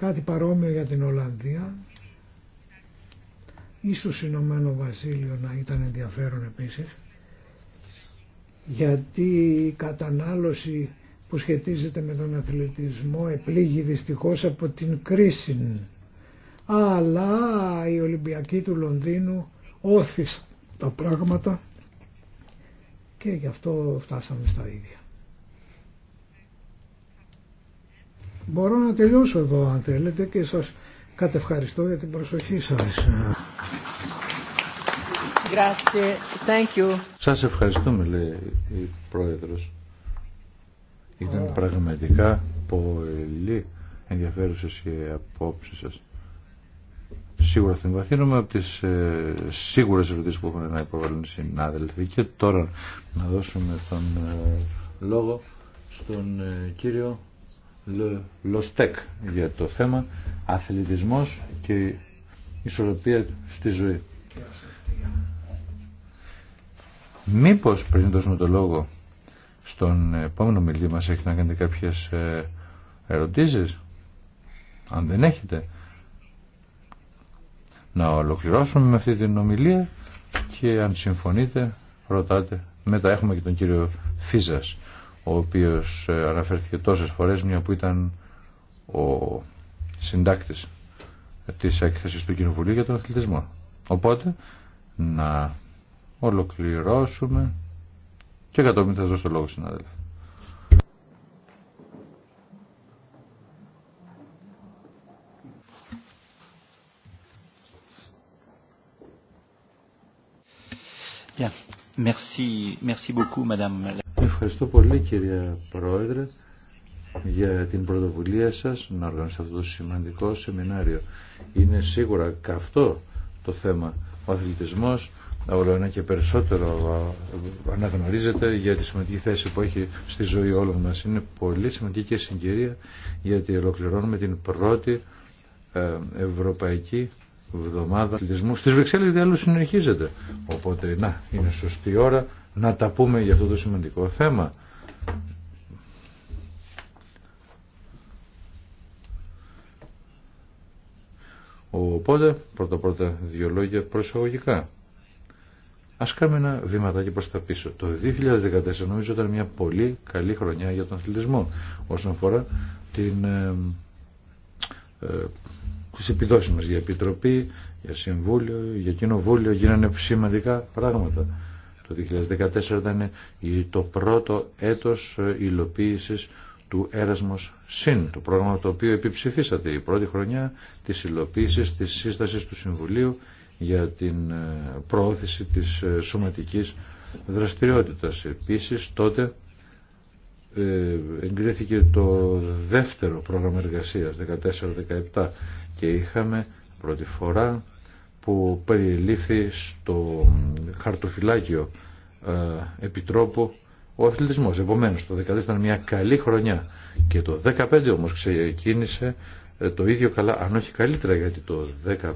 Κάτι παρόμοιο για την Ολλανδία. Ίσως Ηνωμένο Βασίλειο να ήταν ενδιαφέρον επίσης. Γιατί η κατανάλωση που σχετίζεται με τον αθλητισμό επλήγει δυστυχώς από την κρίση. Αλλά η ολυμπιακή του Λονδίνου όθησαν τα πράγματα και γι' αυτό φτάσαμε στα ίδια. Μπορώ να τελειώσω εδώ αν θέλετε και σας κατευχαριστώ για την προσοχή σας. Thank you. Σας ευχαριστούμε λέει η Πρόεδρος. Ήταν πραγματικά πολύ ενδιαφέρουσες οι απόψεις σας. Σίγουρα θα εμβαθύνουμε από τις ε, σίγουρες ερωτήσεις που έχουν να υποβάλουν οι συνάδελφοι. Και τώρα να δώσουμε τον ε, λόγο στον ε, κύριο Λοστέκ για το θέμα αθλητισμός και ισορροπία στη ζωή. Μήπως πριν δώσουμε το λόγο στον επόμενο μιλή μας έχει να κάνετε κάποιες ε, ερωτήσεις αν δεν έχετε να ολοκληρώσουμε με αυτή την ομιλία και αν συμφωνείτε ρωτάτε μετά έχουμε και τον κύριο Φίζας ο οποίος ε, αναφέρθηκε τόσες φορές μια που ήταν ο συντάκτης της έκθεσης του Κοινοβουλίου για τον αθλητισμό. Οπότε να ολοκληρώσουμε και κατόπιν θα δώσω λόγο συναδέλφια. Merci, merci beaucoup, Madame. Ευχαριστώ πολύ κυρία Πρόεδρε για την πρωτοβουλία σας να οργανώσετε αυτό το σημαντικό σεμινάριο. Είναι σίγουρα καυτό το θέμα. Ο αθλητισμός όλο ένα και περισσότερο ε, αναγνωρίζεται για τη σημαντική θέση που έχει στη ζωή όλων μας. Είναι πολύ σημαντική συγκυρία γιατί ολοκληρώνουμε την πρώτη ε, ευρωπαϊκή βδομάδα αθλητισμού στις Βρυξέλλες διάλογος συνεχίζεται. Οπότε να, είναι σωστή ώρα να τα πούμε για αυτό το σημαντικό θέμα. Οπότε, πρώτα-πρώτα δύο λόγια προσαγωγικά. Ας κάνουμε ένα βήματάκι προς τα πίσω. Το 2014 νομίζω ήταν μια πολύ καλή χρονιά για τον αθλητισμό όσον αφορά την, ε, ε, τις επιδόσεις μας για επιτροπή, για συμβούλιο, για κοινοβούλιο γίνανε σημαντικά πράγματα. Το 2014 ήταν το πρώτο έτος ε, υλοποίησης του Έρασμος ΣΥΝ, το πρόγραμμα το οποίο επιψηφίσατε η πρώτη χρονιά της υλοποίησης της σύστασης του Συμβουλίου για την ε, προώθηση της ε, σωματικής δραστηριότητας. Επίσης τότε εγκρίθηκε το δεύτερο πρόγραμμα εργασίας 14-17 και είχαμε πρώτη φορά που περιλήφθη στο χαρτοφυλάκιο ε, επιτρόπου ο αθλητισμός. Επομένως το 2014 ήταν μια καλή χρονιά και το 2015 όμως ξεκίνησε ε, το ίδιο καλά, αν όχι καλύτερα, γιατί το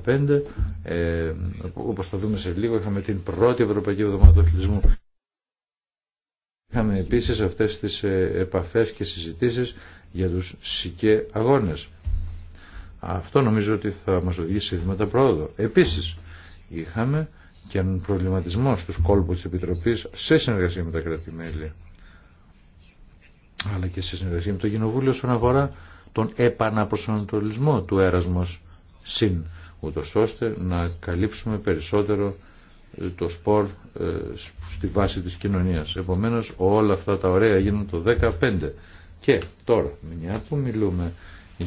2015, ε, όπως θα δούμε σε λίγο, είχαμε την πρώτη Ευρωπαϊκή Εβδομάδα του Αθλητισμού. Είχαμε επίσης αυτές τις ε, επαφές και συζητήσεις για τους ΣΥΚΕ αγώνες. Αυτό νομίζω ότι θα μας οδηγήσει σε πρόοδο. Επίσης, είχαμε και έναν προβληματισμό στους κόλπους της Επιτροπής σε συνεργασία με τα κρατημέλη, αλλά και σε συνεργασία με το Κοινοβούλιο όσον αφορά τον επαναπροσανατολισμό του έρασμος συν ούτως ώστε να καλύψουμε περισσότερο ε, το σπορ ε, στη βάση της κοινωνίας. Επομένως όλα αυτά τα ωραία γίνουν το 15. Και τώρα, μια που μιλούμε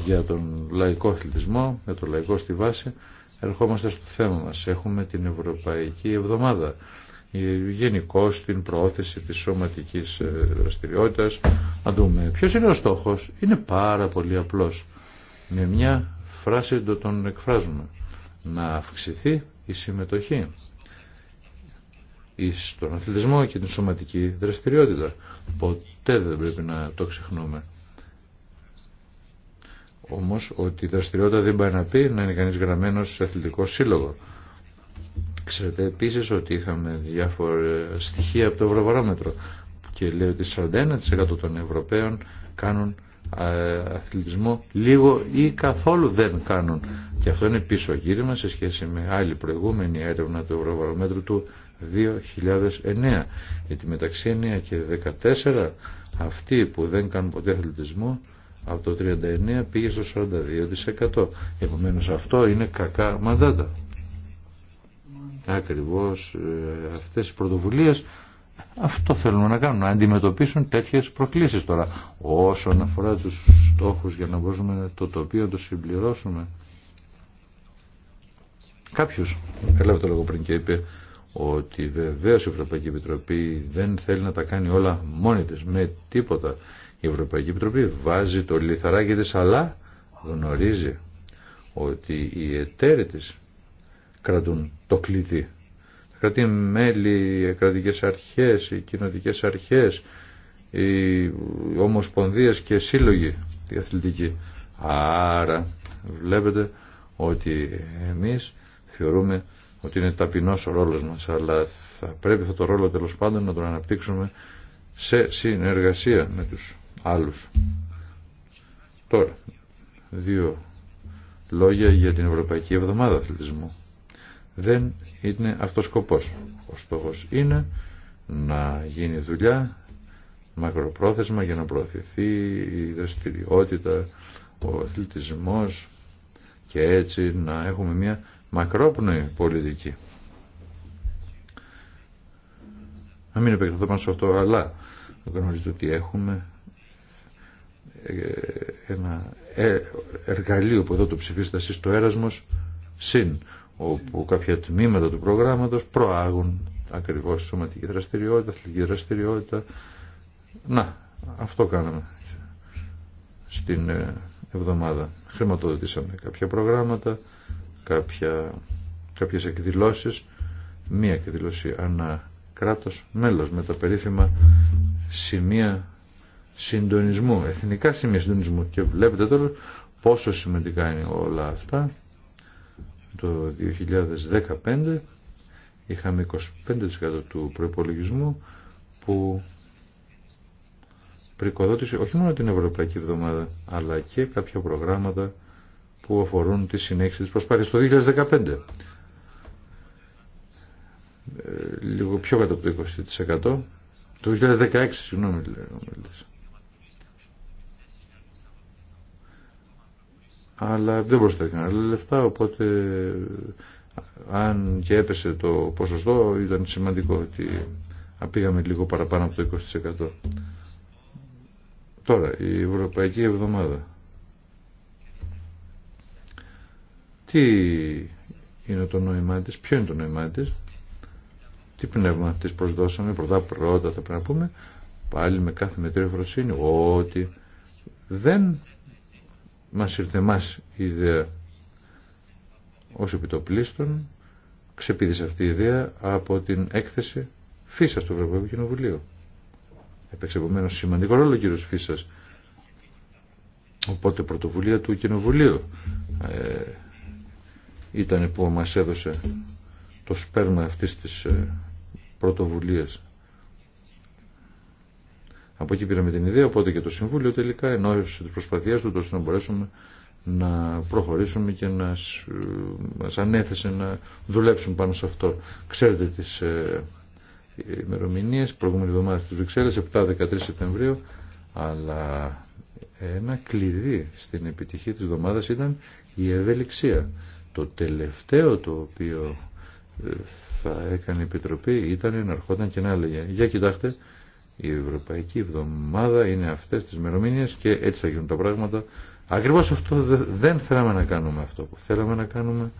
για τον λαϊκό αθλητισμό, με το λαϊκό στη βάση, ερχόμαστε στο θέμα μας. Έχουμε την Ευρωπαϊκή Εβδομάδα. Γενικώ την προώθηση της σωματικής ε, δραστηριότητα. Να δούμε ποιος είναι ο στόχος. Είναι πάρα πολύ απλός. Με μια φράση το τον εκφράζουμε. Να αυξηθεί η συμμετοχή στον αθλητισμό και την σωματική δραστηριότητα. Ποτέ δεν πρέπει να το ξεχνούμε όμως ότι η δραστηριότητα δεν πάει να πει να είναι κανείς γραμμένος σε αθλητικό σύλλογο. Ξέρετε επίσης ότι είχαμε διάφορα στοιχεία από το Ευρωβαρόμετρο και λέει ότι 41% των Ευρωπαίων κάνουν ε, αθλητισμό λίγο ή καθόλου δεν κάνουν. Και αυτό είναι πίσω γύριμα σε σχέση με άλλη προηγούμενη έρευνα του Ευρωβαρομέτρου του 2009. Γιατί μεταξύ 9 και 14 αυτοί που δεν κάνουν ποτέ αθλητισμό από το 39% πήγε στο 42%. Επομένως αυτό είναι κακά μαντάτα. Ακριβώς ε, αυτές οι πρωτοβουλίες αυτό θέλουμε να κάνουν. να αντιμετωπίσουν τέτοιες προκλήσεις τώρα. Όσον αφορά τους στόχους για να μπορούμε το τοπίο να το συμπληρώσουμε. Κάποιος, έλαβε το λόγο πριν και είπε ότι βεβαίως η Ευρωπαϊκή Επιτροπή δεν θέλει να τα κάνει όλα μόνη της με τίποτα η Ευρωπαϊκή Επιτροπή βάζει το λιθαράκι της αλλά γνωρίζει ότι οι εταίροι της κρατούν το κλειδί. Τα κρατεί μέλη, οι κρατικές αρχές, οι κοινοτικές αρχές, οι ομοσπονδίες και σύλλογοι οι αθλητικοί. Άρα βλέπετε ότι εμείς θεωρούμε ότι είναι ταπεινός ο ρόλος μας, αλλά θα πρέπει αυτό το ρόλο τέλος πάντων να τον αναπτύξουμε σε συνεργασία με τους άλλους. Τώρα, δύο λόγια για την Ευρωπαϊκή Εβδομάδα Αθλητισμού. Δεν είναι αυτός σκοπός. Ο στόχος είναι να γίνει δουλειά μακροπρόθεσμα για να προωθηθεί η δραστηριότητα, ο αθλητισμός και έτσι να έχουμε μια μακρόπνοη πολιτική. Να μην επεκταθώ πάνω σε αυτό, αλλά γνωρίζετε ότι έχουμε ένα ε, εργαλείο που εδώ το ψηφίσετε στο το Έρασμος ΣΥΝ όπου κάποια τμήματα του προγράμματος προάγουν ακριβώς σωματική δραστηριότητα, αθλητική δραστηριότητα να, αυτό κάναμε στην ε, εβδομάδα χρηματοδοτήσαμε κάποια προγράμματα κάποια, κάποιες εκδηλώσεις μία εκδηλώση ανά κράτος μέλος με τα περίφημα σημεία συντονισμού, εθνικά σημεία συντονισμού και βλέπετε τώρα πόσο σημαντικά είναι όλα αυτά. Το 2015 είχαμε 25% του προϋπολογισμού που πρικοδότησε όχι μόνο την Ευρωπαϊκή Εβδομάδα αλλά και κάποια προγράμματα που αφορούν τη συνέχιση της προσπάθειας το 2015. Ε, λίγο πιο κάτω από το 20%. Το 2016, συγγνώμη, αλλά δεν προσθέθηκαν άλλα λεφτά, οπότε αν και έπεσε το ποσοστό ήταν σημαντικό ότι πήγαμε λίγο παραπάνω από το 20%. Τώρα, η Ευρωπαϊκή Εβδομάδα. Τι είναι το νόημά της, ποιο είναι το νόημά της, τι πνεύμα της προσδώσαμε, πρώτα πρώτα θα πρέπει να πούμε, πάλι με κάθε μετρή ευρωσύνη, ότι δεν μας ήρθε μας η ιδέα ως επιτοπλίστων ξεπίδησε αυτή η ιδέα από την έκθεση φύσα του Ευρωπαϊκού Κοινοβουλίου. Έπαιξε επομένως σημαντικό ρόλο ο κύριος Φύσας. Οπότε πρωτοβουλία του Κοινοβουλίου ε, ήταν που μας έδωσε το σπέρμα αυτής της ε, πρωτοβουλίας. Από εκεί πήραμε την ιδέα, οπότε και το Συμβούλιο τελικά ενώσε τι προσπαθίε του, ώστε να μπορέσουμε να προχωρήσουμε και να μα ανέθεσε να δουλέψουμε πάνω σε αυτό. Ξέρετε τις ε, προηγούμενη εβδομάδα στι βρυξελλε 7 7-13 Σεπτεμβρίου, αλλά ένα κλειδί στην επιτυχία της εβδομάδα ήταν η ευελιξία. Το τελευταίο το οποίο ε, θα έκανε η Επιτροπή ήταν να ερχόταν και να έλεγε «Για κοιτάξτε, η Ευρωπαϊκή Εβδομάδα είναι αυτές τις μερομήνιες και έτσι θα γίνουν τα πράγματα. Ακριβώς αυτό δεν θέλαμε να κάνουμε αυτό που θέλαμε να κάνουμε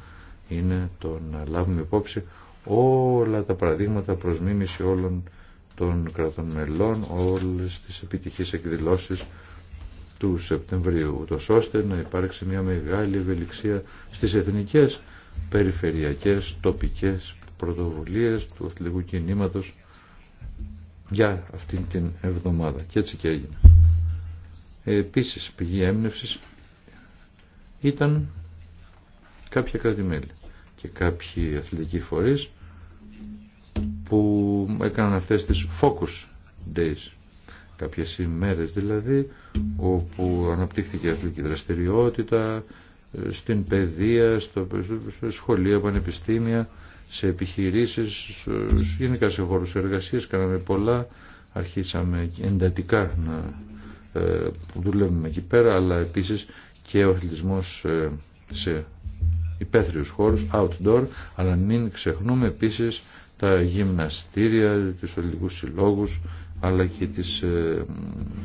είναι το να λάβουμε υπόψη όλα τα παραδείγματα προς μίμηση όλων των κρατών μελών, όλες τις επιτυχείς εκδηλώσεις του Σεπτεμβρίου, ούτως ώστε να υπάρξει μια μεγάλη ευελιξία στις εθνικές, περιφερειακές, τοπικές πρωτοβουλίες του αθλητικού κινήματος για αυτήν την εβδομάδα. Και έτσι και έγινε. Επίσης, πηγή έμπνευσης ήταν κάποια κρατημέλη και κάποιοι αθλητικοί φορείς που έκαναν αυτές τις focus days. Κάποιες ημέρες δηλαδή όπου αναπτύχθηκε αθλητική δραστηριότητα ε, στην παιδεία, στο σχολεία, πανεπιστήμια σε επιχειρήσεις, γενικά σε χώρους εργασίας, κάναμε πολλά, αρχίσαμε εντατικά να ε, δουλεύουμε εκεί πέρα, αλλά επίσης και ο αθλητισμός ε, σε υπαίθριους χώρους, outdoor, αλλά μην ξεχνούμε επίσης τα γυμναστήρια, τους αθλητικούς συλλόγους, αλλά και τις ε,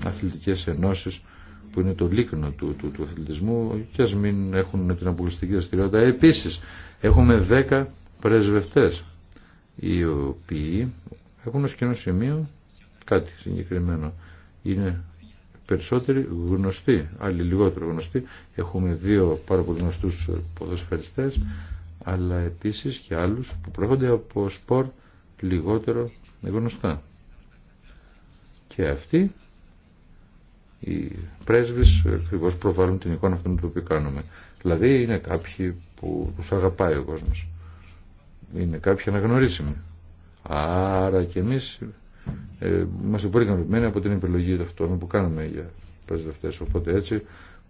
αθλητικές ενώσεις που είναι το λίκνο του, του, του αθλητισμού και ας μην έχουν την αποκλειστική δραστηριότητα. Επίσης, έχουμε 10 πρεσβευτές οι οποίοι έχουν ως κοινό σημείο κάτι συγκεκριμένο. Είναι περισσότεροι γνωστοί, άλλοι λιγότερο γνωστοί. Έχουμε δύο πάρα πολύ γνωστούς ποδοσφαιριστές, αλλά επίσης και άλλους που προέρχονται από σπορ λιγότερο γνωστά. Και αυτοί οι πρέσβεις ακριβώ προβάλλουν την εικόνα αυτών που κάνουμε. Δηλαδή είναι κάποιοι που τους αγαπάει ο κόσμος είναι κάποιοι αναγνωρίσιμοι. Άρα και εμείς ε, είμαστε πολύ ικανοποιημένοι από την επιλογή αυτών που κάνουμε για πρεσβευτέ. Οπότε έτσι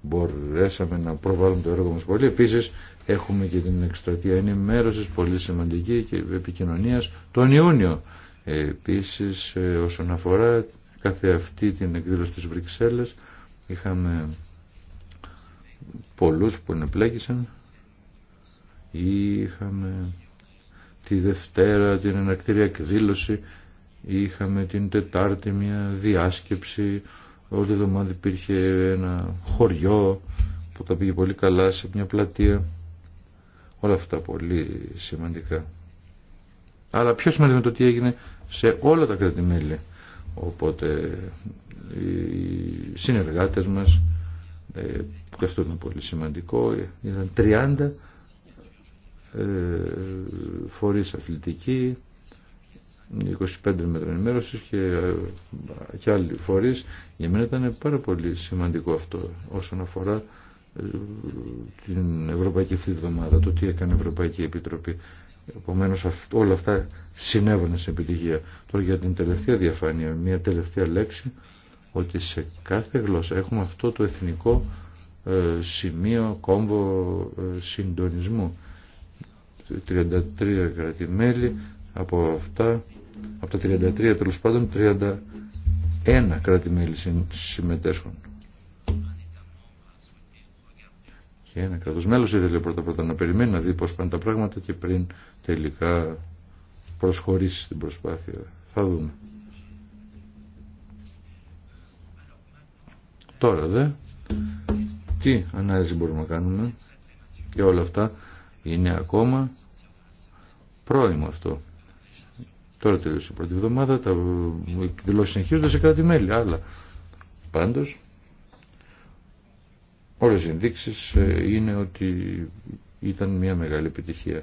μπορέσαμε να προβάλλουμε το έργο μας πολύ. Επίσης έχουμε και την εκστρατεία ενημέρωσης πολύ σημαντική και επικοινωνίας τον Ιούνιο. Επίσης ε, όσον αφορά κάθε αυτή την εκδήλωση της Βρυξέλλες είχαμε πολλούς που ενεπλέκησαν είχαμε τη Δευτέρα την ενακτήρια εκδήλωση, είχαμε την Τετάρτη μια διάσκεψη, όλη εβδομάδα υπήρχε ένα χωριό που τα πήγε πολύ καλά σε μια πλατεία. Όλα αυτά πολύ σημαντικά. Αλλά πιο σημαντικό είναι το τι έγινε σε όλα τα κρατημέλη. Οπότε οι συνεργάτες μας, ε, που και αυτό ήταν πολύ σημαντικό, ε, ήταν 30 ε, φορείς αθλητικοί, 25 μέτρα ενημέρωση και, ε, και άλλοι φορείς. Για μένα ήταν πάρα πολύ σημαντικό αυτό όσον αφορά ε, την Ευρωπαϊκή αυτή εβδομάδα, το τι έκανε η Ευρωπαϊκή Επιτροπή. Επομένω όλα αυτά συνέβαιναν σε επιτυχία. Τώρα για την τελευταία διαφάνεια, μια τελευταία λέξη, ότι σε κάθε γλώσσα έχουμε αυτό το εθνικό σημείο κόμβο συντονισμού 33 κράτη-μέλη από αυτά, από τα 33 τέλο πάντων, 31 κράτη-μέλη συμμετέσχουν. Και ένα κρατος κράτος ήθελε πρώτα πρώτα να περιμένει να δει πώς πάνε τα πράγματα και πριν τελικά προσχωρήσει στην προσπάθεια. Θα δούμε. Τώρα δε, τι ανάλυση μπορούμε να κάνουμε για όλα αυτά είναι ακόμα πρώιμο αυτό. Τώρα τελείωσε η πρώτη εβδομάδα, τα εκδηλώσει συνεχίζονται σε κράτη-μέλη, αλλά πάντως όλες οι ενδείξεις ε, είναι ότι ήταν μια μεγάλη επιτυχία.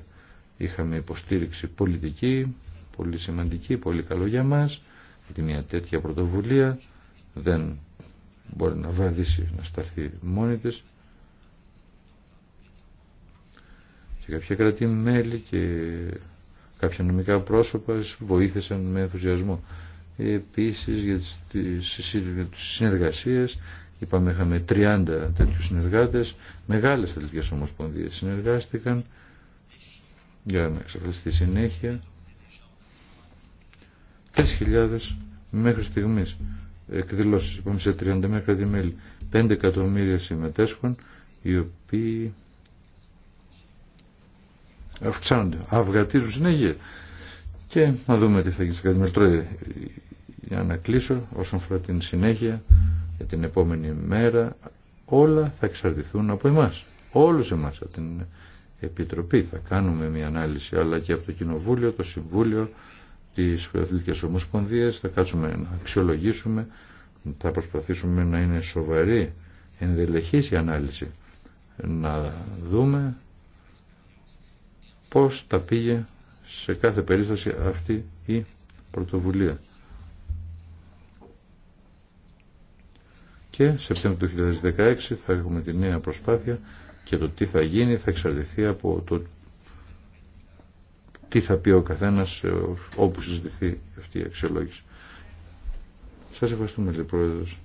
Είχαμε υποστήριξη πολιτική, πολύ σημαντική, πολύ καλό για μας, γιατί μια τέτοια πρωτοβουλία δεν μπορεί να βαδίσει, να σταθεί μόνη της. κάποια κρατή-μέλη και κάποια νομικά πρόσωπα βοήθησαν με ενθουσιασμό. Επίσης για τις συνεργασίες, είπαμε είχαμε 30 τέτοιους συνεργάτες, μεγάλες τελικέ ομοσπονδίες συνεργάστηκαν για να εξαφανιστεί συνέχεια. 3.000 μέχρι στιγμής εκδηλώσεις, είπαμε σε 31 μέλη. 5 εκατομμύρια συμμετέσχων, οι οποίοι αυξάνονται, αυγατίζουν συνέχεια. Και να δούμε τι θα γίνει σε κάτι Τώρα, για να κλείσω όσον αφορά την συνέχεια για την επόμενη μέρα όλα θα εξαρτηθούν από εμάς όλους εμάς από την Επιτροπή θα κάνουμε μια ανάλυση αλλά και από το Κοινοβούλιο, το Συμβούλιο της Αθλητικές Ομοσπονδίες θα κάτσουμε να αξιολογήσουμε θα προσπαθήσουμε να είναι σοβαρή ενδελεχής η ανάλυση να δούμε πώς τα πήγε σε κάθε περίσταση αυτή η πρωτοβουλία. Και σε Σεπτέμβριο του 2016 θα έχουμε τη νέα προσπάθεια και το τι θα γίνει θα εξαρτηθεί από το τι θα πει ο καθένας ε, όπου συζητηθεί αυτή η αξιολόγηση. Σας ευχαριστούμε λοιπόν πρόεδρος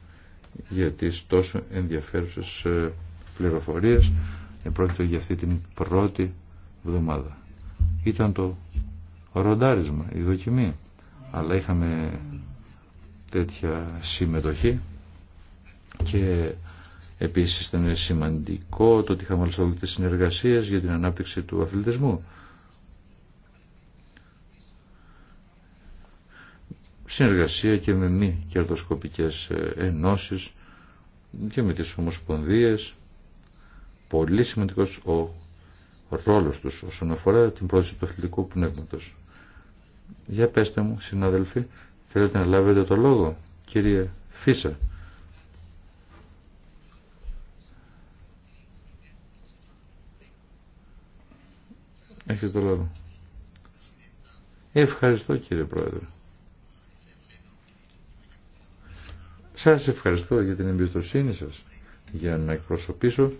για τις τόσο ενδιαφέρουσες ε, πληροφορίες. Ε, πρόκειται για αυτή την πρώτη εβδομάδα. Ήταν το ροντάρισμα, η δοκιμή. Αλλά είχαμε τέτοια συμμετοχή και επίσης ήταν σημαντικό το ότι είχαμε τις συνεργασίες για την ανάπτυξη του αθλητισμού. Συνεργασία και με μη κερδοσκοπικές ε, ενώσεις και με τις ομοσπονδίες. Πολύ σημαντικός ο ρόλος τους όσον αφορά την πρόθεση του αθλητικού πνεύματος. Για πέστε μου, συναδελφοί, θέλετε να λάβετε το λόγο, κύριε Φίσα. Έχετε το λόγο. Ευχαριστώ κύριε Πρόεδρε. Σας ευχαριστώ για την εμπιστοσύνη σας για να εκπροσωπήσω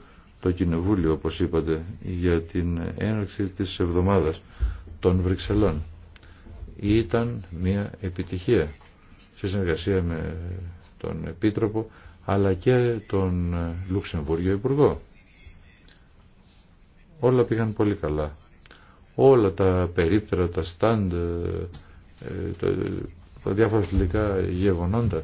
το Κοινοβούλιο, όπως είπατε, για την έναρξη της εβδομάδας των Βρυξελών. Ήταν μια επιτυχία σε συνεργασία με τον Επίτροπο, αλλά και τον Λουξεμβούργιο Υπουργό. Όλα πήγαν πολύ καλά. Όλα τα περίπτερα, τα στάντ, ε, τα διάφορα φιλικά γεγονότα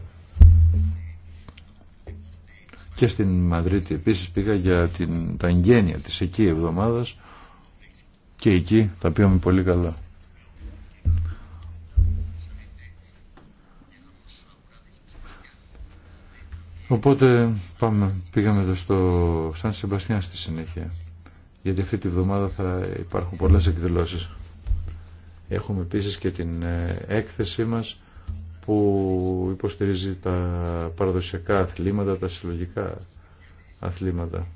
και στην Μαδρίτη επίσης πήγα για την, τα εγγένεια της εκεί εβδομάδας και εκεί τα πήγαμε πολύ καλά. Οπότε πάμε, πήγαμε στο Σαν Σεμπαστιάν στη συνέχεια. Γιατί αυτή τη βδομάδα θα υπάρχουν πολλές εκδηλώσεις. Έχουμε επίσης και την ε, έκθεσή μας που υποστηρίζει τα παραδοσιακά αθλήματα, τα συλλογικά αθλήματα.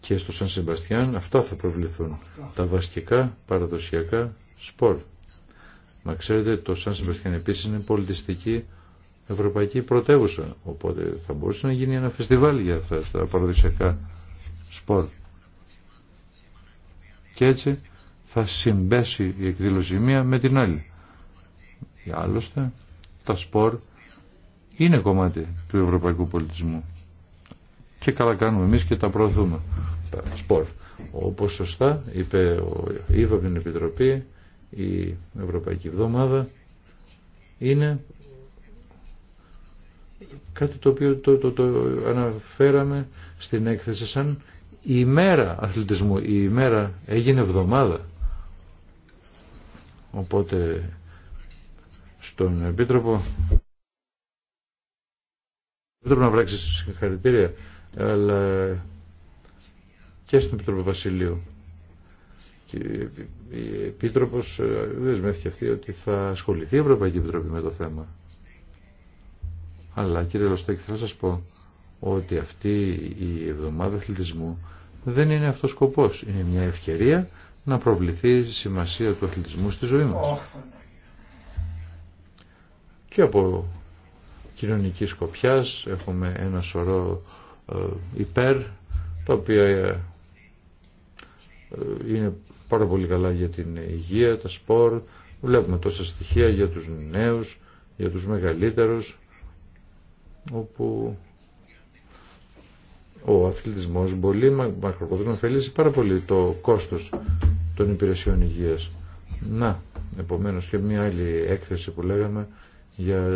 Και στο Σαν Σεμπαστιάν αυτά θα προβληθούν, τα βασικά παραδοσιακά σπορ. Μα ξέρετε το Σαν Σεμπαστιάν επίσης είναι πολιτιστική ευρωπαϊκή πρωτεύουσα, οπότε θα μπορούσε να γίνει ένα φεστιβάλ για αυτά τα παραδοσιακά σπορ. Και έτσι θα συμπέσει η εκδήλωση μία με την άλλη. Άλλωστε, τα σπορ είναι κομμάτι του ευρωπαϊκού πολιτισμού. Και καλά κάνουμε εμείς και τα προωθούμε. Τα σπορ. Όπως σωστά είπε, είπε από την Επιτροπή, η Ευρωπαϊκή Εβδομάδα είναι κάτι το οποίο το, το, το αναφέραμε στην έκθεση σαν η ημέρα αθλητισμού, η ημέρα έγινε εβδομάδα Οπότε στον Επίτροπο Επίτροπο να βράξει συγχαρητήρια αλλά και στον Επίτροπο Βασιλείου. Και η Επίτροπος ε, δεσμεύτηκε αυτή ότι θα ασχοληθεί η Ευρωπαϊκή Επιτροπή με το θέμα. Αλλά κύριε Λοστέκη θα σας πω ότι αυτή η εβδομάδα αθλητισμού δεν είναι αυτός σκοπός. Είναι μια ευκαιρία να προβληθεί η σημασία του αθλητισμού στη ζωή μας. Και από κοινωνική σκοπιά έχουμε ένα σωρό ε, υπέρ, τα οποία ε, ε, είναι πάρα πολύ καλά για την υγεία, τα σπορ, βλέπουμε τόσα στοιχεία για τους νέους, για τους μεγαλύτερους, όπου ο αθλητισμός μπορεί μακροπρόθεσμα να ωφελήσει πάρα πολύ το κόστος των υπηρεσιών υγείας. Να, επομένως και μια άλλη έκθεση που λέγαμε για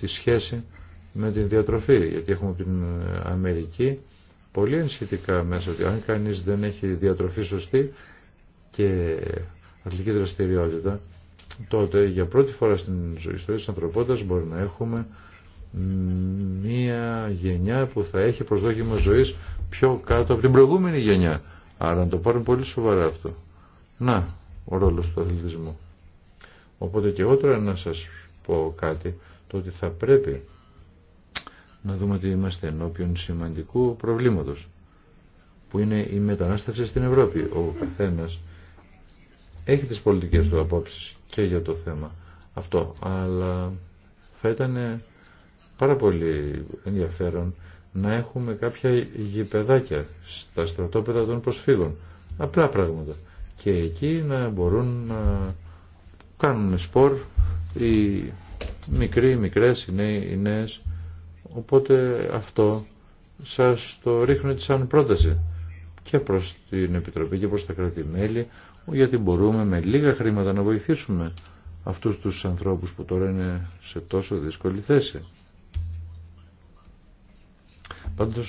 τη σχέση με την διατροφή, γιατί έχουμε την Αμερική πολύ ενσχετικά μέσα ότι αν κανείς δεν έχει διατροφή σωστή και αθλητική δραστηριότητα, τότε για πρώτη φορά στην ιστορία της ανθρωπότητας μπορεί να έχουμε μία γενιά που θα έχει προσδόκιμο ζωής πιο κάτω από την προηγούμενη γενιά. Άρα να το πάρουν πολύ σοβαρά αυτό. Να, ο ρόλος του αθλητισμού. Οπότε και εγώ τώρα να σας πω κάτι, το ότι θα πρέπει να δούμε ότι είμαστε ενώπιον σημαντικού προβλήματος που είναι η μετανάστευση στην Ευρώπη. Ο καθένας έχει τις πολιτικές του απόψεις και για το θέμα αυτό, αλλά θα ήταν πάρα πολύ ενδιαφέρον να έχουμε κάποια γηπεδάκια στα στρατόπεδα των προσφύγων. Απλά πράγματα. Και εκεί να μπορούν να κάνουν σπορ οι μικροί, οι μικρές, οι νέοι, οι νέες. Οπότε αυτό σας το ρίχνω έτσι σαν πρόταση και προς την Επιτροπή και προς τα κράτη-μέλη γιατί μπορούμε με λίγα χρήματα να βοηθήσουμε αυτούς τους ανθρώπους που τώρα είναι σε τόσο δύσκολη θέση. Πάντω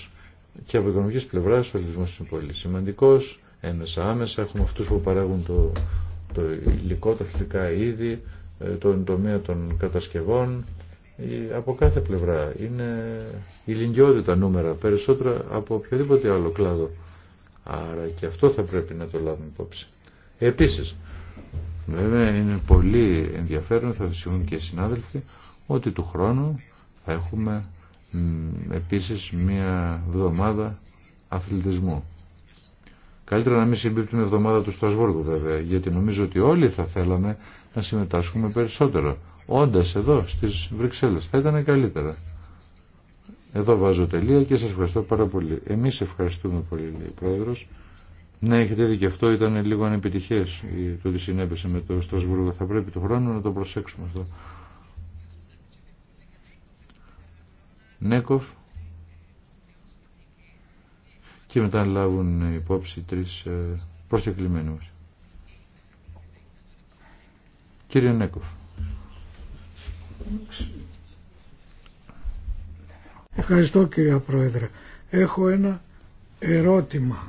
και από οικονομική πλευρά ο ελληνισμός είναι πολύ σημαντικός, έμεσα άμεσα έχουμε αυτού που παράγουν το, το υλικό, τα φυσικά είδη, ε, τον τομέα των κατασκευών, από κάθε πλευρά. Είναι ηλικιώδη τα νούμερα, περισσότερα από οποιοδήποτε άλλο κλάδο. Άρα και αυτό θα πρέπει να το λάβουμε υπόψη. Επίσης, βέβαια είναι πολύ ενδιαφέρον, θα συμφωνούν και οι συνάδελφοι, ότι του χρόνου θα έχουμε επίσης μία εβδομάδα αθλητισμού. Καλύτερα να μην συμπίπτει εβδομάδα του Στρασβούργου βέβαια, γιατί νομίζω ότι όλοι θα θέλαμε να συμμετάσχουμε περισσότερο. Όντα εδώ στις Βρυξέλλες θα ήταν καλύτερα. Εδώ βάζω τελεία και σας ευχαριστώ πάρα πολύ. Εμείς ευχαριστούμε πολύ, λέει ο Πρόεδρος. Ναι, έχετε δει και αυτό ήταν λίγο ανεπιτυχές ε, το ότι συνέπεσε με το Στρασβούργο. Θα πρέπει το χρόνο να το προσέξουμε αυτό. Νέκοφ και μετά λάβουν υπόψη τρεις ε, προσκεκλημένους. Κύριε Νέκοφ. Ευχαριστώ κύριε Πρόεδρε. Έχω ένα ερώτημα.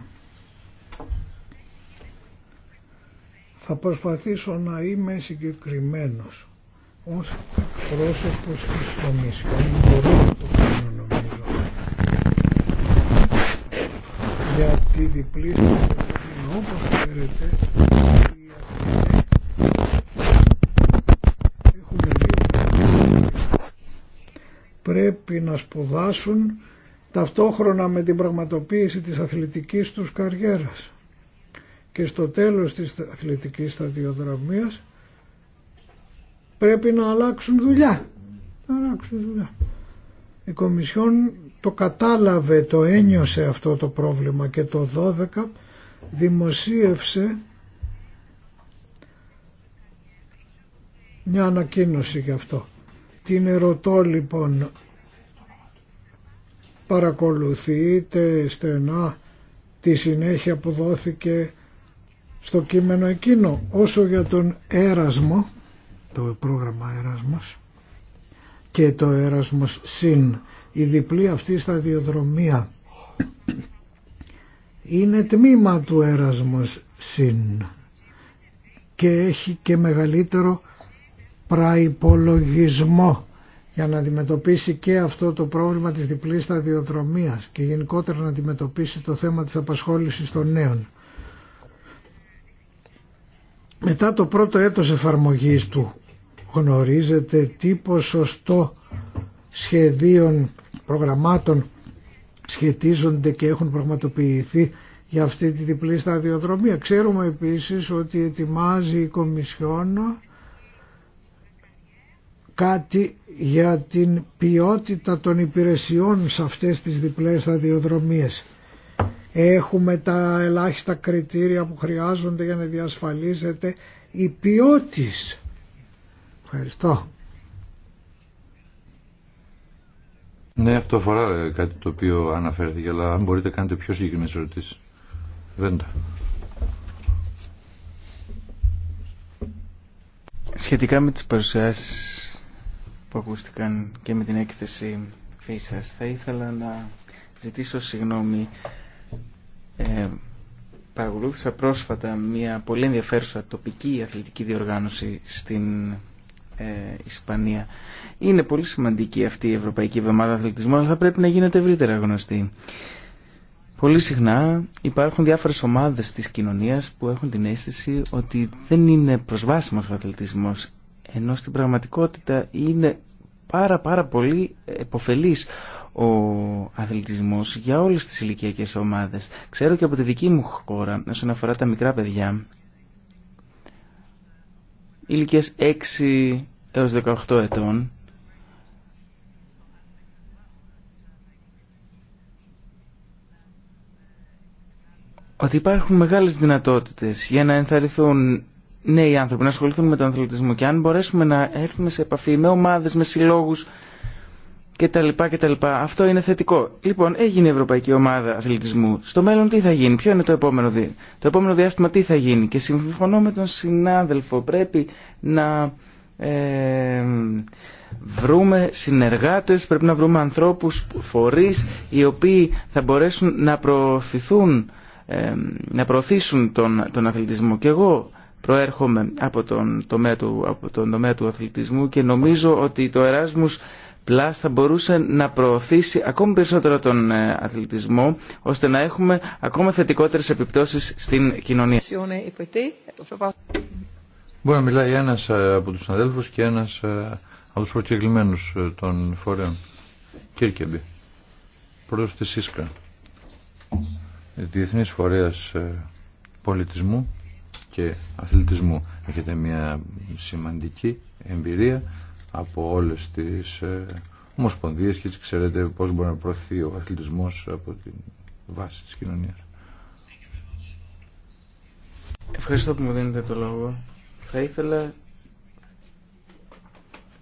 Θα προσπαθήσω να είμαι συγκεκριμένος. Ως πρόσωπος της Κομισιόν για τη διπλή Όπως ξέρετε, πρέπει να σπουδάσουν ταυτόχρονα με την πραγματοποίηση της αθλητικής τους καριέρας. Και στο τέλος της αθλητικής σταδιοδραμίας πρέπει να αλλάξουν δουλειά. Να αλλάξουν δουλειά. Η Κομισιόν το κατάλαβε, το ένιωσε αυτό το πρόβλημα και το 12 δημοσίευσε μια ανακοίνωση γι' αυτό. Την ερωτώ λοιπόν παρακολουθείτε στενά τη συνέχεια που δόθηκε στο κείμενο εκείνο. Όσο για τον έρασμο, το πρόγραμμα έρασμος και το έρασμος συν η διπλή αυτή σταδιοδρομία είναι τμήμα του έρασμος συν και έχει και μεγαλύτερο πραϋπολογισμό για να αντιμετωπίσει και αυτό το πρόβλημα της διπλής σταδιοδρομίας και γενικότερα να αντιμετωπίσει το θέμα της απασχόλησης των νέων. Μετά το πρώτο έτος εφαρμογής του γνωρίζετε τι ποσοστό σχεδίων προγραμμάτων σχετίζονται και έχουν πραγματοποιηθεί για αυτή τη διπλή σταδιοδρομία. Ξέρουμε επίσης ότι ετοιμάζει η Κομισιόν κάτι για την ποιότητα των υπηρεσιών σε αυτές τις διπλές σταδιοδρομίες. Έχουμε τα ελάχιστα κριτήρια που χρειάζονται για να διασφαλίζεται η ποιότης. Ευχαριστώ. Ναι, αυτό αφορά ε, κάτι το οποίο αναφέρθηκε, αλλά αν μπορείτε κάνετε πιο συγκεκριμένες ερωτήσει. Βέντα. Σχετικά με τις παρουσιάσεις που ακούστηκαν και με την έκθεση ΦΥΣΑΣ, θα ήθελα να ζητήσω συγγνώμη. Ε, παρακολούθησα πρόσφατα μια πολύ ενδιαφέρουσα τοπική αθλητική διοργάνωση στην ε, Ισπανία. Είναι πολύ σημαντική αυτή η Ευρωπαϊκή Εβδομάδα Αθλητισμού, αλλά θα πρέπει να γίνεται ευρύτερα γνωστή. Πολύ συχνά υπάρχουν διάφορες ομάδες τη κοινωνία που έχουν την αίσθηση ότι δεν είναι προσβάσιμος ο αθλητισμός, ενώ στην πραγματικότητα είναι πάρα πάρα πολύ επωφελής ο αθλητισμός για όλε τι ηλικιακέ ομάδε. Ξέρω και από τη δική μου χώρα, όσον αφορά τα μικρά παιδιά, ηλικίας 6 έως 18 ετών ότι υπάρχουν μεγάλες δυνατότητες για να ενθαρρυθούν νέοι άνθρωποι να ασχοληθούν με τον αθλητισμό και αν μπορέσουμε να έρθουμε σε επαφή με ομάδες, με συλλόγους τα λοιπά. Αυτό είναι θετικό. Λοιπόν, έγινε η Ευρωπαϊκή Ομάδα Αθλητισμού. Στο μέλλον τι θα γίνει, ποιο είναι το επόμενο, το επόμενο διάστημα, τι θα γίνει. Και συμφωνώ με τον συνάδελφο, πρέπει να ε, βρούμε συνεργάτες, πρέπει να βρούμε ανθρώπους, φορείς, οι οποίοι θα μπορέσουν να προωθηθούν, ε, να προωθήσουν τον, τον αθλητισμό. Και εγώ προέρχομαι από τον τομέα του, από τον του αθλητισμού και νομίζω ότι το Εράσμους Plus θα μπορούσε να προωθήσει ακόμη περισσότερο τον ε, αθλητισμό ώστε να έχουμε ακόμα θετικότερες επιπτώσεις στην κοινωνία. Μπορεί να μιλάει ένα ε, από τους αδέλφους και ένας ε, από τους προκεκλημένους των φορέων. Κίρκεμπι, πρόεδρος της ΣΥΣΚΑ, Διεθνής Φορέας Πολιτισμού και Αθλητισμού. Έχετε μια σημαντική εμπειρία από όλες τις ε, ομοσπονδίες και ξέρετε πώς μπορεί να προωθεί ο αθλητισμός από τη βάση της κοινωνίας. Ευχαριστώ που μου δίνετε το λόγο. Θα ήθελα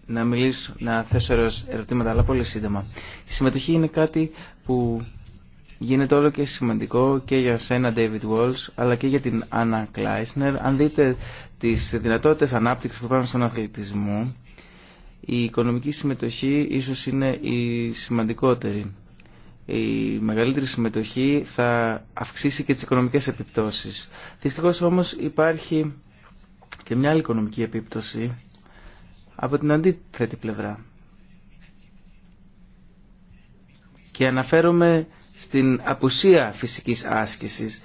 να μιλήσω, να θέσω ερωτήματα, αλλά πολύ σύντομα. Η συμμετοχή είναι κάτι που γίνεται όλο και σημαντικό και για σένα David Walls, αλλά και για την Anna Kleisner. Αν δείτε τις δυνατότητες ανάπτυξης που υπάρχουν στον αθλητισμό, η οικονομική συμμετοχή ίσως είναι η σημαντικότερη. Η μεγαλύτερη συμμετοχή θα αυξήσει και τις οικονομικές επιπτώσεις. Δυστυχώς όμως υπάρχει και μια άλλη οικονομική επίπτωση από την αντίθετη πλευρά. Και αναφέρομαι στην απουσία φυσικής άσκησης.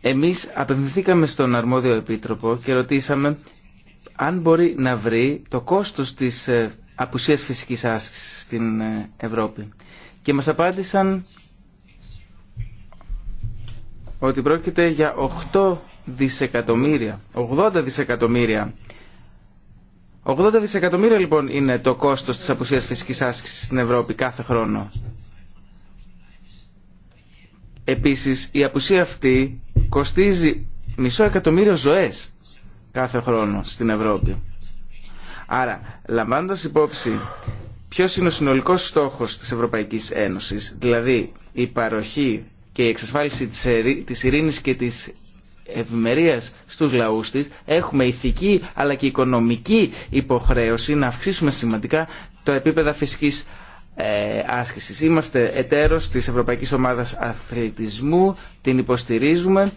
Εμείς απευθυνθήκαμε στον αρμόδιο επίτροπο και ρωτήσαμε αν μπορεί να βρει το κόστος της ε, απουσίας φυσικής άσκησης στην ε, Ευρώπη. Και μας απάντησαν ότι πρόκειται για 8 δισεκατομμύρια, 80 δισεκατομμύρια. 80 δισεκατομμύρια λοιπόν είναι το κόστος της απουσίας φυσικής άσκησης στην Ευρώπη κάθε χρόνο. Επίσης η απουσία αυτή κοστίζει μισό εκατομμύριο ζωές κάθε χρόνο στην Ευρώπη. Άρα, λαμβάνοντας υπόψη ποιο είναι ο συνολικό στόχο της Ευρωπαϊκής Ένωσης, δηλαδή η παροχή και η εξασφάλιση της ειρήνης και της ευημερία στους λαούς της, έχουμε ηθική αλλά και οικονομική υποχρέωση να αυξήσουμε σημαντικά το επίπεδα φυσικής άσκηση. Ε, άσκησης. Είμαστε εταίρος της Ευρωπαϊκής Ομάδας Αθλητισμού, την υποστηρίζουμε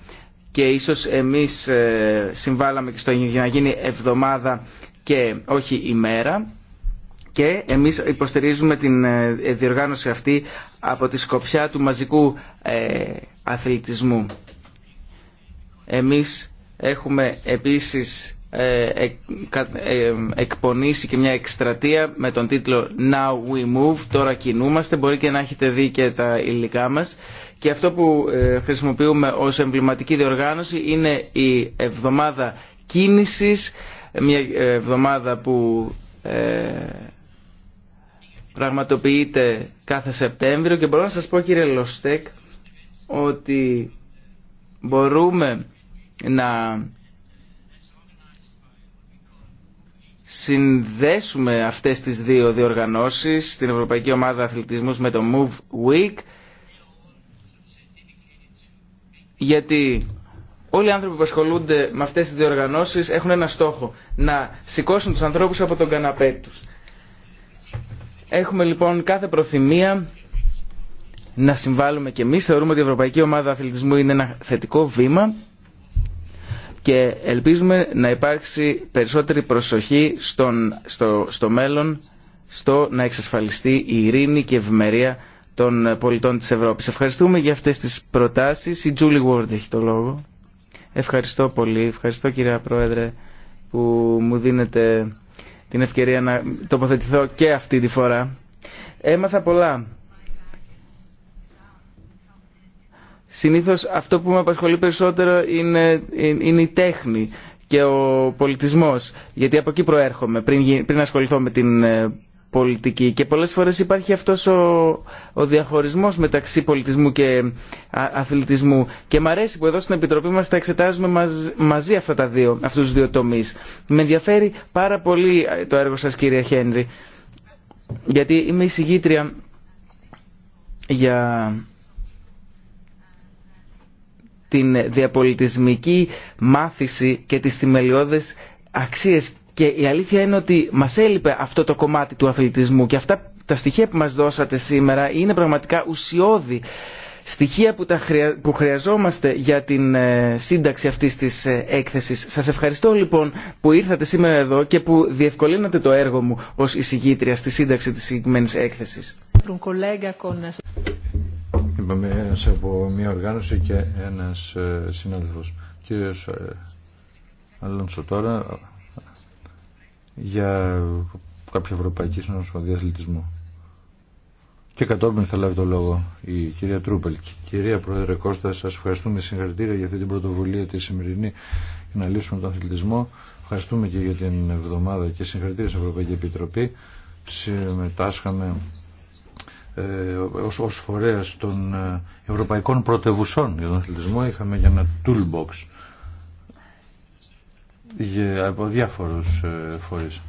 και ίσως εμείς ε, συμβάλαμε και στο να γίνει εβδομάδα και όχι ημέρα και εμείς υποστηρίζουμε την ε, διοργάνωση αυτή από τη σκοπιά του μαζικού ε, αθλητισμού. Εμείς έχουμε επίσης εκπονήσει και μια εκστρατεία με τον τίτλο Now We Move, τώρα κινούμαστε, μπορεί και να έχετε δει και τα υλικά μας και αυτό που ε, χρησιμοποιούμε ως εμβληματική διοργάνωση είναι η εβδομάδα κίνησης, μια ε, εβδομάδα που ε, πραγματοποιείται κάθε Σεπτέμβριο και μπορώ να σας πω κύριε Λοστέκ ότι μπορούμε να συνδέσουμε αυτές τις δύο διοργανώσεις την Ευρωπαϊκή Ομάδα Αθλητισμούς με το Move Week γιατί όλοι οι άνθρωποι που ασχολούνται με αυτές τις διοργανώσεις έχουν ένα στόχο, να σηκώσουν τους ανθρώπους από τον καναπέ τους. Έχουμε λοιπόν κάθε προθυμία να συμβάλλουμε και εμείς. Θεωρούμε ότι η Ευρωπαϊκή Ομάδα Αθλητισμού είναι ένα θετικό βήμα και ελπίζουμε να υπάρξει περισσότερη προσοχή στον, στο, στο μέλλον στο να εξασφαλιστεί η ειρήνη και η ευημερία των ε, πολιτών της Ευρώπης. Ευχαριστούμε για αυτές τις προτάσεις. Η Τζούλι Βόρντ έχει το λόγο. Ευχαριστώ πολύ. Ευχαριστώ κυρία Πρόεδρε που μου δίνετε την ευκαιρία να τοποθετηθώ και αυτή τη φορά. Έμαθα πολλά. Συνήθως αυτό που με απασχολεί περισσότερο είναι, η τέχνη και ο πολιτισμός, γιατί από εκεί προέρχομαι πριν, πριν ασχοληθώ με την ε, πολιτική και πολλές φορές υπάρχει αυτός ο, ο διαχωρισμός μεταξύ πολιτισμού και αθλητισμού και μ' αρέσει που εδώ στην Επιτροπή μας τα εξετάζουμε μαζί αυτά τα δύο, αυτούς τους δύο τομείς. Με ενδιαφέρει πάρα πολύ ε, το έργο σας κύριε Χένρι γιατί είμαι εισηγήτρια για την διαπολιτισμική μάθηση και τις θημελιώδες αξίες και η αλήθεια είναι ότι μα έλειπε αυτό το κομμάτι του αθλητισμού και αυτά τα στοιχεία που μα δώσατε σήμερα είναι πραγματικά ουσιώδη στοιχεία που, χρειαζόμαστε για την ε, σύνταξη αυτής της ε, έκθεσης. Σας ευχαριστώ λοιπόν που ήρθατε σήμερα εδώ και που διευκολύνατε το έργο μου ως εισηγήτρια στη σύνταξη της συγκεκριμένη έκθεσης. Είπαμε ένας από μια οργάνωση και ένας ε, συνάδελφος. Ε, Αλόνσο τώρα για κάποια ευρωπαϊκή συνοσπονδία αθλητισμού. Και κατόπιν θα λάβει το λόγο η κυρία Τρούπελ. Κυρία Πρόεδρε Κώστα, σα ευχαριστούμε συγχαρητήρια για αυτή την πρωτοβουλία τη σημερινή για να λύσουμε τον αθλητισμό. Ευχαριστούμε και για την εβδομάδα και συγχαρητήρια στην Ευρωπαϊκή Επιτροπή. Συμμετάσχαμε ε, ως, ως φορέας των ε, ευρωπαϊκών πρωτευουσών για τον αθλητισμό. Είχαμε για ένα toolbox από διάφορους ε, φορείς.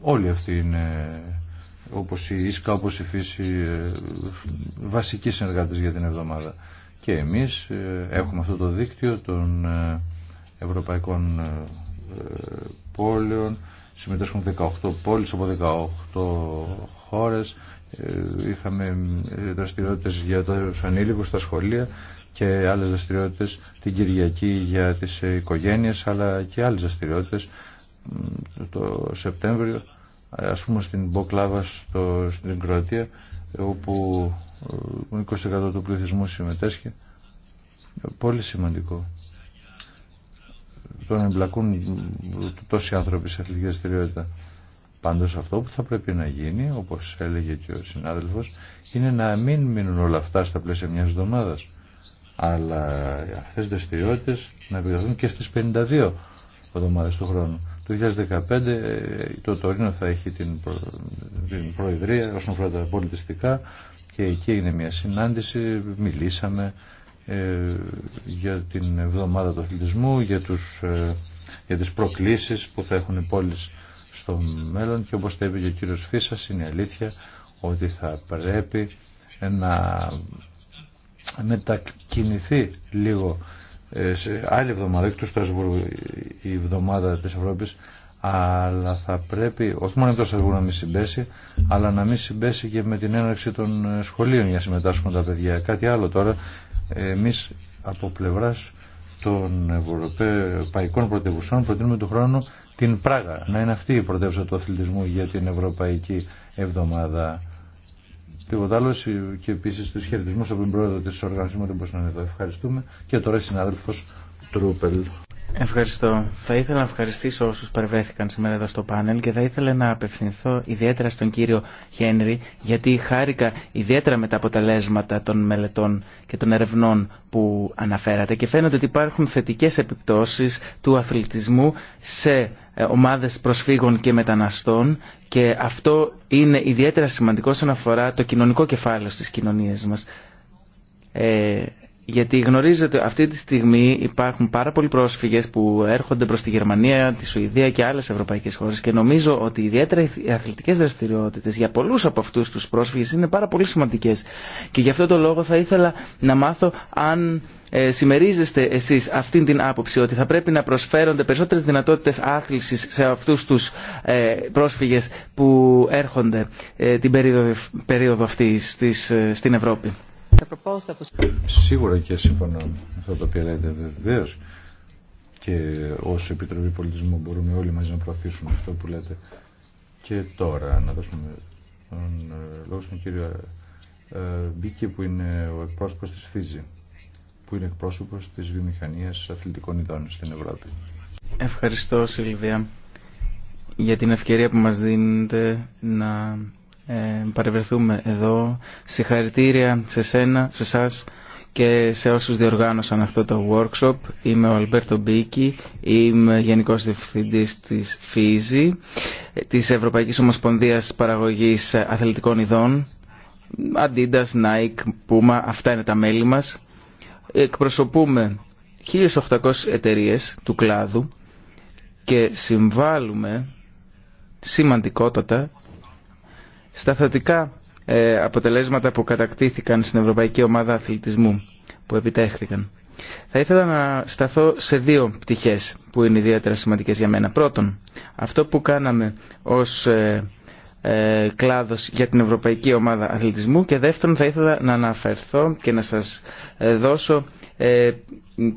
Όλοι αυτοί είναι όπως η ίσκα, όπως η φύση ε, βασικοί συνεργάτες για την εβδομάδα. Και εμείς ε, έχουμε αυτό το δίκτυο των ευρωπαϊκών πόλεων, συμμετέσχουν 18 πόλεις από 18 χώρες, είχαμε δραστηριότητες για τους ανήλικους στα σχολεία και άλλες δραστηριότητε την Κυριακή για τις οικογένειες αλλά και άλλες δραστηριότητε το Σεπτέμβριο ας πούμε στην Μποκλάβα στην Κροατία όπου 20% ε, του πληθυσμού συμμετέσχει πολύ σημαντικό το να εμπλακούν τόσοι άνθρωποι σε αθλητική δραστηριότητα Πάντως αυτό που θα πρέπει να γίνει, όπως έλεγε και ο συνάδελφος, είναι να μην μείνουν όλα αυτά στα πλαίσια μιας εβδομάδας αλλά αυτές οι δραστηριότητε να επικρατούν και στις 52 εβδομάδες του χρόνου. Το 2015 ε, το Τωρίνο θα έχει την, την Προεδρία όσον αφορά τα πολιτιστικά και εκεί έγινε μια συνάντηση, μιλήσαμε ε, για την εβδομάδα του αθλητισμού, για, τους, ε, για τις προκλήσεις που θα έχουν οι πόλεις στο μέλλον και όπως τα είπε και ο κύριος Φίσας είναι αλήθεια ότι θα πρέπει να μετακινηθεί λίγο ε, σε άλλη εβδομάδα, εκτός Στρασβούργου η εβδομάδα της Ευρώπης, αλλά θα πρέπει όχι μόνο το Στρασβούργο να μην συμπέσει, αλλά να μην συμπέσει και με την έναρξη των ε, σχολείων για να συμμετάσχουν τα παιδιά. Κάτι άλλο τώρα, ε, εμείς από πλευράς των ευρωπαϊκών πρωτευουσών προτείνουμε του χρόνου την Πράγα, να είναι αυτή η πρωτεύουσα του αθλητισμού για την Ευρωπαϊκή Εβδομάδα Τίποτα άλλο ε, και επίση του χαιρετισμού από την πρόεδρο τη Οργανισμού είναι εδώ. Ευχαριστούμε και τώρα συνάδελφο Τρούπελ. Ευχαριστώ. Θα ήθελα να ευχαριστήσω όσους παρευρέθηκαν σήμερα εδώ στο πάνελ και θα ήθελα να απευθυνθώ ιδιαίτερα στον κύριο Χένρι γιατί χάρηκα ιδιαίτερα με τα αποτελέσματα των μελετών και των ερευνών που αναφέρατε και φαίνεται ότι υπάρχουν θετικές επιπτώσεις του αθλητισμού σε ε, ομάδες προσφύγων και μεταναστών και αυτό είναι ιδιαίτερα σημαντικό όσον αφορά το κοινωνικό κεφάλαιο στις κοινωνίες μας. Ε, γιατί γνωρίζετε αυτή τη στιγμή υπάρχουν πάρα πολλοί πρόσφυγες που έρχονται προς τη Γερμανία, τη Σουηδία και άλλες ευρωπαϊκές χώρες και νομίζω ότι ιδιαίτερα οι αθλητικές δραστηριότητες για πολλούς από αυτούς τους πρόσφυγες είναι πάρα πολύ σημαντικές. Και γι' αυτό το λόγο θα ήθελα να μάθω αν ε, συμμερίζεστε εσείς αυτήν την άποψη ότι θα πρέπει να προσφέρονται περισσότερες δυνατότητες άθλησης σε αυτούς τους ε, πρόσφυγες που έρχονται ε, την περίοδο, περίοδο αυτή ε, στην Ευρώπη. Σίγουρα και συμφωνώ με αυτό το οποίο λέτε βεβαίω και ω Επιτροπή Πολιτισμού μπορούμε όλοι μαζί να προωθήσουμε αυτό που λέτε και τώρα να δώσουμε τον ε, λόγο στον κύριο ε, Μπίκη που είναι ο εκπρόσωπος τη ΦΙΖΗ που είναι εκπρόσωπος της βιομηχανίας αθλητικών ειδών στην Ευρώπη. Ευχαριστώ Σιλβία για την ευκαιρία που μας δίνετε να ε, παρευρεθούμε εδώ. Συγχαρητήρια σε σένα, σε εσά και σε όσους διοργάνωσαν αυτό το workshop. Είμαι ο Αλμπέρτο Μπίκη, είμαι Γενικός Διευθυντής της ΦΙΖΗ, της Ευρωπαϊκής Ομοσπονδίας Παραγωγής Αθλητικών Ειδών. Adidas, Nike, Puma, αυτά είναι τα μέλη μας. Εκπροσωπούμε 1.800 εταιρείες του κλάδου και συμβάλλουμε σημαντικότατα στα ε, αποτελέσματα που κατακτήθηκαν στην Ευρωπαϊκή Ομάδα Αθλητισμού που επιτέχθηκαν. Θα ήθελα να σταθώ σε δύο πτυχές που είναι ιδιαίτερα σημαντικές για μένα. Πρώτον, αυτό που κάναμε ως ε, ε, κλάδος για την Ευρωπαϊκή Ομάδα Αθλητισμού και δεύτερον θα ήθελα να αναφερθώ και να σας δώσω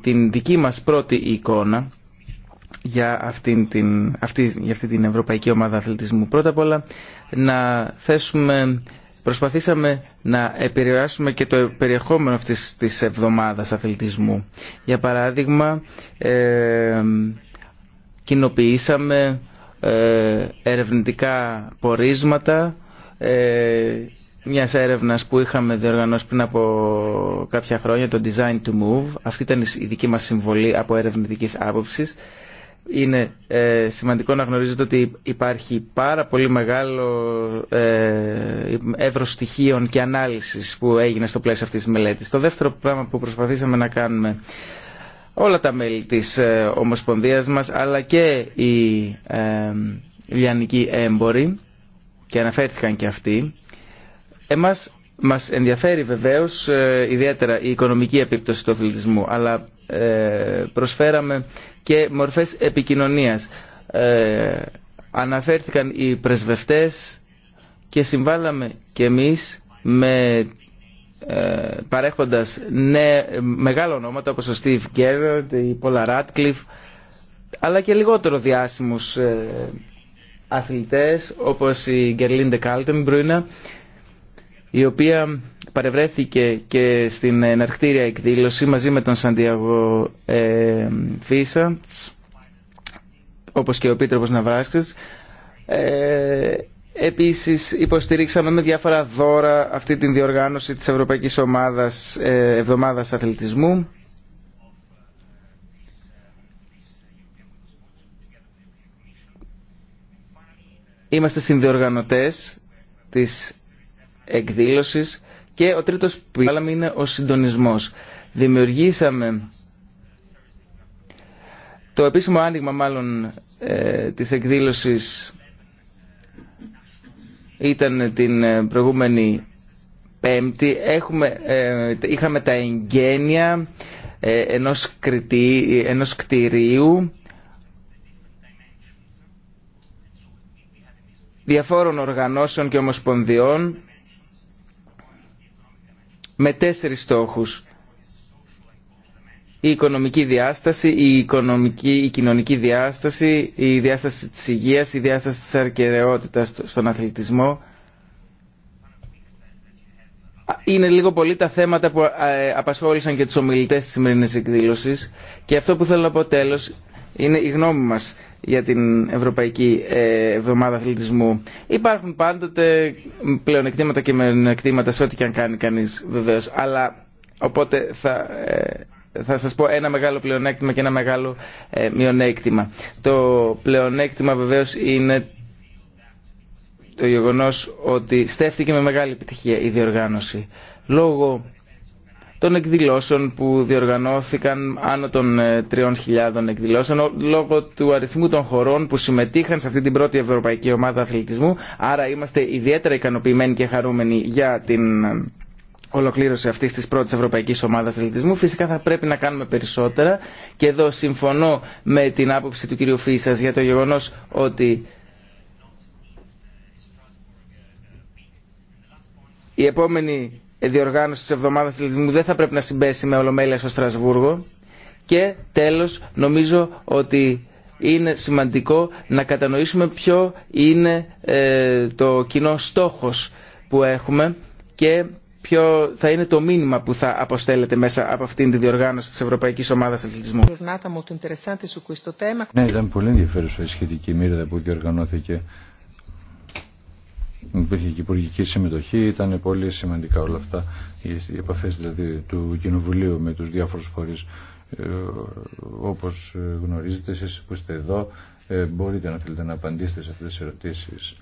την δική μας πρώτη εικόνα για αυτή την, αυτή, για αυτή την Ευρωπαϊκή Ομάδα Αθλητισμού. Πρώτα απ' όλα να θέσουμε, προσπαθήσαμε να επηρεάσουμε και το περιεχόμενο αυτής της εβδομάδας αθλητισμού. Για παράδειγμα, ε, κοινοποιήσαμε ε, ερευνητικά πορίσματα ε, μιας έρευνας που είχαμε διοργανώσει πριν από κάποια χρόνια, το Design to Move. Αυτή ήταν η δική μας συμβολή από ερευνητικής άποψης είναι ε, σημαντικό να γνωρίζετε ότι υπάρχει πάρα πολύ μεγάλο ε, εύρος στοιχείων και ανάλυσης που έγινε στο πλαίσιο αυτής της μελέτης. Το δεύτερο πράγμα που προσπαθήσαμε να κάνουμε όλα τα μέλη της ε, Ομοσπονδίας μας αλλά και οι ε, λιανικοί έμποροι και αναφέρθηκαν και αυτοί εμάς μας ενδιαφέρει βεβαίως ε, ιδιαίτερα η οικονομική επίπτωση του αθλητισμού, αλλά ε, προσφέραμε και μορφές επικοινωνίας. Ε, αναφέρθηκαν οι πρεσβευτές και συμβάλαμε και εμείς με παρέχοντας ναι, μεγάλα ονόματα όπως ο Steve Gerrard, η Paula Radcliffe αλλά και λιγότερο διάσημους αθλητές όπως η Gerlinde Kaltenbrunner, η οποία παρευρέθηκε και στην εναρκτήρια εκδήλωση μαζί με τον Σαντιαγό ε, όπως και ο Πίτροπος Ναβράσκης. Ε, επίσης υποστηρίξαμε με διάφορα δώρα αυτή την διοργάνωση της Ευρωπαϊκής Ομάδας ε, Εβδομάδας Αθλητισμού. Είμαστε συνδιοργανωτές της εκδήλωσης και ο τρίτος που βάλαμε είναι ο συντονισμός. Δημιουργήσαμε το επίσημο άνοιγμα μάλλον ε, της εκδήλωσης ήταν την ε, προηγούμενη Πέμπτη. Έχουμε, ε, είχαμε τα εγγένεια ενός, κριτή, ενός κτηρίου διαφόρων οργανώσεων και ομοσπονδιών με τέσσερις στόχους. Η οικονομική διάσταση, η, οικονομική, κοινωνική διάσταση, η διάσταση της υγείας, η διάσταση της αρκεραιότητας στον αθλητισμό. Είναι λίγο πολύ τα θέματα που ε, απασχόλησαν και τους ομιλητές της σημερινής εκδήλωσης και αυτό που θέλω να πω τέλος είναι η γνώμη μας για την Ευρωπαϊκή ε, Εβδομάδα Αθλητισμού. Υπάρχουν πάντοτε πλεονεκτήματα και μειονεκτήματα σε ό,τι και αν κάνει κανείς βεβαίως. Αλλά οπότε θα, ε, θα σας πω ένα μεγάλο πλεονέκτημα και ένα μεγάλο ε, μειονέκτημα. Το πλεονέκτημα βεβαίως είναι το γεγονός ότι στέφτηκε με μεγάλη επιτυχία η διοργάνωση. Λόγω των εκδηλώσεων που διοργανώθηκαν άνω των 3.000 ε, εκδηλώσεων λόγω του αριθμού των χωρών που συμμετείχαν σε αυτή την πρώτη Ευρωπαϊκή Ομάδα Αθλητισμού. Άρα είμαστε ιδιαίτερα ικανοποιημένοι και χαρούμενοι για την ε, ολοκλήρωση αυτής της πρώτης Ευρωπαϊκής Ομάδας Αθλητισμού. Φυσικά θα πρέπει να κάνουμε περισσότερα και εδώ συμφωνώ με την άποψη του κυρίου Φίσας για το γεγονός ότι η επόμενη διοργάνωση της εβδομάδας του δεν θα πρέπει να συμπέσει με ολομέλεια στο Στρασβούργο. Και τέλος νομίζω ότι είναι σημαντικό να κατανοήσουμε ποιο είναι ε, το κοινό στόχος που έχουμε και ποιο θα είναι το μήνυμα που θα αποστέλλεται μέσα από αυτήν τη διοργάνωση της Ευρωπαϊκής Ομάδας Αθλητισμού. Ναι, ήταν πολύ ενδιαφέρουσα η σχετική μοίρα που διοργανώθηκε υπήρχε και υπουργική συμμετοχή, ήταν πολύ σημαντικά όλα αυτά, οι επαφές δηλαδή του Κοινοβουλίου με τους διάφορους φορείς. Ε, όπως γνωρίζετε εσείς που είστε εδώ, ε, μπορείτε να θέλετε να απαντήσετε σε αυτές τις ερωτήσεις.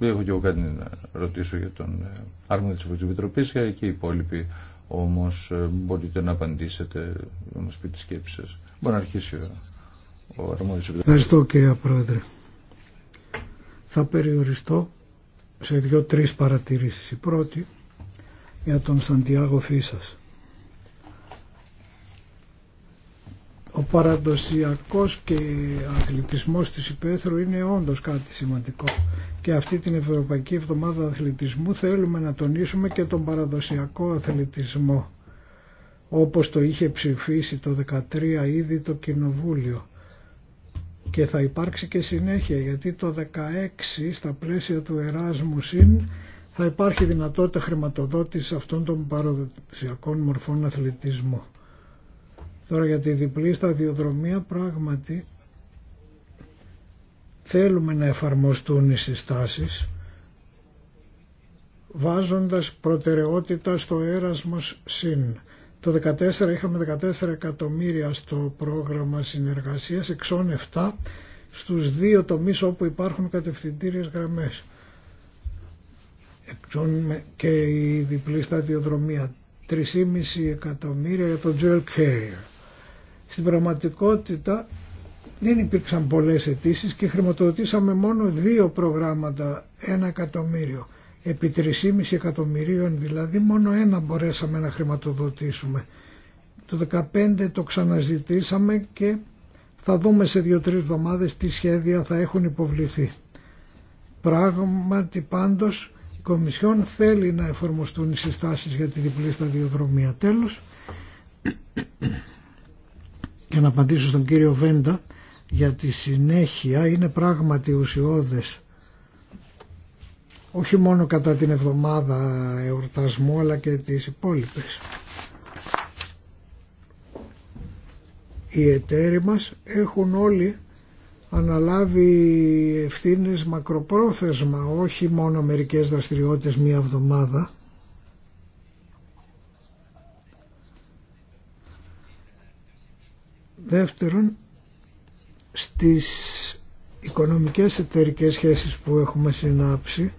Έχω και εγώ κάτι να ρωτήσω για τον ε, άρμο της Επιτροπής και οι υπόλοιποι όμως μπορείτε να απαντήσετε, να μας πείτε σκέψεις σας. Μπορεί να αρχίσει Ευχαριστώ κύριε Πρόεδρε. Θα περιοριστώ σε δύο-τρεις παρατηρήσεις. Η πρώτη για τον Σαντιάγο Φίσας. Ο παραδοσιακός και αθλητισμός της υπαίθρου είναι όντως κάτι σημαντικό και αυτή την Ευρωπαϊκή Εβδομάδα Αθλητισμού θέλουμε να τονίσουμε και τον παραδοσιακό αθλητισμό όπως το είχε ψηφίσει το 13 ήδη το Κοινοβούλιο και θα υπάρξει και συνέχεια γιατί το 16 στα πλαίσια του Εράσμου ΣΥΝ θα υπάρχει δυνατότητα χρηματοδότησης αυτών των παραδοσιακών μορφών αθλητισμού. Τώρα για τη διπλή σταδιοδρομία πράγματι θέλουμε να εφαρμοστούν οι συστάσεις βάζοντας προτεραιότητα στο έρασμος συν το 2014 είχαμε 14 εκατομμύρια στο πρόγραμμα συνεργασίας, εξών 7 στους δύο τομείς όπου υπάρχουν κατευθυντήριες γραμμές. Εξών και η διπλή σταδιοδρομία. 3,5 εκατομμύρια για το Joel Carrier. Στην πραγματικότητα δεν υπήρξαν πολλές αιτήσει και χρηματοδοτήσαμε μόνο δύο προγράμματα, ένα εκατομμύριο επί 3,5 εκατομμυρίων δηλαδή μόνο ένα μπορέσαμε να χρηματοδοτήσουμε. Το 2015 το ξαναζητήσαμε και θα δούμε σε δυο 3 εβδομάδες τι σχέδια θα έχουν υποβληθεί. Πράγματι πάντως η Κομισιόν θέλει να εφαρμοστούν οι συστάσεις για τη διπλή σταδιοδρομία. Τέλος, και να απαντήσω στον κύριο Βέντα, για τη συνέχεια είναι πράγματι ουσιώδες όχι μόνο κατά την εβδομάδα εορτασμού αλλά και τις υπόλοιπες. Οι εταίροι μας έχουν όλοι αναλάβει ευθύνες μακροπρόθεσμα, όχι μόνο μερικές δραστηριότητες μία εβδομάδα. Δεύτερον, στις οικονομικές εταιρικές σχέσεις που έχουμε συνάψει,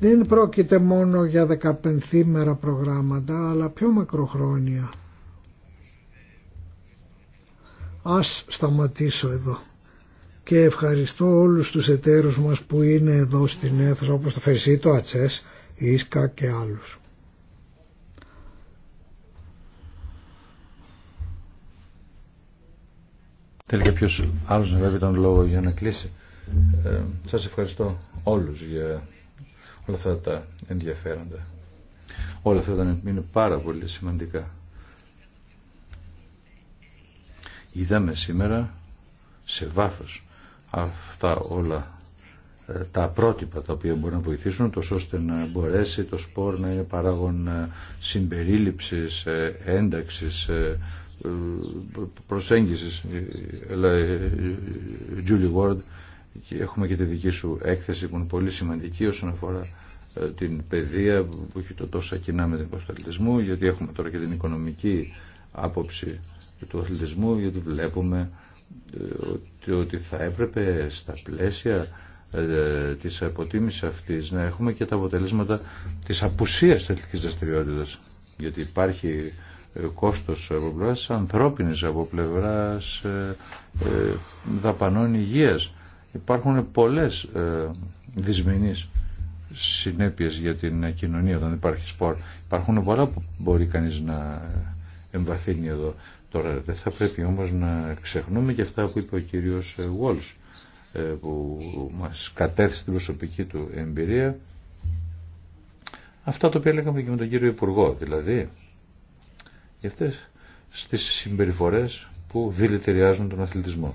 δεν πρόκειται μόνο για δεκαπενθήμερα προγράμματα αλλά πιο μακροχρόνια. Ας σταματήσω εδώ και ευχαριστώ όλους τους εταίρους μας που είναι εδώ στην αίθουσα όπως το Φερσίτο, Ατσές, Ίσκα και άλλους. Θέλει κάποιο άλλος να βέβαια τον λόγο για να κλείσει. Ε, σας ευχαριστώ όλους για όλα αυτά τα ενδιαφέροντα. Όλα αυτά είναι πάρα πολύ σημαντικά. Είδαμε σήμερα σε βάθος αυτά όλα ε, τα πρότυπα τα οποία μπορούν να βοηθήσουν τόσο ώστε να μπορέσει το σπορ να είναι παράγον συμπερίληψης, ένταξης, προσέγγισης. Julie Ward Έχουμε και τη δική σου έκθεση που είναι πολύ σημαντική όσον αφορά ε, την παιδεία που έχει το τόσα κοινά με την γιατί έχουμε τώρα και την οικονομική άποψη του αθλητισμού γιατί βλέπουμε ε, ότι θα έπρεπε στα πλαίσια ε, της αποτίμησης αυτής να έχουμε και τα αποτελέσματα της απουσίας της αθλητικής δραστηριότητα. γιατί υπάρχει κόστος από πλευράς ανθρώπινης από πλευράς δαπανών υγείας Υπάρχουν πολλές ε, δυσμενείς συνέπειες για την κοινωνία όταν υπάρχει σπορ. Υπάρχουν πολλά που μπορεί κανείς να εμβαθύνει εδώ. Τώρα δεν θα πρέπει όμως να ξεχνούμε και αυτά που είπε ο κύριος Βόλς ε, ε, που μας κατέθεσε την προσωπική του εμπειρία αυτά τα οποία λέγαμε και με τον κύριο Υπουργό δηλαδή για αυτές τις συμπεριφορές που δηλητηριάζουν τον αθλητισμό.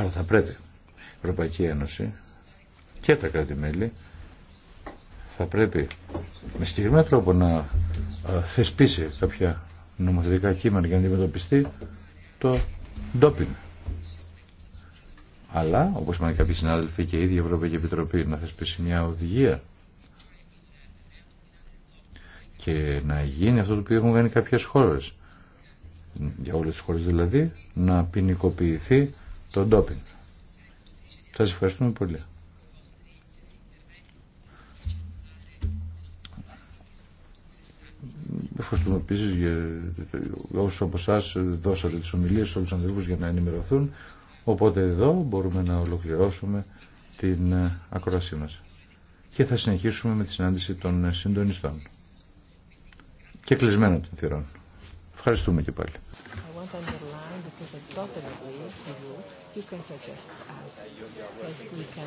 Αλλά θα πρέπει η Ευρωπαϊκή Ένωση και τα κράτη-μέλη θα πρέπει με συγκεκριμένο τρόπο να ε, θεσπίσει κάποια νομοθετικά κείμενα για να αντιμετωπιστεί το ντόπινγκ. Αλλά, όπως είπαν κάποιοι συνάδελφοι και η ίδια η Ευρωπαϊκή Επιτροπή, να θεσπίσει μια οδηγία και να γίνει αυτό το οποίο έχουν κάνει κάποιες χώρες. Για όλες τι χώρε δηλαδή, να ποινικοποιηθεί το ντόπινγκ. Σας ευχαριστούμε πολύ. Ευχαριστούμε επίση για όσου από εσά δώσατε τι ομιλίε σε όλου ανθρώπου για να ενημερωθούν. Οπότε εδώ μπορούμε να ολοκληρώσουμε την ακρόασή μα. Και θα συνεχίσουμε με τη συνάντηση των συντονιστών. Και κλεισμένο των θυρών. Ευχαριστούμε και πάλι you can suggest us as we can